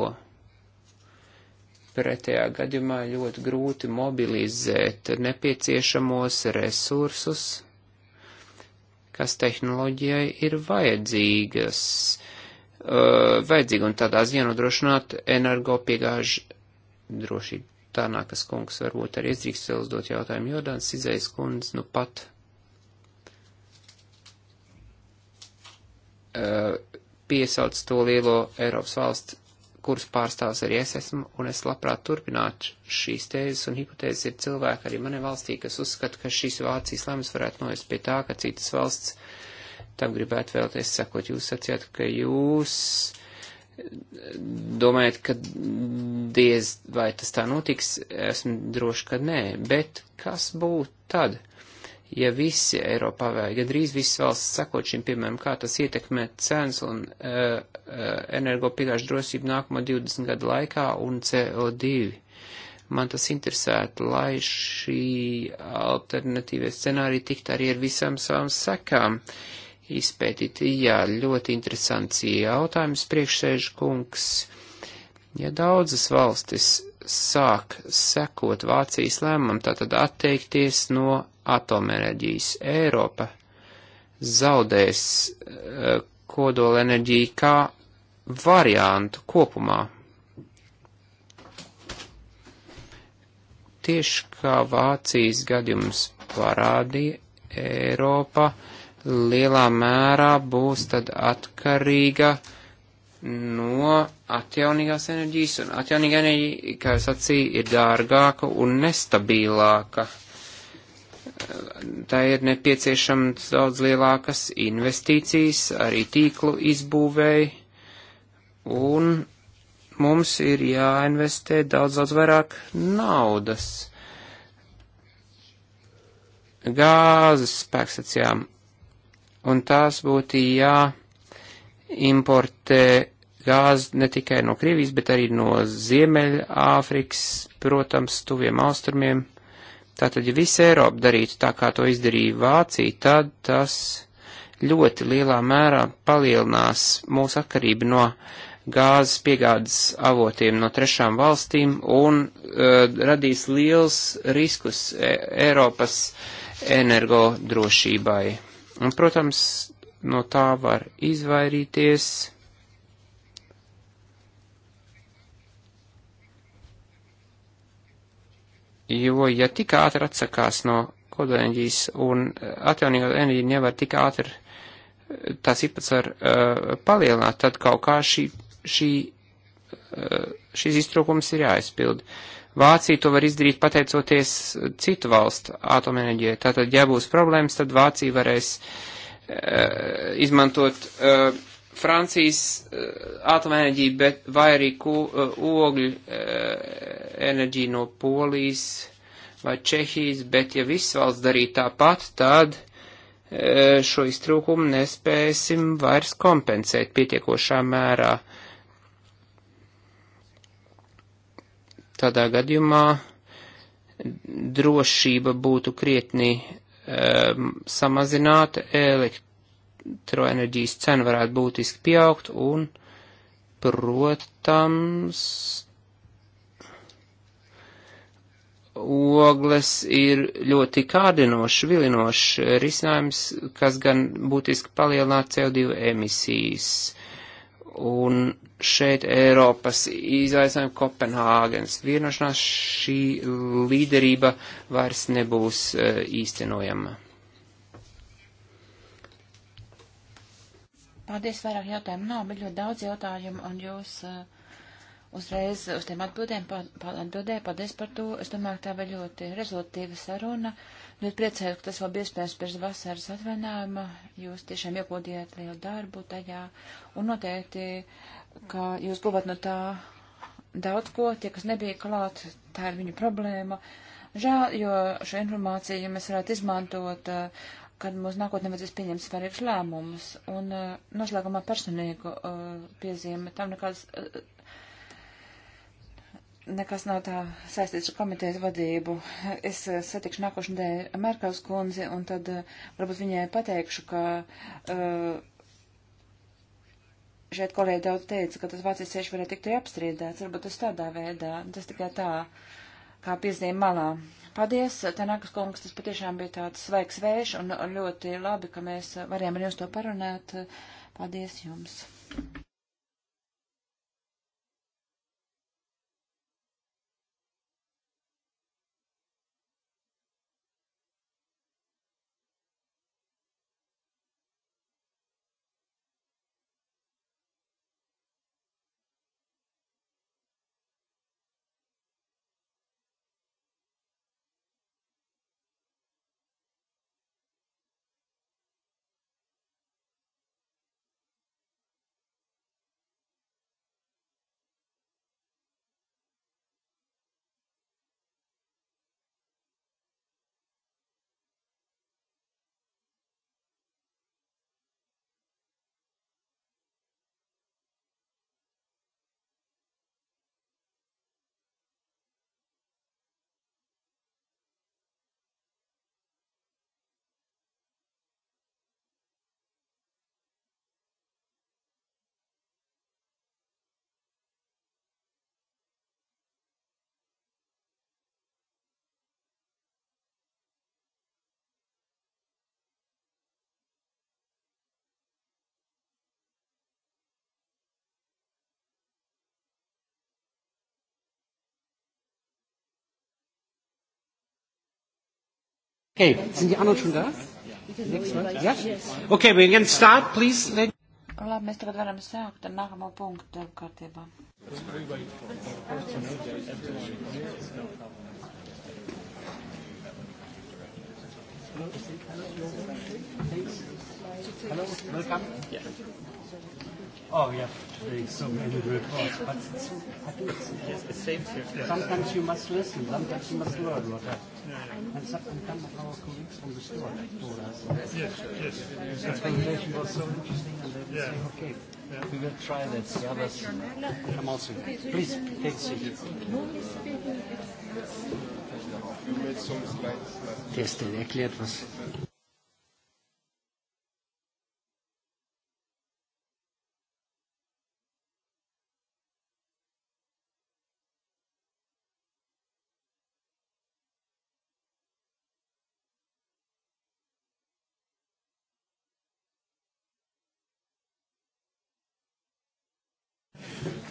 Pretējā gadījumā ļoti grūti mobilizēt nepieciešamos resursus, kas tehnoloģijai ir vajadzīgas, uh, vajadzīgi un tādā ziņā nodrošināt energopiegāžu drošību. Tānākas kungs varbūt arī izdrīkst vēl uzdot jautājumu, jo Dāns Izējas kundze nu pat piesauc to lielo Eiropas valsts, kuras pārstāvs arī es esmu, un es labprāt turpinātu šīs tēzes un hipotēzes ir cilvēki arī manai valstī, kas uzskata, ka šīs Vācijas lemas varētu novest pie tā, ka citas valsts tam gribētu vēlties sakot. Jūs sacījāt, ka jūs domājat, ka diez vai tas tā notiks, esmu droši, ka nē, bet kas būtu tad? ja visi Eiropā vai gandrīz visas valsts sakot šim piemēram, kā tas ietekmē cenas un uh, e, uh, e, energopiegāžu drosību nākamo 20 gadu laikā un CO2. Man tas interesētu, lai šī alternatīvie scenārija tikt arī ar visām savām sekām izpētīt. Jā, ļoti interesants jautājums priekšsēžu kungs. Ja daudzas valstis sāk sekot Vācijas lēmumam, tātad atteikties no atomenerģijas. Eiropa zaudēs eh, kodolenerģiju kā variantu kopumā. Tieši kā Vācijas gadījums parādīja, Eiropa lielā mērā būs tad atkarīga no atjaunīgās enerģijas, un atjaunīga enerģija, kā es atsīju, ir dārgāka un nestabilāka tā ir nepieciešams daudz lielākas investīcijas, arī tīklu izbūvēji, un mums ir jāinvestē daudz, daudz vairāk naudas gāzes spēkstacijām, un tās būtu jāimportē gāzi ne tikai no Krievijas, bet arī no Ziemeļa Āfrikas, protams, tuviem austrumiem Tātad, ja visa Eiropa darītu tā, kā to izdarīja Vācija, tad tas ļoti lielā mērā palielinās mūsu atkarību no gāzes piegādes avotiem no trešām valstīm un uh, radīs liels riskus e Eiropas energodrošībai. Un, protams, no tā var izvairīties, jo ja tik ātri atsakās no kodoenerģijas un eh, atjaunīgā enerģija nevar tik ātri eh, tās īpatsvar uh, palielināt, tad kaut kā šī, šī, uh, šis iztrūkums ir jāaizpild. Vācija to var izdarīt pateicoties citu valstu atomenerģijai. Tātad, ja būs problēmas, tad Vācija varēs uh, izmantot uh, Francijas uh, atomenerģija, bet vai arī ku, uh, ogļu uh, enerģija no Polijas vai Čehijas, bet ja viss valsts darītu tāpat, tad uh, šo iztrūkumu nespēsim vairs kompensēt pietiekošā mērā. Tādā gadījumā drošība būtu krietni um, samazināta, elektrība elektroenerģijas cena varētu būtiski pieaugt un, protams, ogles ir ļoti kārdinošs, vilinošs risinājums, kas gan būtiski palielina CO2 emisijas. Un šeit Eiropas izaicinājuma Kopenhāgenes vienošanās šī līderība vairs nebūs eh, īstenojama. Paldies, vairāk jautājumu nav, bet ļoti daudz jautājumu, un jūs uh, uzreiz uz tiem atbildēm atbildēju. Paldies par to. Es domāju, ka tā bija ļoti rezultīva saruna. Ļoti priecēju, ka tas vēl bija iespējams pirms vasaras atvainājuma. Jūs tiešām ieguldījāt lielu darbu tajā, un noteikti, ka jūs guvat no tā daudz ko, tie, kas nebija klāt, tā ir viņu problēma. Žēl, jo šo informāciju mēs varētu izmantot uh, kad mums nākotnē vajadzēs pieņemt svarīgus lēmumus. Un uh, noslēgumā personīgu uh, piezīme tam nekāds. Uh, Nekas nav tā saistīts ar komitejas vadību. Es uh, satikšu nākošanai Merkavas kundzi, un tad uh, varbūt viņai pateikšu, ka uh, šeit kolēģi daudz teica, ka tas vācijas sieši varētu tikt apstrīdēts. Varbūt tas tādā veidā, tas tikai tā, kā piezīme malā. Paldies, Tanakas kungs, tas patiešām bija tāds svaigs vējš un ļoti labi, ka mēs varējām ar jums to parunāt. Paldies jums! Okay, sind die anderen schon da? Ja? Okay, we can start, please. Labi, mēs tagad varam sākt ar nākamo punktu darba kārtībā. Hello, welcome. Yeah. Oh, we have today so many reports, but it's, I think it's, yes, it saves you. Yes. Sometimes you must listen, sometimes you must learn what happened. Yeah, yeah. And some, and some of our colleagues from the store told us. Yes, yes. yes. yes. The explanation was so interesting, and they yeah. say, okay, yeah. we will try that. The others come also. Please, take a seat. Der ist denn erklärt was.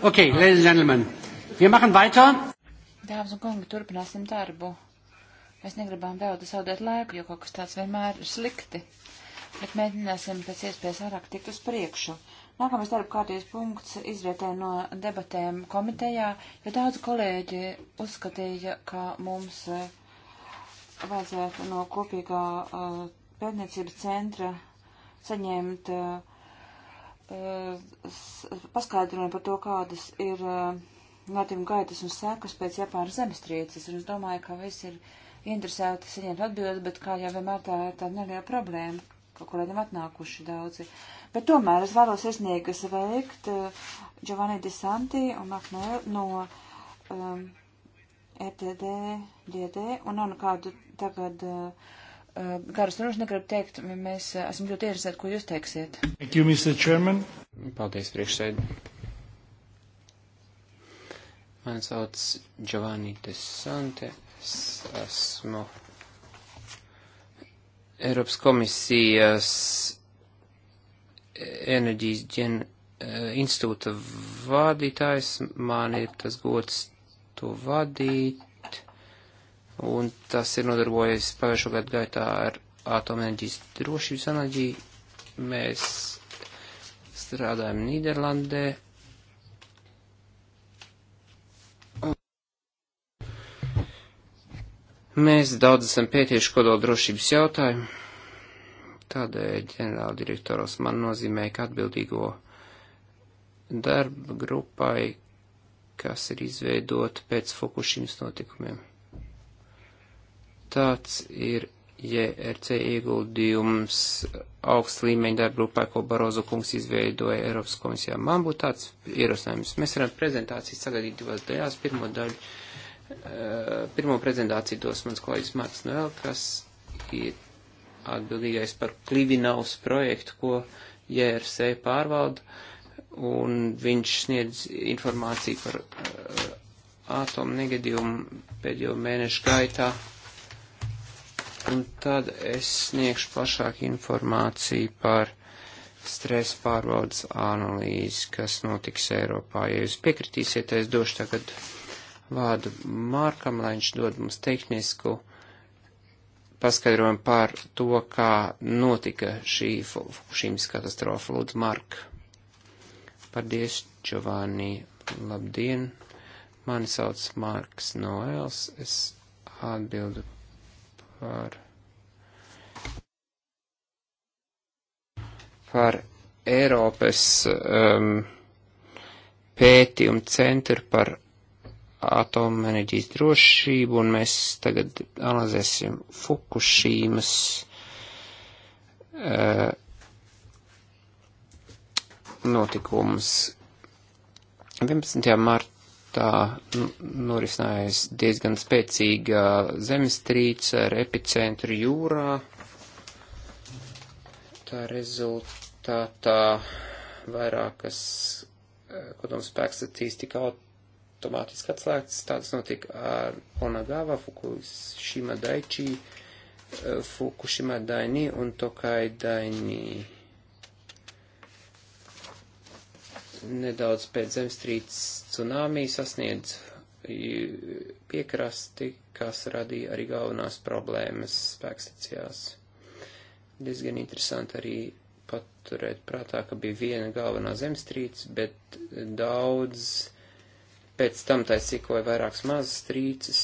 Okay, ladies and gentlemen, wir machen weiter. Dāmas un kungi, turpināsim darbu. Mēs negribam vēl zaudēt laiku, jo kaut kas tāds vienmēr ir slikti, bet mēģināsim pēc iespējas ārāk tikt uz priekšu. Nākamais darba kārtības punkts izrietē no debatēm komitejā, jo daudz kolēģi uzskatīja, ka mums eh, vajadzētu no kopīgā uh, pētniecības centra saņemt uh, Eh, paskaidrojumu par to, kādas ir eh, notikuma gaitas un sekas pēc Japānas zemestrīces, un es domāju, ka visi ir interesēti saņemt atbildi, bet kā jau vienmēr tā ir tāda neliela problēma, par kuriem atnākuši daudzi. Bet tomēr es vēlos iesniegt sveikt eh, Giovanni De Santi un Maknēl no um, ETD, DD, un nav nekādu tagad uh, Uh, garus runas negribu teikt, mēs uh, esam ļoti interesēti, ko jūs teiksiet. Thank you, Mr. Chairman. Paldies, priekšsēd. Mani sauc Giovanni Desante, es esmu Eiropas komisijas enerģijas ģen uh, institūta vadītājs, man ir tas gods to vadīt un tas ir nodarbojies pagājušo gadu gaitā ar atomenerģijas drošības enerģiju. Mēs strādājam Nīderlandē. Mēs daudz esam pētījuši kodola drošības jautājumu. Tādēļ ģenerāla direktoros man nozīmē, ka atbildīgo darba grupai, kas ir izveidota pēc Fukushimas notikumiem. Tāds ir JRC ieguldījums augsts līmeņa darbgrupai, ko Barozo kungs izveidoja Eiropas komisijā. Man būtu tāds ierosinājums. Mēs varam prezentāciju sagadīt divās daļās. Pirmo daļu, eh, pirmo prezentāciju dos mans kolēģis Marks Noel, kas ir atbildīgais par Klivinaus projektu, ko JRC pārvalda, un viņš sniedz informāciju par eh, atomu negadījumu pēdējo mēnešu gaitā. Un tad es sniegšu plašāku informāciju par stresa pārbaudas analīzi, kas notiks Eiropā. Ja jūs piekritīsiet, es došu tagad vārdu Mārkam, lai viņš dod mums tehnisku paskaidrojumu par to, kā notika šī Fukušīmas katastrofa. Lūdzu, Mark. Paldies, Giovanni. Labdien. Mani sauc Marks Noels. Es atbildu par, par Eiropas um, pētījumu centru par atomenerģijas drošību, un mēs tagad analizēsim Fukushīmas uh, notikumus. 11. martā tā nu, norisinājās diezgan spēcīga zemestrīce ar epicentru jūrā. Tā rezultātā vairākas eh, kodomspēks acīs tika automātiski atslēgts. Tāds notika ar Onagava, Fukushima Daiichi, eh, Fukushima Daini un Tokai Daini. nedaudz pēc zemstrīts tsunami sasniedz piekrasti, kas radīja arī galvenās problēmas spēkstacijās. Diezgan interesanti arī paturēt prātā, ka bija viena galvenā zemstrīts, bet daudz pēc tam tā sīkoja vairākas mazas strīces.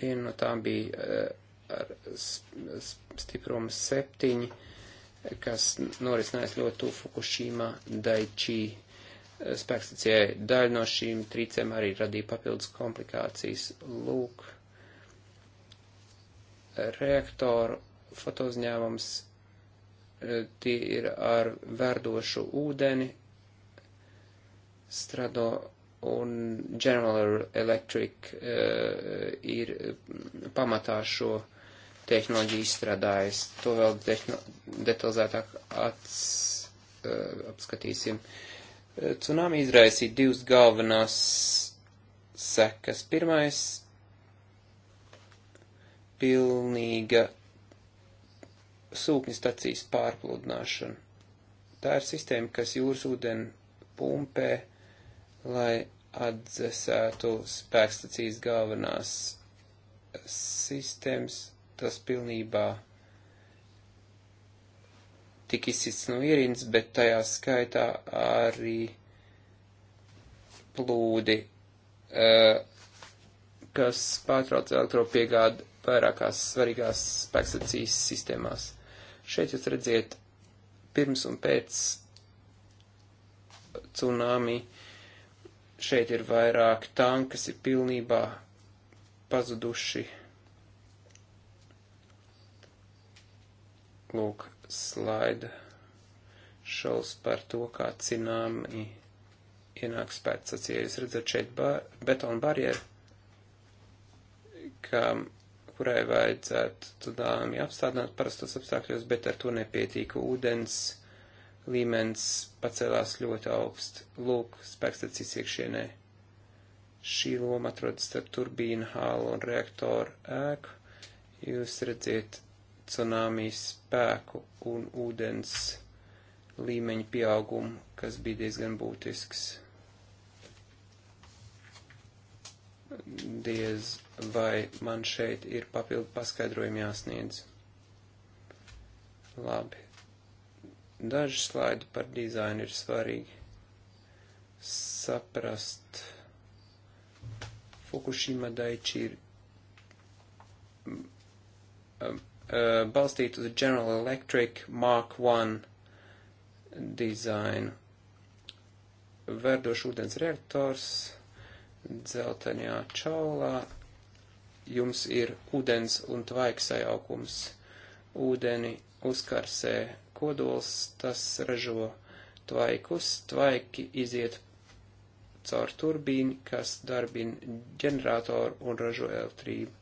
Viena no tām bija eh, ar stiprumu septiņi kas norisinājās ļoti tuvu Fukushima Daiichi eh, spēkstacijai. Daļa no šīm trīcēm arī radīja papildus komplikācijas. Lūk, reaktoru fotozņēmums eh, tie ir ar verdošu ūdeni, strado un General Electric uh, ir pamatā šo uh, tehnoloģiju izstrādājis. To vēl tehno, detalizētāk ats, uh, apskatīsim. Cunami eh, izraisīja divas galvenās sekas. Pirmais - pilnīga sūkņu stacijas pārpludināšana. Tā ir sistēma, kas jūras ūdeni pumpē, lai atdzesētu spēkstacijas galvenās sistēmas tas pilnībā tik izsits no ierīnas, bet tajā skaitā arī plūdi, eh, kas pārtrauc elektropiegādi vairākās svarīgās spēkstacijas sistēmās. Šeit jūs redziet pirms un pēc cunami. Šeit ir vairāk tanki, kas ir pilnībā pazuduši lūk slaida šovs par to, kā cināmi ienāk spēc sacīja. Jūs redzat šeit bar, betonu barjeru, kam, kurai vajadzētu tudāmi apstādināt parastos apstākļos, bet ar to nepietīka ūdens līmenis pacēlās ļoti augst. Lūk, spēkstacīs iekšienē. Šī loma atrodas starp turbīnu, hālu un reaktoru ēku. Jūs redziet cunāmī spēku un ūdens līmeņu pieaugumu, kas bija diezgan būtisks. Diez vai man šeit ir papildu paskaidrojumi jāsniedz. Labi. Daži slaidi par dizainu ir svarīgi saprast. Fukushima Daiichi ir Uh, balstīt uz General Electric Mark I dizainu. Verdošu ūdens reaktors dzeltenajā čaulā. Jums ir ūdens un tvaiks sajaukums. Ūdeni uzkarsē kodols, tas ražo tvaikus. Tvaiki iziet caur turbīni, kas darbina ģeneratoru un ražo elektrību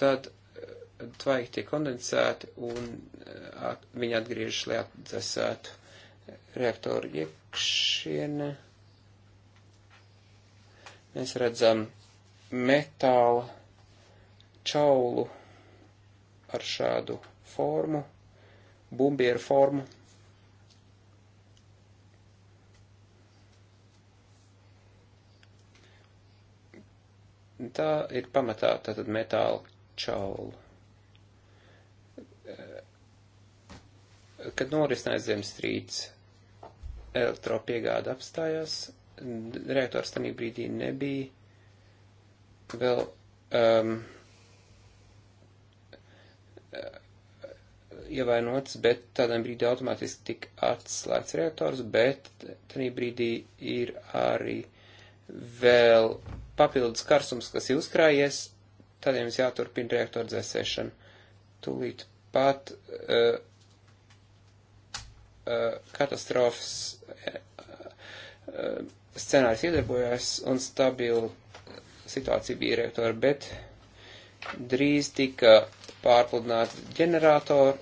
tad tvaigi eh, tiek kondensēti un eh, at, viņi atgriežas, lai atdzesētu eh, reaktoru iekšienē. Mēs redzam metāla čaulu ar šādu formu, bumbieru formu. Tā ir pamatā tātad metāla Čaulu. Kad norisinājās Zemstrīds, elektropiegāda apstājās, reaktors tam brīdī nebija vēl um, ievainots, bet tādā brīdī automātiski tika atslēgts reaktors, bet tajā brīdī ir arī vēl papildus karsums, kas ir uzkrājies, tad jums jāturpina reaktoru dzēsēšana. Tūlīt pat uh, uh, katastrofas uh, scenārijs iedarbojās un stabila situācija bija reaktori, bet drīz tika pārpludināti ģeneratori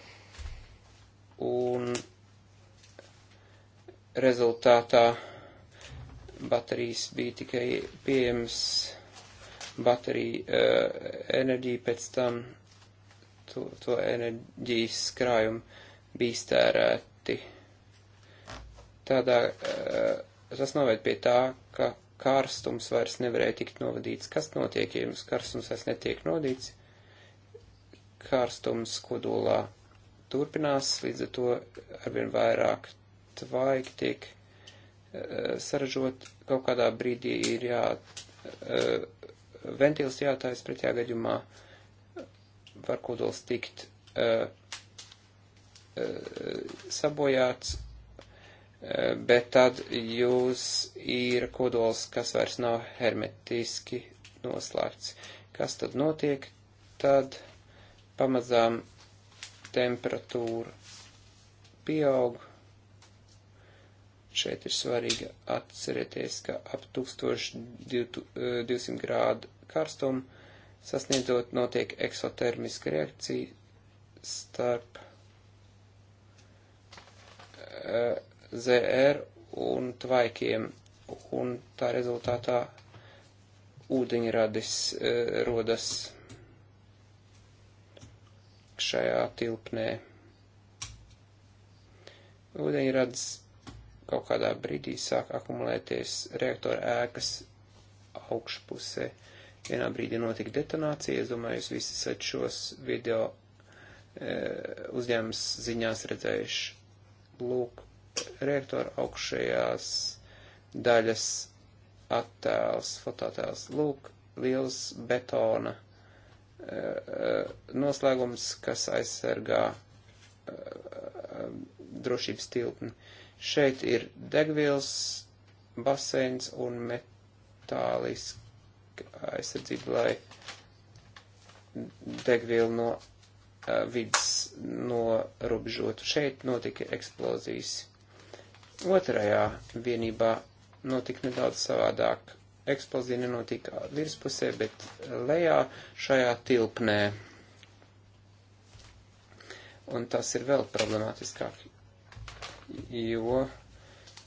un rezultātā baterijas bija tikai pieejams bateriju uh, enerģiju, pēc tam to, to enerģijas krājumu bija iztērēti. Tādā, uh, tas noved pie tā, ka karstums vairs nevarēja tikt novadīts. Kas notiek, ja jums karstums vairs netiek nodīts? Karstums kodolā turpinās, līdz ar to arvien vairāk tvaigi tiek uh, saražot. Kaut kādā brīdī ir jā. Uh, ventīls jātājas, pretējā gadījumā var kodols tikt uh, uh, sabojāts, uh, bet tad jūs ir kodols, kas vairs nav hermetiski noslēgts. Kas tad notiek? Tad pamazām temperatūra pieauga Šeit ir svarīgi atcerēties, ka ap 1200 eh, grādu karstumu sasniedzot notiek eksotermiska reakcija starp eh, ZR un tvaikiem, un tā rezultātā ūdeņradis eh, rodas šajā tilpnē. Ūdeņradis kaut kādā brīdī sāk akumulēties reaktora ēkas augšpusē. Vienā brīdī notika detonācija, es domāju, jūs visi esat šos video e, uzņēmums ziņās redzējuši. Lūk, reaktora augšējās daļas attēls, fototēls. Lūk, liels betona e, e, noslēgums, kas aizsargā e, e drošības tiltni. E, Šeit ir degvielas baseins un metāliska aizsardzība, lai degvielu no uh, vidas norobžotu. Šeit notika eksplozijas. Otrajā vienībā notika nedaudz savādāk. Eksplozija nenotika virspusē, bet lejā šajā tilpnē. Un tas ir vēl problemātiskāk, jo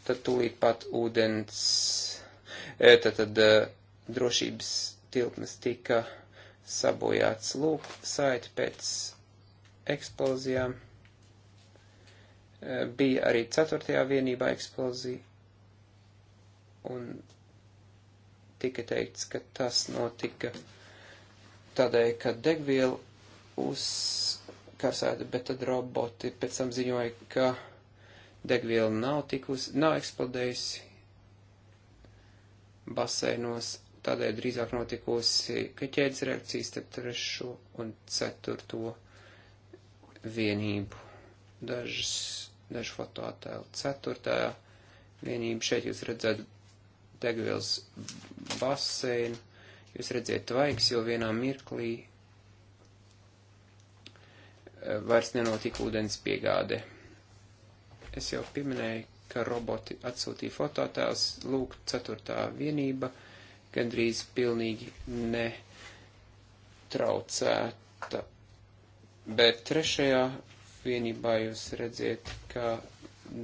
tad tūlīt pat ūdens, e, tad, tad e, drošības tilpnes tika sabojāts lūk saiti pēc eksplozijām. E, bija arī ceturtajā vienībā eksplozija, un tika teikts, ka tas notika tādēļ, ka degviela uzkarsēta, bet tad roboti pēc tam ziņoja, ka degviela nav tikus, nav eksplodējusi basēnos, tādēļ drīzāk notikusi kaķēdes reakcijas starp trešo un ceturto vienību. Dažas, dažu fotoattēlu ceturtajā vienību šeit jūs redzat degvielas basēnu, jūs redzat tvaiks, jo vienā mirklī eh, vairs nenotika ūdens piegāde. Es jau pieminēju, ka roboti atsūtīja fototēls, lūk, ceturtā vienība gandrīz pilnīgi netraucēta. Bet trešajā vienībā jūs redziet, ka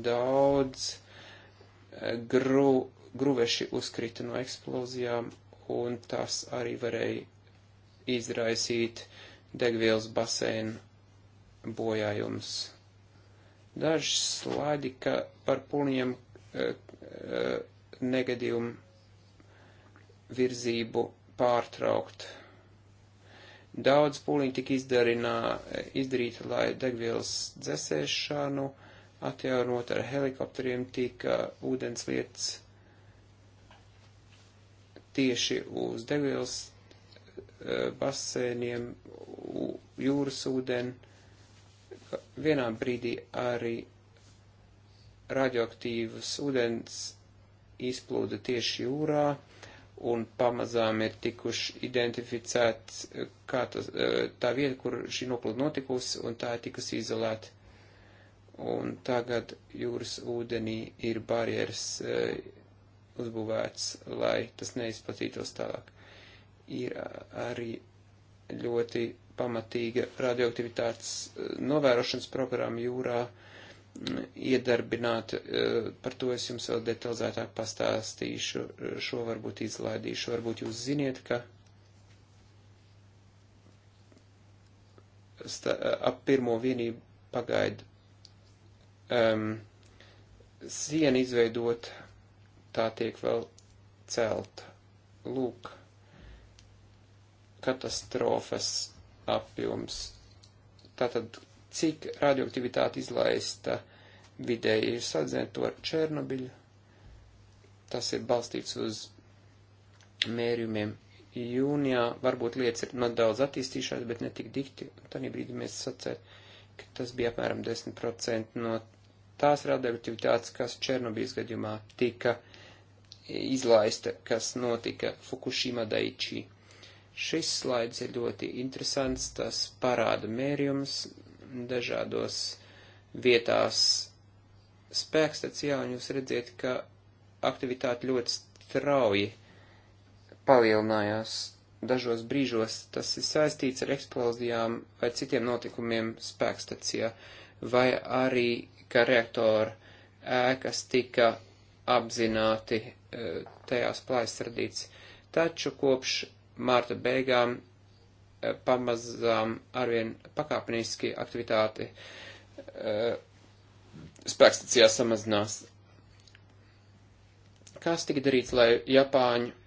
daudz eh, gru, gruveši uzkrita no eksplozijām, un tas arī varēja izraisīt degvielas basēnu bojājumus. Daži slaidi ka par puniem eh, eh, negadījumu virzību pārtraukt. Daudz pūliņu tika eh, izdarīta, lai degvielas dzēsēšanu atjaunot ar helikopteriem tika ūdens lietas tieši uz degvielas basēniem, jūras ūdeni vienā brīdī arī radioaktīvas ūdens izplūda tieši jūrā, un pamazām ir tikuši identificēts, eh, kā tas, eh, tā vieta, kur šī noplūda notikusi, un tā ir tikusi izolēta. Un tagad jūras ūdenī ir barjeras eh, uzbūvēts, lai tas neizplatītos tālāk. Ir arī ļoti pamatīga radioaktivitātes eh, novērošanas programma jūrā mm, iedarbināta. Eh, par to es jums vēl detalizētāk pastāstīšu, eh, šo varbūt izlaidīšu. Varbūt jūs ziniet, ka ap pirmo vienību pagaidu um, ehm, siena izveidot, tā tiek vēl celta. Lūk, katastrofas apjoms. Tātad, cik radioaktivitāte izlaista vidēji ir sadzēta to ar Černobiļu, tas ir balstīts uz mērījumiem jūnijā varbūt lietas ir nedaudz attīstījušās, bet ne tik dikti. Tad brīdī mēs sacēm, ka tas bija apmēram 10% no tās radioaktivitātes, kas Černobijas gadījumā tika izlaista, kas notika Fukushima Daiichi. Šis slaids ir ļoti interesants, tas parāda mērījums dažādos vietās spēkstacijā, un jūs redziet, ka aktivitāte ļoti strauji palielinājās. Dažos brīžos tas ir saistīts ar eksplozijām vai citiem notikumiem spēkstacijā, vai arī, ka reaktora ēkas tika apzināti eh, tajās plaistradīts. Taču kopš mārta beigām eh, pamazām arvien pakāpeniski aktivitāti eh, spēkstacijā samazinās. Kas tika darīts, lai Japāņu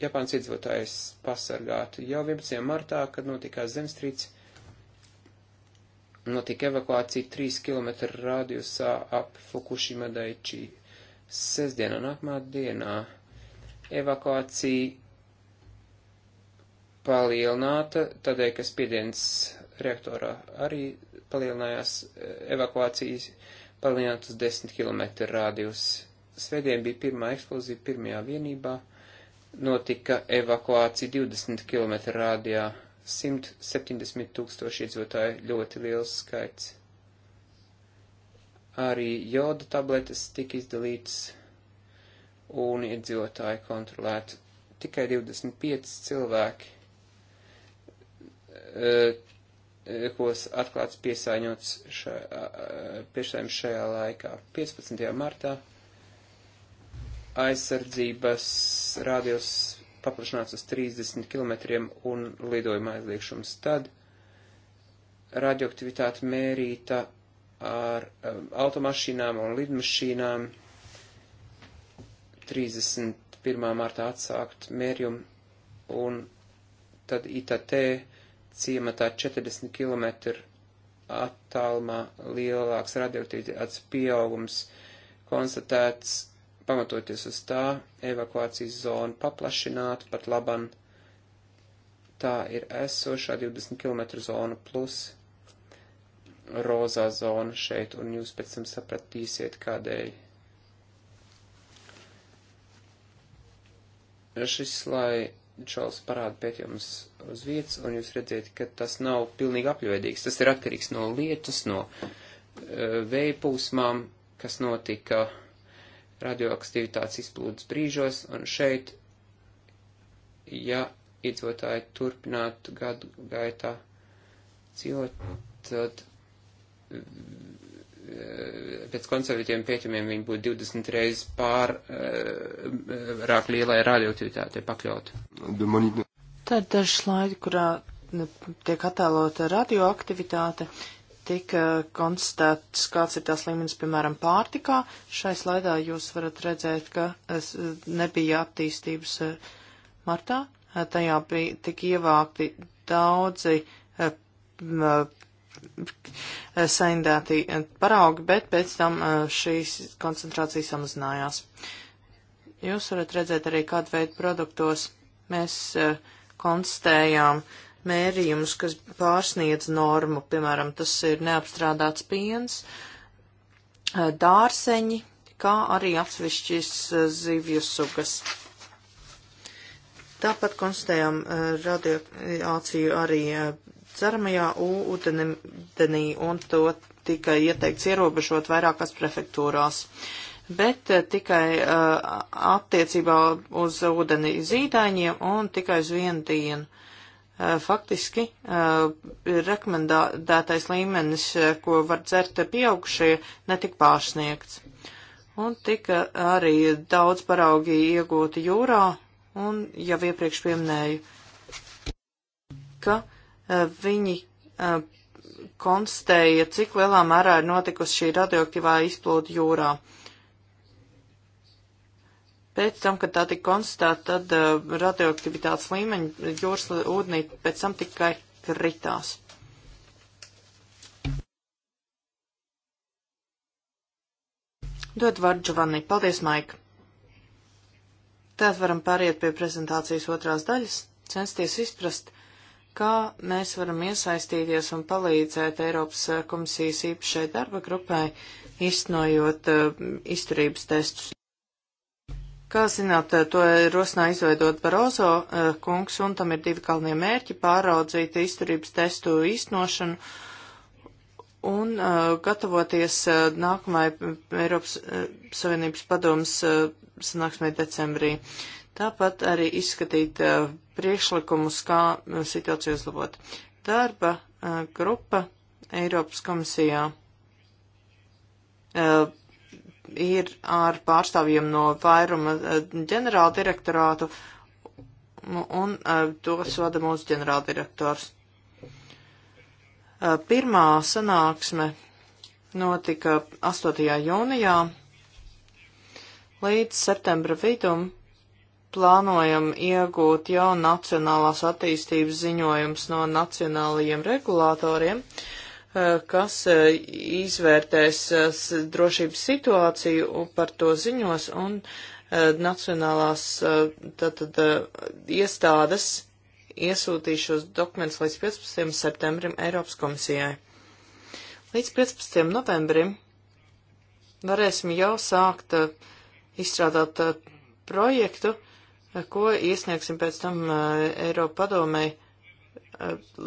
Japāns iedzīvotājs pasargātu. Jau 11. martā, kad notika zemstrīds, notika evakuācija 3 km radiusā ap Fukushima Daiichi. Sesdienā, nākamā dienā, evakuācija palielināta, tādēļ, ka spiediens reaktorā arī palielinājās evakuācijas, palielināt uz 10 km rādījus. Svētdien bija pirmā eksplozija pirmajā vienībā, notika evakuācija 20 km rādījā, 170 tūkstoši iedzīvotāji, ļoti liels skaits. Arī joda tabletes tika izdalītas un iedzīvotāji kontrolēti. Tikai 25 cilvēki Eh, eh, kos atklāts piesaiņots šajā, eh, piešķēm šajā laikā. 15. martā aizsardzības rādījus paplašināts uz 30 km un lidojuma aizliekšums. Tad radioaktivitāte mērīta ar um, automašīnām un lidmašīnām. 31. martā atsākt mērījumu un tad ITT ciematā 40 km attālumā lielāks radioaktivitātes pieaugums konstatēts, pamatoties uz tā, evakuācijas zonu paplašināt, pat laban tā ir esošā 20 km zona plus rozā zona šeit, un jūs pēc tam sapratīsiet, kādēļ. Šis, lai šāls parāda pētījums uz vietas, un jūs redzēt, ka tas nav pilnīgi apļveidīgs. Tas ir atkarīgs no lietas, no uh, vēja plūsmām, kas notika radioaktivitātes izplūdes brīžos, un šeit, ja iedzīvotāji turpinātu gadu gaitā dzīvot, tad Eh, pēc konservatīviem pieķumiem viņi būtu 20 reizes pārāk eh, lielai radioaktivitātei pakļaut. Tā ir dažs slaidi, kurā nu, tiek attēlota radioaktivitāte, tika konstatēts, kāds ir tās līmenis, piemēram, pārtikā. Šai slaidā jūs varat redzēt, ka es eh, nebija attīstības martā. Tajā bija tik ievākti daudzi saindēti paraugi, bet pēc tam eh, šīs koncentrācijas samazinājās. Jūs varat redzēt arī, kādu veidu produktos mēs eh, konstatējām mērījumus, kas pārsniedz normu, piemēram, tas ir neapstrādāts piens, eh, dārseņi, kā arī atsevišķis zivju sugas. Tāpat konstatējām radiāciju arī dzeramajā ūdenī un to tika ieteikts ierobežot vairākās prefektūrās. Bet eh, tikai uh, attiecībā uz ūdeni zīdaiņiem un tikai uz vienu dienu. Uh, faktiski uh, rekomendētais līmenis, ko var dzert pieaugušie, netika pārsniegts. Un tika arī daudz paraugi iegūti jūrā, un jau iepriekš pieminēju, ka uh, Viņi konstatēja, cik lielā mērā ir notikusi šī radioaktīvā izplūde jūrā. Pēc tam, kad tā tika konstatēta, tad uh, radioaktivitātes līmeņi jūras ūdenī pēc tam tikai kritās. Dod vārdu Giovanni. Paldies, Maika. Tad varam pāriet pie prezentācijas otrās daļas, censties izprast, kā mēs varam iesaistīties un palīdzēt Eiropas eh, komisijas īpašai darba grupai, izsnojot uh, eh, izturības testus. Kā zināt, eh, to rosināja izveidot Barozo uh, kungs, un tam ir divi galvenie mērķi - pāraudzīt izturības testu īstenošanu un uh, gatavoties uh, nākamajai Eiropas uh, Savienības padomas uh, sanāksmē decembrī. Tāpat arī izskatīt uh, priekšlikumus, kā eh, situāciju uzlabot. Darba eh, grupa Eiropas komisijā eh, ir ar pārstāvjiem no vairuma ģenerāla direktorātu nu, un to soda mūsu ģenerāla direktors. Pirmā sanāksme notika 8. jūnijā līdz septembra vidum plānojam iegūt jau nacionālās attīstības ziņojums no nacionālajiem regulātoriem, eh, kas eh, izvērtēs eh, drošības situāciju par to ziņos un nacionālās tātad, iestādes iesūtīs šos dokumentus līdz 15. septembrim Eiropas komisijai. Līdz 15. novembrim varēsim jau sākt izstrādāt projektu, uh, ko iesniegsim pēc tam Eiropa padomei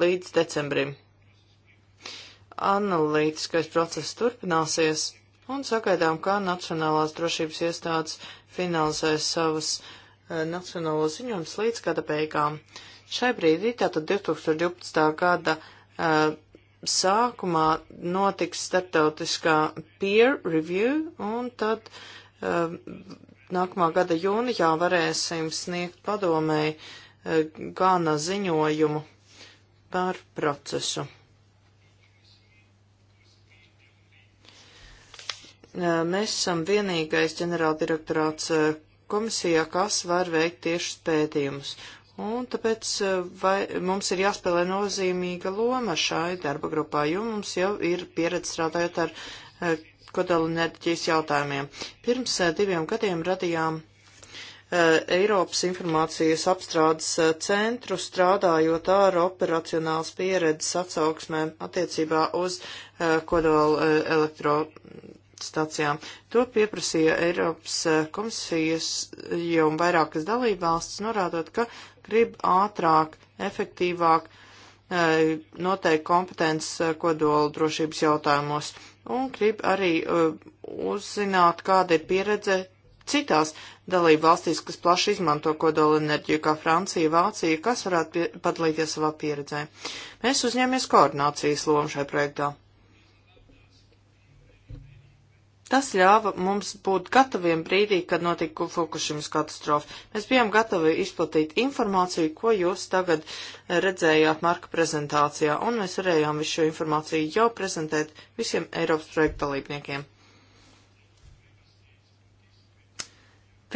līdz decembrim. Analītiskais process turpināsies un sagaidām, kā Nacionālās drošības iestādes finalizēs savas nacionālo ziņojumus līdz gada beigām. Šai brīdī, tātad 2012. gada sākumā notiks starptautiskā peer review, un tad uh, nākamā gada jūnijā varēsim sniegt padomēji eh, gana ziņojumu par procesu. Eh, mēs esam vienīgais ģenerāldirektorāts eh, komisijā, kas var veikt tiešus pētījumus. Un tāpēc vai, mums ir jāspēlē nozīmīga loma šai darba grupā, jo mums jau ir pieredze strādājot ar kodola enerģijas jautājumiem. Pirms eh, diviem gadiem radījām eh, Eiropas informācijas apstrādes eh, centru strādājot ar operacionāls pieredzes atsauksmēm attiecībā uz kodola elektrostacijām. To pieprasīja Eiropas komisijas jau vairākas dalībvalstis, norādot, ka grib ātrāk, efektīvāk noteikt kompetences kodola drošības jautājumos un grib arī uh, uzzināt, kāda ir pieredze citās dalību valstīs, kas plaši izmanto kodolenerģiju, kā Francija, Vācija, kas varētu pie, padalīties savā pieredzē. Mēs uzņēmies koordinācijas lomu šai projektā. Tas ļāva mums būt gataviem brīdī, kad notika Fukushimas katastrofa. Mēs bijām gatavi izplatīt informāciju, ko jūs tagad redzējāt Marka prezentācijā, un mēs varējām visu šo informāciju jau prezentēt visiem Eiropas projekta dalībniekiem.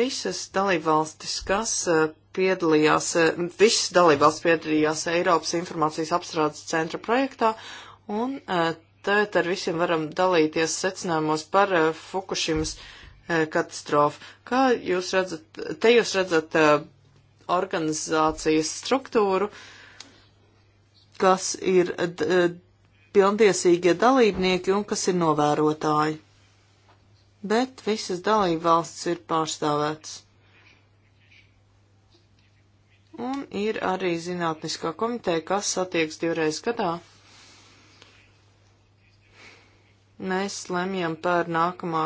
Visas dalībvalstis, kas eh, piedalījās, eh, visas dalībvalstis piedalījās Eiropas informācijas apstrādes centra projektā, un eh, tēt ar visiem varam dalīties secinājumos par uh, Fukushimas uh, katastrofu. Kā jūs redzat, te jūs redzat uh, organizācijas struktūru, kas ir uh, pilntiesīgie dalībnieki un kas ir novērotāji. Bet visas dalībvalstis ir pārstāvētas. Un ir arī zinātniskā komiteja, kas satieks divreiz gadā. Mēs lemjam par nākamā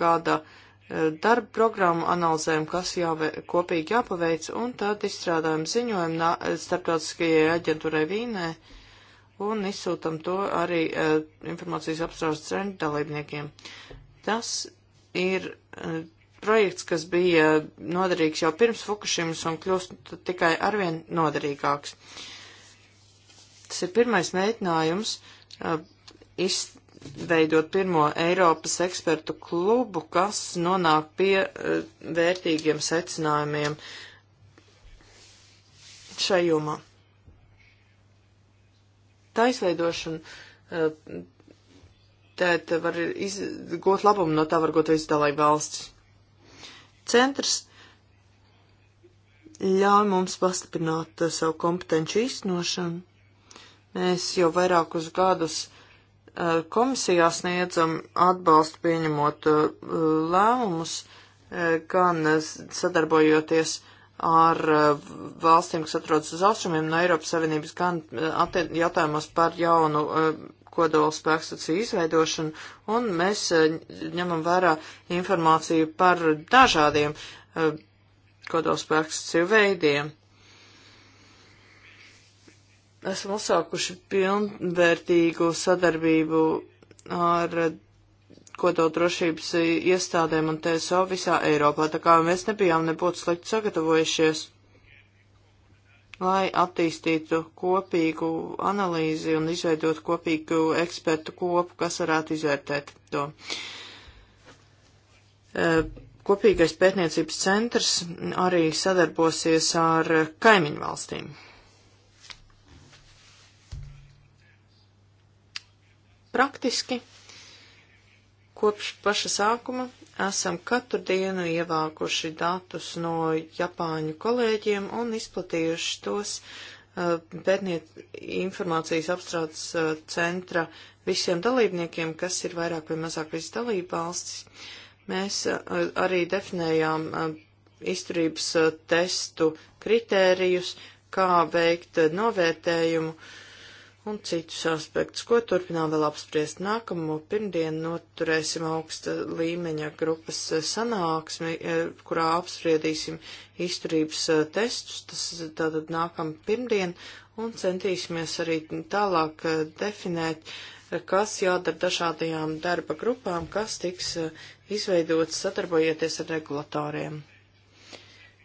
gada e, darba programmu, analizējam, kas jāve, kopīgi jāpaveic, un tad izstrādājam ziņojumu e, starptautiskajai aģentūrai Vīnē un izsūtam to arī uh, informācijas apstrādes trendu dalībniekiem. Tas ir uh, projekts, kas bija noderīgs jau pirms Fukushimas un kļūst tikai arvien noderīgāks. Tas ir pirmais mēģinājums uh, iz, veidot pirmo Eiropas ekspertu klubu, kas nonāk pie uh, vērtīgiem secinājumiem šajumā. Tā izveidošana, uh, eh, tēt var izgūt labumu, no tā var gūt visu dalību valsts. Centrs ļauj mums pastiprināt uh, savu kompetenci īstenošanu. Mēs jau vairākus gadus Eh, komisijā sniedzam atbalstu pieņemot eh, lēmumus, eh, gan sadarbojoties ar valstīm, kas atrodas uz austrumiem no Eiropas Savienības, gan jautājumos par jaunu kodola spēkstaciju izveidošanu, un mēs ņemam vērā informāciju par dažādiem kodola spēkstaciju veidiem esam uzsākuši pilnvērtīgu sadarbību ar kodoldrošības iestādēm un TSO visā Eiropā, tā kā mēs nebijām nebūtu slikti sagatavojušies, lai attīstītu kopīgu analīzi un izveidot kopīgu ekspertu kopu, kas varētu izvērtēt to. E, kopīgais pētniecības centrs arī sadarbosies ar kaimiņu valstīm. Praktiski kopš paša sākuma esam katru dienu ievākuši datus no Japāņu kolēģiem un izplatījuši tos uh, bērniet informācijas apstrādes uh, centra visiem dalībniekiem, kas ir vairāk vai mazāk visas dalība valstis. Mēs uh, arī definējām izturības testu kritērijus, kā veikt novērtējumu un citus aspektus, ko turpinām vēl apspriest. Nākamo pirmdienu noturēsim augsta līmeņa grupas eh, sanāksmi, eh, kurā apspriedīsim izturības eh, testus, tas tātad nākam pirmdien, un centīsimies arī tālāk definēt, kas jādara dažādajām darba grupām, kas tiks izveidots sadarbojoties ar regulatoriem.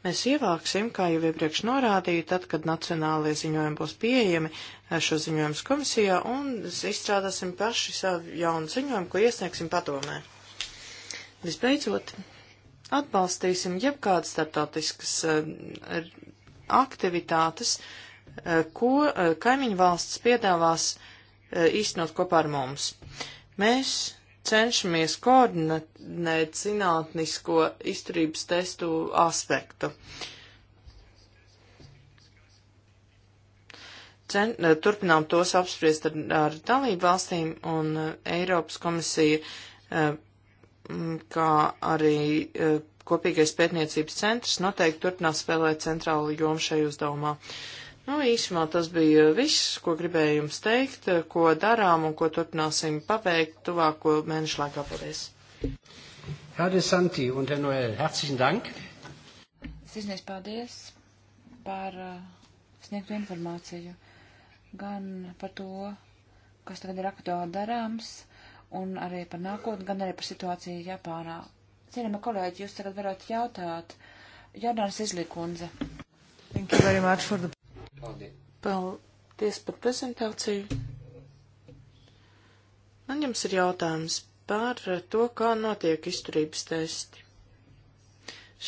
Mēs ievāksim, kā jau iepriekš norādīju, tad, kad nacionālie ziņojumi būs pieejami eh, šo ziņojumus komisijā un izstrādāsim paši savu jaunu ziņojumu, ko iesniegsim padomē. Visbeidzot, atbalstīsim jebkādas starptautiskas eh, aktivitātes, eh, ko kaimiņu valsts piedāvās īstenot kopā ar mums. Mēs cenšamies koordinēt zinātnisko izturības testu aspektu. Cen, eh, turpinām tos apspriest ar, ar dalību valstīm un eh, Eiropas komisija, eh, kā arī kopīgais pētniecības centrs noteikti turpinās spēlēt centrālu jomu šai uzdevumā. Uh, Nu, īsumā tas bija viss, ko gribēju jums teikt, ko darām un ko turpināsim paveikt tuvāko mēnešu laikā. Paldies! Herr de Santi un Herr Noel, herzlichen Dank! Sirsnieks paldies par uh, sniegtu informāciju gan par to, kas tagad ir aktuāli darāms, un arī par nākotni, gan arī par situāciju Japānā. Cienījama kolēģi, jūs tagad varētu jautāt. Jordānas Izlikundze. Thank you very much for the Paldies. Paldies par prezentāciju. Man jums ir jautājums par to, kā notiek izturības testi.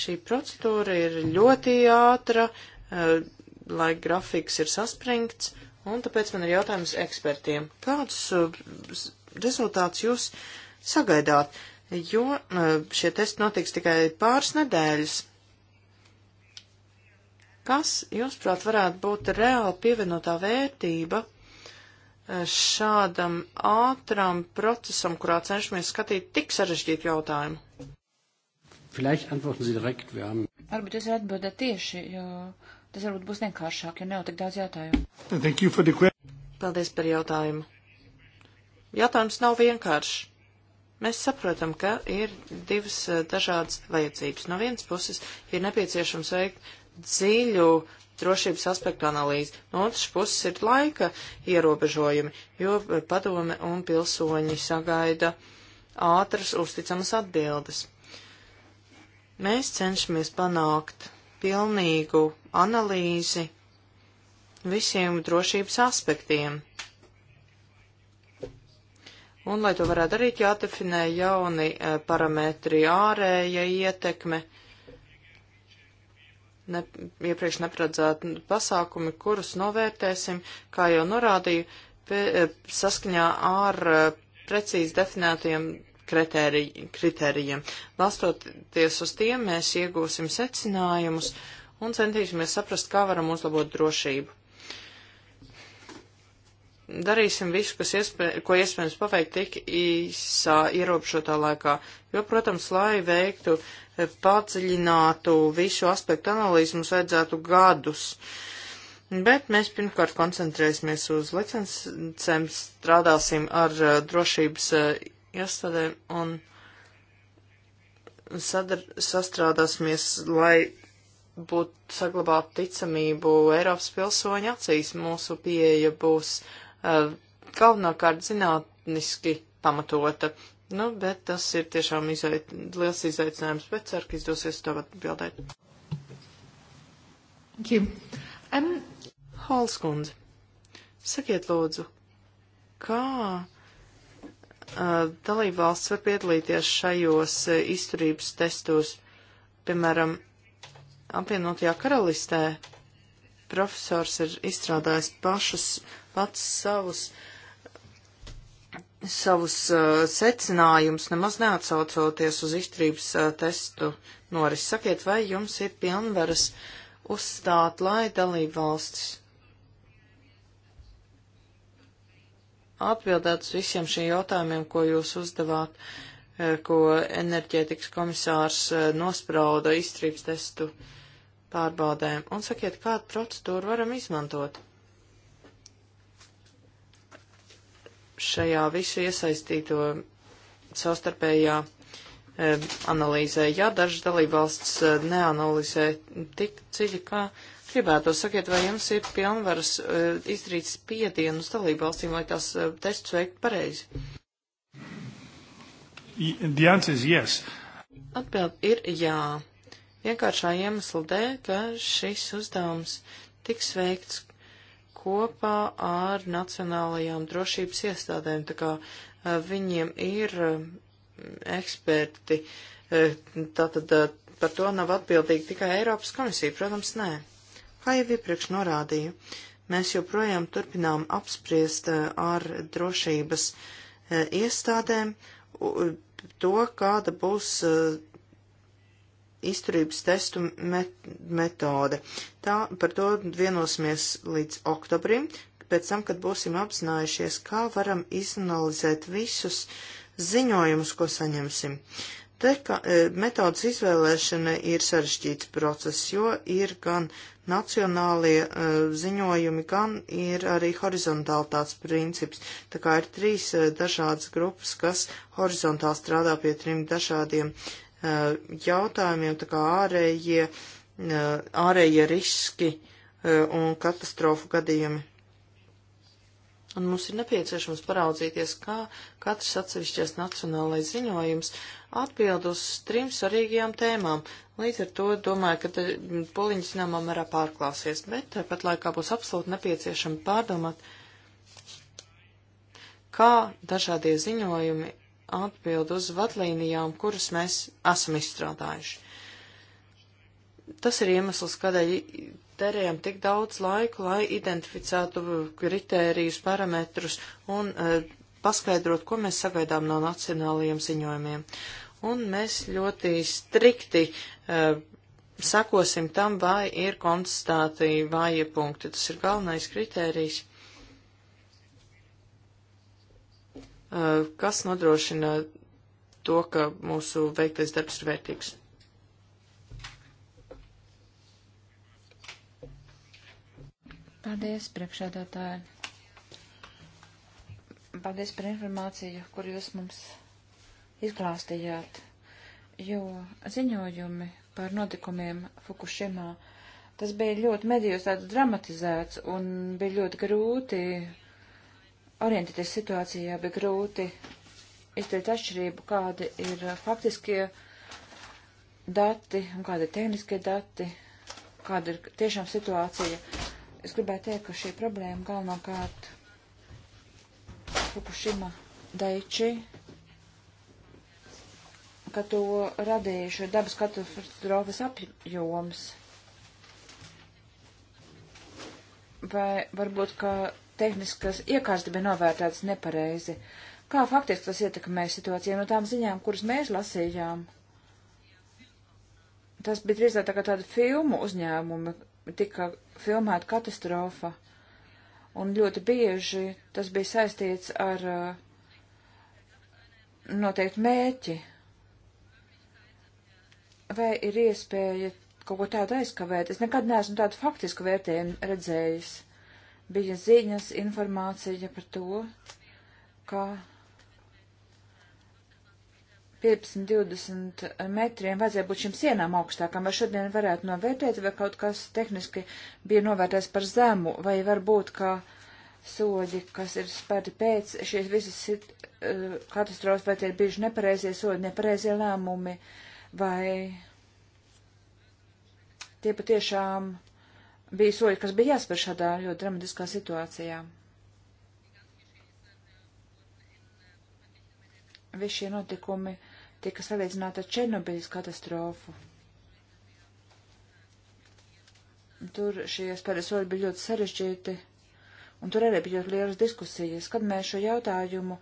Šī procedūra ir ļoti ātra, eh, laika grafiks ir saspringts, un tāpēc man ir jautājums ekspertiem. Kādus eh, rezultātus jūs sagaidāt? Jo eh, šie testi notiks tikai pāris nedēļas, Kas, jūsuprāt, varētu būt reāli pievienotā vērtība e, šādam ātram procesam, kurā cenšamies skatīt tik sarežģītu jautājumu? Varbūt jūs varat atbildēt tieši, jo tas varbūt būs vienkāršāk, jo nav tik daudz jautājumu. Paldies par jautājumu. Jautājums nav vienkāršs. Mēs saprotam, ka ir divas e, dažādas vajadzības. No vienas puses ir nepieciešams veikt dziļu drošības aspektu analīzi. No otras puses ir laika ierobežojumi, jo padome un pilsoņi sagaida ātras uzticamas atbildes. Mēs cenšamies panākt pilnīgu analīzi visiem drošības aspektiem. Un, lai to varētu darīt, jādefinē jauni eh, parametri ārēja ietekme, uh, ne, iepriekš neparedzēti pasākumi, kurus novērtēsim, kā jau norādīju, pie, e, saskaņā ar e, precīzi definētajiem kritērijiem. Balstoties uz tiem, mēs iegūsim secinājumus un centīsimies saprast, kā varam uzlabot drošību darīsim visu, kas iespē, ko iespējams paveikt tik īsā ierobežotā laikā, jo, protams, lai veiktu eh, padziļinātu visu aspektu analīzi, mums vajadzētu gadus. Bet mēs pirmkārt koncentrēsimies uz licencēm, strādāsim ar uh, drošības uh, iestādēm un sadar, sastrādāsimies, lai būtu saglabāt ticamību Eiropas pilsoņu acīs. Mūsu pieeja būs uh, Uh, galvenokārt zinātniski pamatota. Nu, bet tas ir tiešām izait, liels izaicinājums, bet ceru, ka izdosies to atbildēt. Thank you. Um... Halskundze, sakiet lūdzu, kā uh, dalībvalsts var piedalīties šajos uh, izturības testos. Piemēram, apvienotajā karalistē profesors ir izstrādājis pašas pats savus, savus uh, secinājumus, nemaz neatsaucoties uz izturības uh, eh, testu noris. Sakiet, vai jums ir pilnvaras uzstāt, lai dalību valstis atbildēt uz visiem šiem jautājumiem, ko jūs uzdevāt, eh, ko enerģētikas komisārs nosprauda izstrības testu pārbaudēm. Un sakiet, kādu procedūru varam izmantot? šajā visu iesaistīto savstarpējā e, analīzē. Ja dažas dalībvalsts e, neanalizē tik dziļi, kā gribētu, sakiet, vai jums ir pilnvaras e, izdarīt spiedienu uz dalībvalstīm, lai tās e, testus veiktu pareizi? The answer is yes. Atbild ir jā. Vienkāršā iemesla dēļ, ka šis uzdevums tiks veikts kopā ar nacionālajām drošības iestādēm, tā kā eh, viņiem ir eh, eksperti, eh, tātad par to nav atbildīga tikai Eiropas komisija, protams, nē. Kā jau iepriekš norādīju, mēs joprojām turpinām apspriest ar drošības iestādēm to, kāda būs izturības testu met metode. Tā, par to vienosimies līdz oktobrim, pēc tam, kad būsim apzinājušies, kā varam izanalizēt visus ziņojumus, ko saņemsim. Teka, e, metodas izvēlēšana ir sarežģīts process, jo ir gan nacionālie uh, ziņojumi, gan ir arī horizontālitāts princips. Tā kā ir trīs uh, dažādas grupas, kas horizontāli strādā pie trim dažādiem uh, Eh, jautājumiem, tā kā ārējie, eh, ārējie riski eh, un katastrofu gadījumi. Un mums ir nepieciešams paraudzīties, kā katrs atsevišķies nacionālais ziņojums atbild uz trim svarīgajām tēmām. Līdz ar to domāju, ka poliņi zināmā mērā pārklāsies, bet tāpat laikā būs absolūti nepieciešami pārdomāt, kā dažādie ziņojumi atbild uz vadlīnijām, kuras mēs esam izstrādājuši. Tas ir iemesls, kādēļ terējam tik daudz laiku, lai identificētu kritērijus, parametrus un uh, paskaidrot, ko mēs sagaidām no nacionālajiem ziņojumiem. Un mēs ļoti strikti uh, sakosim tam, vai ir konstatēti vāja punkti. Tas ir galvenais kritērijs Eh, kas nodrošina to, ka mūsu veiktais darbs ir vērtīgs. Paldies, priekšādātāji. Paldies par informāciju, kur jūs mums izklāstījāt, jo ziņojumi par notikumiem Fukushimā, tas bija ļoti medijos tāds dramatizēts un bija ļoti grūti orientēties situācijā bija grūti izteikt atšķirību, kādi ir faktiskie dati un kādi ir tehniskie dati, kāda ir tiešām situācija. Es gribēju teikt, ka šī problēma galvenokārt Fukushima Daiči, ka to radījuši dabas katastrofas apjoms. Vai varbūt, ka tehniskas iekārtas bija novērtētas nepareizi. Kā faktiski tas ietekmē situāciju no tām ziņām, kuras mēs lasījām? Tas bija drīzāk tā kā tāda filmu uzņēmumi, tika filmēta katastrofa, un ļoti bieži tas bija saistīts ar uh, noteikti mēķi. Vai ir iespēja kaut ko tādu aizkavēt? Es nekad neesmu tādu faktisku vērtējumu redzējis bija ziņas, informācija par to, ka 15-20 metriem vajadzēja būt šim sienām augstākam, vai šodien varētu novērtēt, vai kaut kas tehniski bija novērtēts par zemu, vai varbūt, ka soļi, kas ir spērti pēc šīs visas uh, katastrofas, vai tie ir bijuši nepareizie soļi, nepareizie lēmumi, vai tie patiešām bija soļi, kas bija jāspēr šādā ļoti dramatiskā situācijā. Visi šie notikumi tika salīdzināti ar Černobiļas katastrofu. Tur šie spēļu soļi bija ļoti sarežģīti, un tur arī bija ļoti lielas diskusijas. Kad mēs šo jautājumu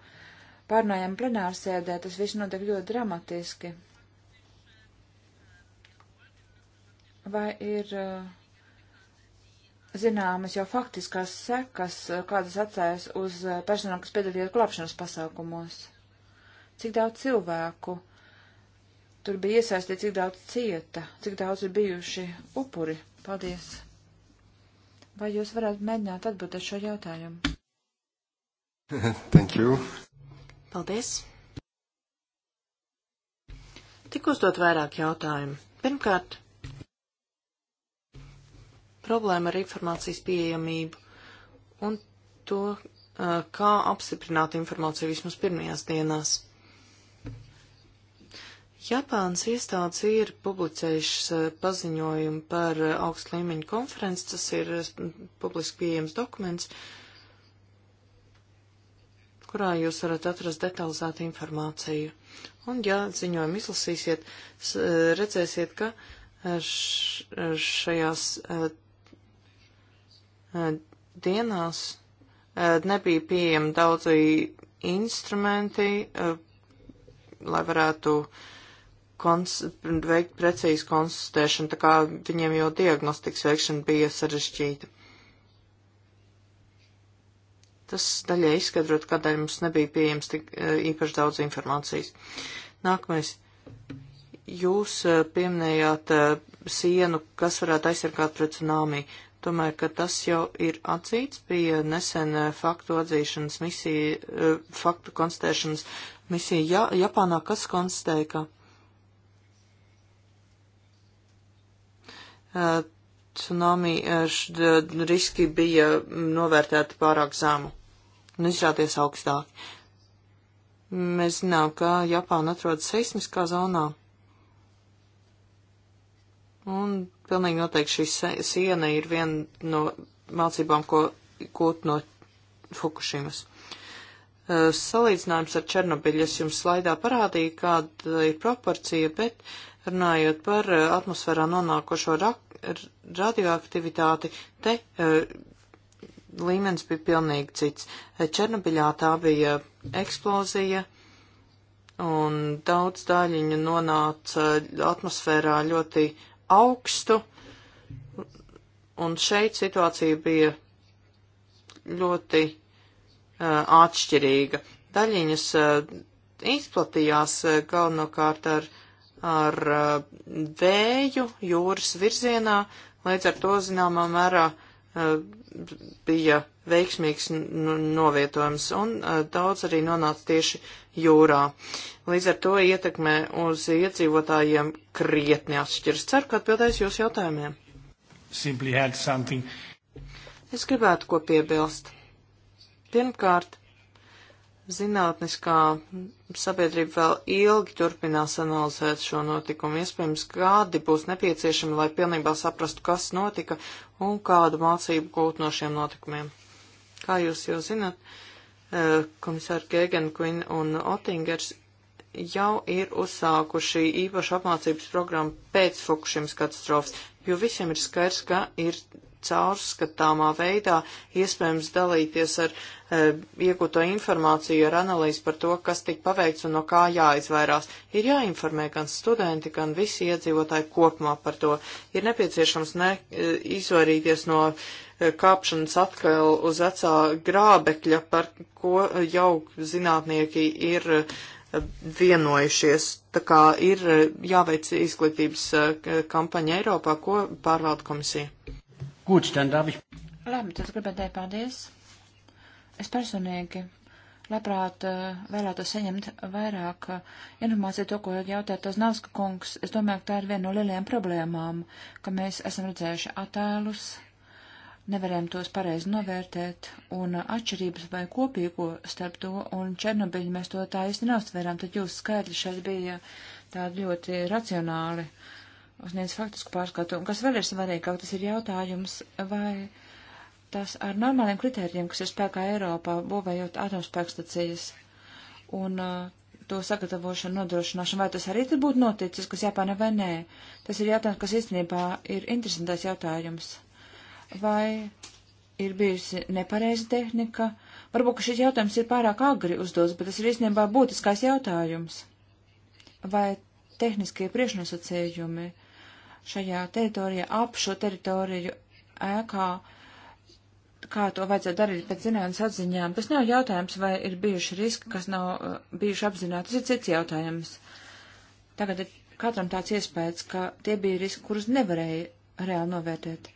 pārnājām plenārsēdē, tas viss notiek ļoti dramatiski. Vai ir uh, zināmas jau faktiskās sekas, kādas atstājas uz eh, personām, kas piedalījās glābšanas pasākumos. Cik daudz cilvēku tur bija iesaistīti, cik daudz cieta, cik daudz ir bijuši upuri. Paldies! Vai jūs varētu mēģināt atbildēt šo jautājumu? *laughs* Thank you. Paldies. Tik uzdot vairāk jautājumu. Pirmkārt, problēma ar informācijas pieejamību un to, kā apstiprināt informāciju vismaz pirmajās dienās. Japānas iestādes ir publicējušas paziņojumu par augstu līmeņu konferenci, tas ir publiski pieejams dokuments, kurā jūs varat atrast detalizētu informāciju. Un, ja ziņojumu izlasīsiet, redzēsiet, ka šajās dienās nebija pieejami daudzi instrumenti, lai varētu veikt precīzu konstatēšanu, tā kā viņiem jau diagnostikas veikšana bija sarežģīta. Tas daļai izskatrot, kādēļ mums nebija pieejams tik īpaši daudz informācijas. Nākamais. Jūs pieminējāt sienu, kas varētu aizsargāt pret tsunami. Domāju, ka tas jau ir atzīts, bija nesen eh, faktu atzīšanas misija, eh, faktu konstatēšanas misija ja, Japānā, kas konstatēja, ka eh, tsunami riski bija novērtēti pārāk zemu un izrāties augstāk. Mēs zinām, ka Japāna atrodas seismiskā zonā. Un pilnīgi noteikti šī siena ir viena no mācībām, ko gūt no Fukushimas. Salīdzinājums ar Černobiļu es jums slaidā parādīju, kāda ir proporcija, bet runājot par atmosfērā nonākošo radioaktivitāti, te līmenis bija pilnīgi cits. Černobiļā tā bija eksplozija, un daudz daļiņu nonāca atmosfērā ļoti augstu, un šeit situācija bija ļoti uh, atšķirīga. Daļiņas uh, izplatījās uh, galvenokārt ar, ar uh, vēju jūras virzienā, līdz ar to zināmā mērā uh, Eh, bija veiksmīgs novietojums, un eh, daudz arī nonāca tieši jūrā. Līdz ar to ietekmē uz iedzīvotājiem krietni atšķiras. Ceru, ka atbildēs jūs jautājumiem. Es gribētu ko piebilst. Pirmkārt, zinātniskā sabiedrība vēl ilgi turpinās analizēt šo notikumu. Iespējams, gadi būs nepieciešami, lai pilnībā saprastu, kas notika un kādu mācību gūt no šiem notikumiem. Kā jūs jau zinat, eh, komisāri Gēgenkvin un Otingers jau ir uzsākuši īpašu apmācības programmu pēc Fukušimas katastrofas, jo visiem ir skaidrs, ka ir caurskatāmā veidā iespējams dalīties ar e, iegūto informāciju, ar analīzi par to, kas tika paveikts un no kā jāizvairās. Ir jāinformē gan studenti, gan visi iedzīvotāji kopumā par to. Ir nepieciešams ne, e, izvairīties no e, kāpšanas atkal uz vecā grābekļa, par ko jau zinātnieki ir vienojušies. Tā kā ir jāveic izglītības kampaņa Eiropā, ko pārvalda komisija. Gut, dann darf ich. Labi, tad gribētu teikt paldies. Es personīgi labprāt eh, vēlētos saņemt vairāk eh, informāciju to, ko jautāt tos Navska kungs. Es domāju, ka tā ir viena no lielajām problēmām, ka mēs esam redzējuši attēlus, nevarējām tos pareizi novērtēt, un atšķirības vai kopīgo starp to un Černobiļu mēs to tā īsti neustverām, tad jūsu skaidri šeit bija tādi ļoti racionāli. Uh, sniedz faktisku pārskatu. Un kas vēl ir svarīgāk, tas ir jautājums, vai tas ar normāliem kritērijiem, kas ir spēkā Eiropā, būvējot atomspēkstacijas un uh, to sagatavošanu, nodrošināšanu, vai tas arī tur būtu noticis, kas Japāna vai nē. Tas ir jautājums, kas īstenībā ir interesantais jautājums. Vai ir bijusi nepareiza tehnika? Varbūt, ka šis jautājums ir pārāk agri uzdots, bet tas ir īstenībā būtiskais jautājums. Vai tehniskie priešnosacījumi uh, šajā teritorijā, ap šo teritoriju ēkā, kā to vajadzētu darīt pēc zinātnes atziņām. Tas nav jautājums, vai ir bijuši riski, kas nav uh, bijuši apzināti. Tas ir cits jautājums. Tagad ir katram tāds iespējas, ka tie bija riski, kurus nevarēja reāli novērtēt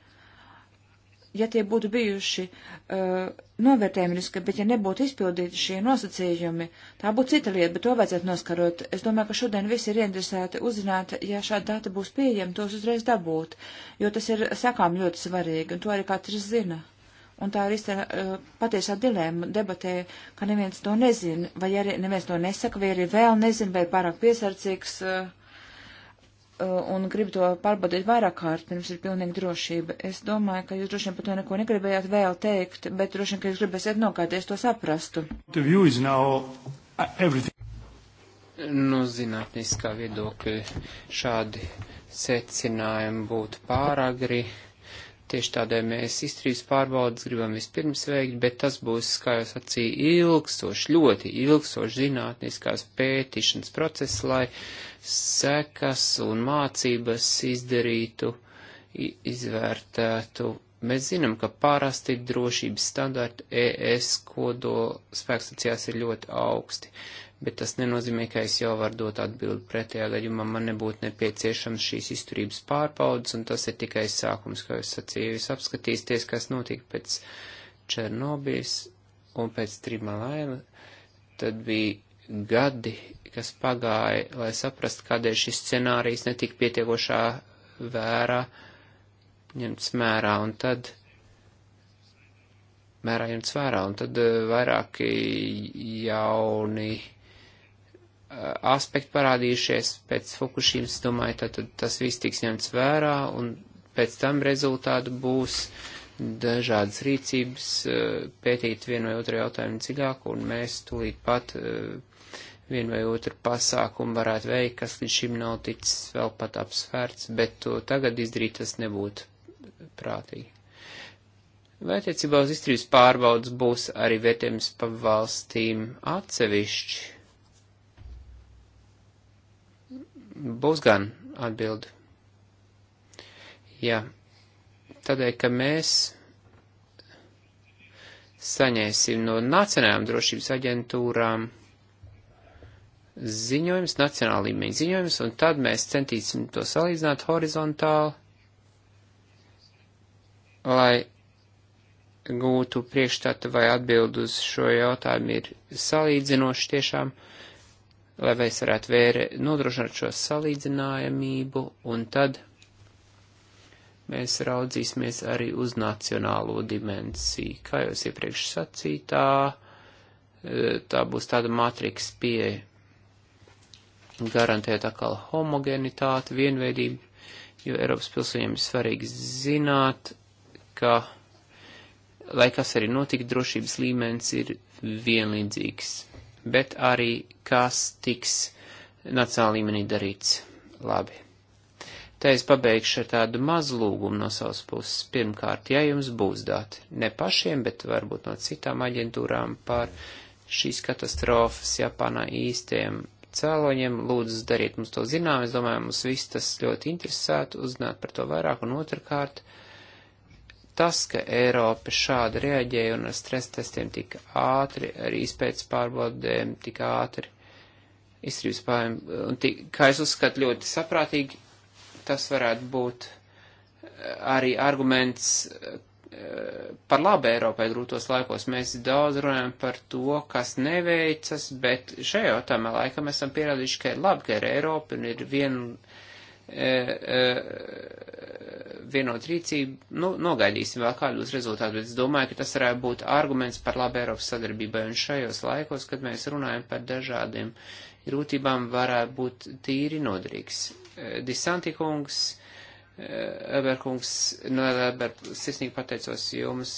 ja tie būtu bijuši uh, eh, novērtējumriski, bet ja nebūtu izpildīti šie nosacījumi, tā būtu cita lieta, bet to vajadzētu noskarot. Es domāju, ka šodien visi ir interesēti uzzināt, ja šāda data būs pieejama, tos uzreiz dabūt, jo tas ir sakām ļoti svarīgi, un to arī katrs zina. Un tā ir iztā, uh, eh, patiesā dilēma debatē, ka neviens to nezina, vai arī neviens to nesaka, vai arī vēl nezina, vai pārāk piesardzīgs. Uh, Uh, un grib to pārbaudīt vairāk kārt, pirms ir pilnīga drošība. Es domāju, ka jūs droši vien par to neko negribējāt vēl teikt, bet droši vien, ka jūs gribēsiet nokāties to saprastu. No uh, nu, zinātniskā viedokļa šādi secinājumi būtu pāragri. Uh, Tieši tādēļ mēs izturības pārbaudas gribam vispirms veikt, bet tas būs, kā jau sacīju, ilgstoši, ļoti ilgstoši zinātniskās pētīšanas process, lai sekas un mācības izdarītu, izvērtētu. Mēs zinām, ka parasti drošības standarti ES kodola spēkstacijās ir ļoti augsti. Uh, bet tas nenozīmē, ka es jau varu dot atbildi pretējā gadījumā. Man nebūtu nepieciešams šīs izturības pārbaudas, un tas ir tikai sākums, kā es sacīju. Es apskatīsties, kas notika pēc Černobijas un pēc Trimalaila. Tad bija gadi, kas pagāja, lai saprastu, kādēļ šis scenārijs netika pietiekošā vērā ņemts mērā, un tad mērā ņemts vērā, un tad eh, vairāki jauni aspekti parādījušies pēc Fukushīmas, domāju, tad, tad tas viss tiks ņemts vērā un pēc tam rezultātu būs dažādas rīcības eh, pētīt vienu vai otru jautājumu dziļāk un mēs tūlīt pat eh, vienu vai otru pasākumu varētu veikt, kas līdz šim nav ticis vēl pat apsvērts, bet to tagad izdarīt tas nebūtu prātīgi. Vai attiecībā uz izturības pārbaudas būs arī vērtējums pa valstīm atsevišķi? Būs gan atbildi. Jā, tādēļ, ka mēs saņēsim no Nacionālām drošības aģentūrām ziņojums, nacionāla līmeņa ziņojums, un tad mēs centīsim to salīdzināt horizontāli, lai gūtu priekšstatu vai atbildu uz šo jautājumu ir salīdzinoši tiešām. Uh, lai mēs varētu vērē, nodrošināt šo salīdzinājumību, un tad mēs raudzīsimies arī uz nacionālo dimensiju. Kā jau es iepriekš sacīju, tā, e, tā būs tāda matriks pieeja, garantēt atkal homogenitāti, vienveidību, jo Eiropas pilsoņiem ir svarīgi zināt, ka, lai kas arī notika, drošības līmenis ir vienlīdzīgs bet arī kas tiks nacionāla līmenī darīts labi. Te es pabeigšu ar tādu mazu lūgumu no savas puses. Pirmkārt, ja jums būs dati, ne pašiem, bet varbūt no citām aģentūrām par šīs katastrofas Japānā īstiem cēloņiem, lūdzu, dariet mums to zinām. Es domāju, mums viss tas ļoti interesētu uzzināt par to vairāk. Un otrkārt, uh, tas, ka Eiropa šādi reaģēja un ar stres testiem tik ātri, ar izpētes pārbaudēm tik ātri, izstrības pārējiem, un tik, kā es uzskatu, ļoti saprātīgi, tas varētu būt eh, arī arguments eh, par labu Eiropai grūtos laikos. Mēs daudz runājam par to, kas neveicas, bet šajā jautājumā laikam esam pierādījuši, ka ir labi, ka ir Eiropa un ir viena E, e, vienot rīcību, nu, nogaidīsim vēl kādu būs rezultātu, bet es domāju, ka tas varētu būt arguments par labu Eiropas sadarbībai, un šajos laikos, kad mēs runājam par dažādiem grūtībām, varētu būt tīri noderīgs. E, Disantikungs Eberkungs, no Eber, sirsnīgi pateicos jums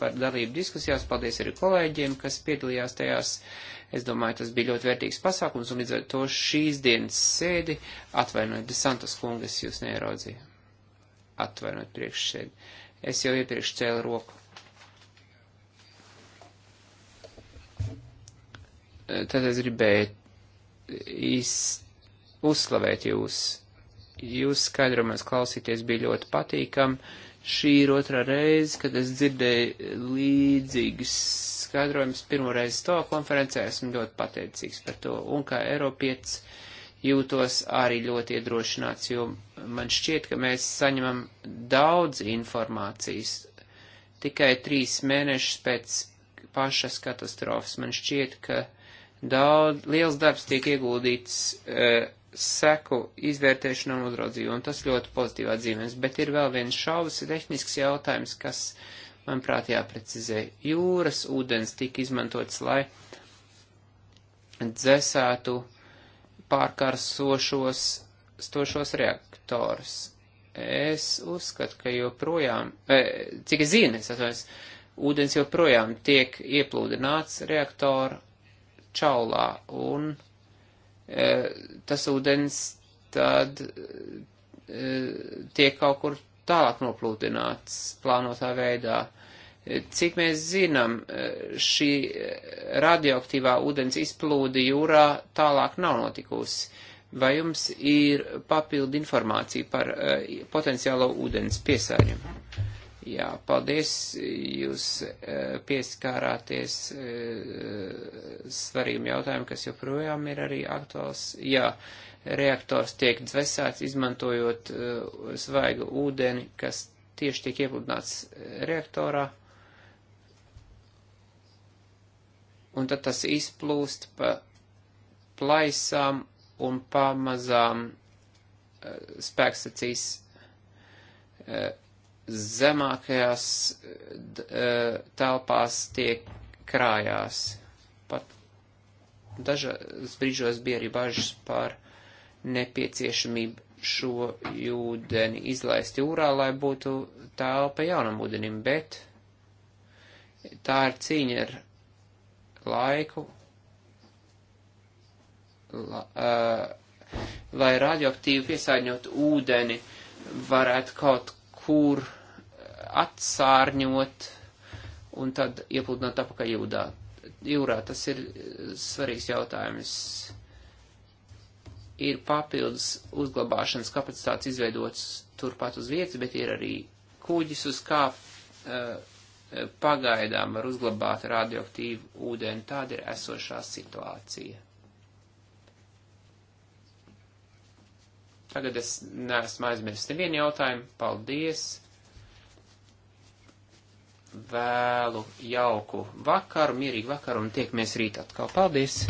par dalību diskusijās. Paldies arī kolēģiem, kas piedalījās tajās. Es domāju, tas bija ļoti vērtīgs pasākums, un līdz ar to šīs dienas sēdi atvainojiet, Desantas kungas jūs neieraudzīju. Atvainojiet priekšsēdi. Es jau iepriekš cēlu roku. Tad es gribēju iz... uzslavēt jūs Jūs skaidrumās klausīties bija ļoti patīkam. Šī ir otrā reize, kad es dzirdēju līdzīgas skaidrojumus pirmoreiz to konferencē. Esmu ļoti pateicīgs par to. Un kā Eiropietis jūtos arī ļoti iedrošināts, jo man šķiet, ka mēs saņemam daudz informācijas tikai trīs mēnešus pēc pašas katastrofas. Man šķiet, ka daudz, liels darbs tiek ieguldīts e, seku izvērtēšanu un uzraudzību, un tas ļoti pozitīvi atzīmēs. Bet ir vēl viens šaubas tehnisks jautājums, kas, manuprāt, jāprecizē. Jūras ūdens tika izmantots, lai dzēsētu pārkārsošos stošos reaktorus. Es uzskatu, ka joprojām, e, cik es zinu, es atvainojos, ūdens joprojām tiek ieplūdināts reaktora čaulā un E, tas ūdens tad e, tiek kaut kur tālāk noplūdināts plānotā veidā. E, cik mēs zinām, šī radioaktīvā ūdens izplūde jūrā tālāk nav notikusi. Vai jums ir papildu informācija par potenciālo ūdens piesārņojumu? Jā, paldies, jūs eh, pieskārāties eh, svarīgam jautājumam, kas joprojām ir arī aktuāls. Jā, reaktors tiek dzvēsēts, izmantojot eh, svaigu ūdeni, kas tieši tiek iepludināts reaktorā. Un tad tas izplūst pa plaisām un pamazām spēkstacīs zemākajās e, telpās tiek krājās. Pat dažos brīžos bija arī bažas par nepieciešamību šo ūdeni izlaist jūrā, lai būtu telpa jaunam ūdenim, bet tā ir cīņa ar laiku, la, uh, lai radioaktīvi piesārņot ūdeni varētu kaut kur uh, atsārņot un tad iepludināt apakaļ jūdā. jūrā. Tas ir eh, svarīgs jautājums. Ir papildus uzglabāšanas kapacitātes izveidotas turpat uz vietas, bet ir arī kuģis uz kā eh, pagaidām var uzglabāt radioaktīvu ūdeni. Tāda ir esošā situācija. Tagad es neesmu aizmirsis nevienu jautājumu. Paldies! vēlu jauku vakaru, mierīgu vakaru un tiekamies rīt atkal. Paldies!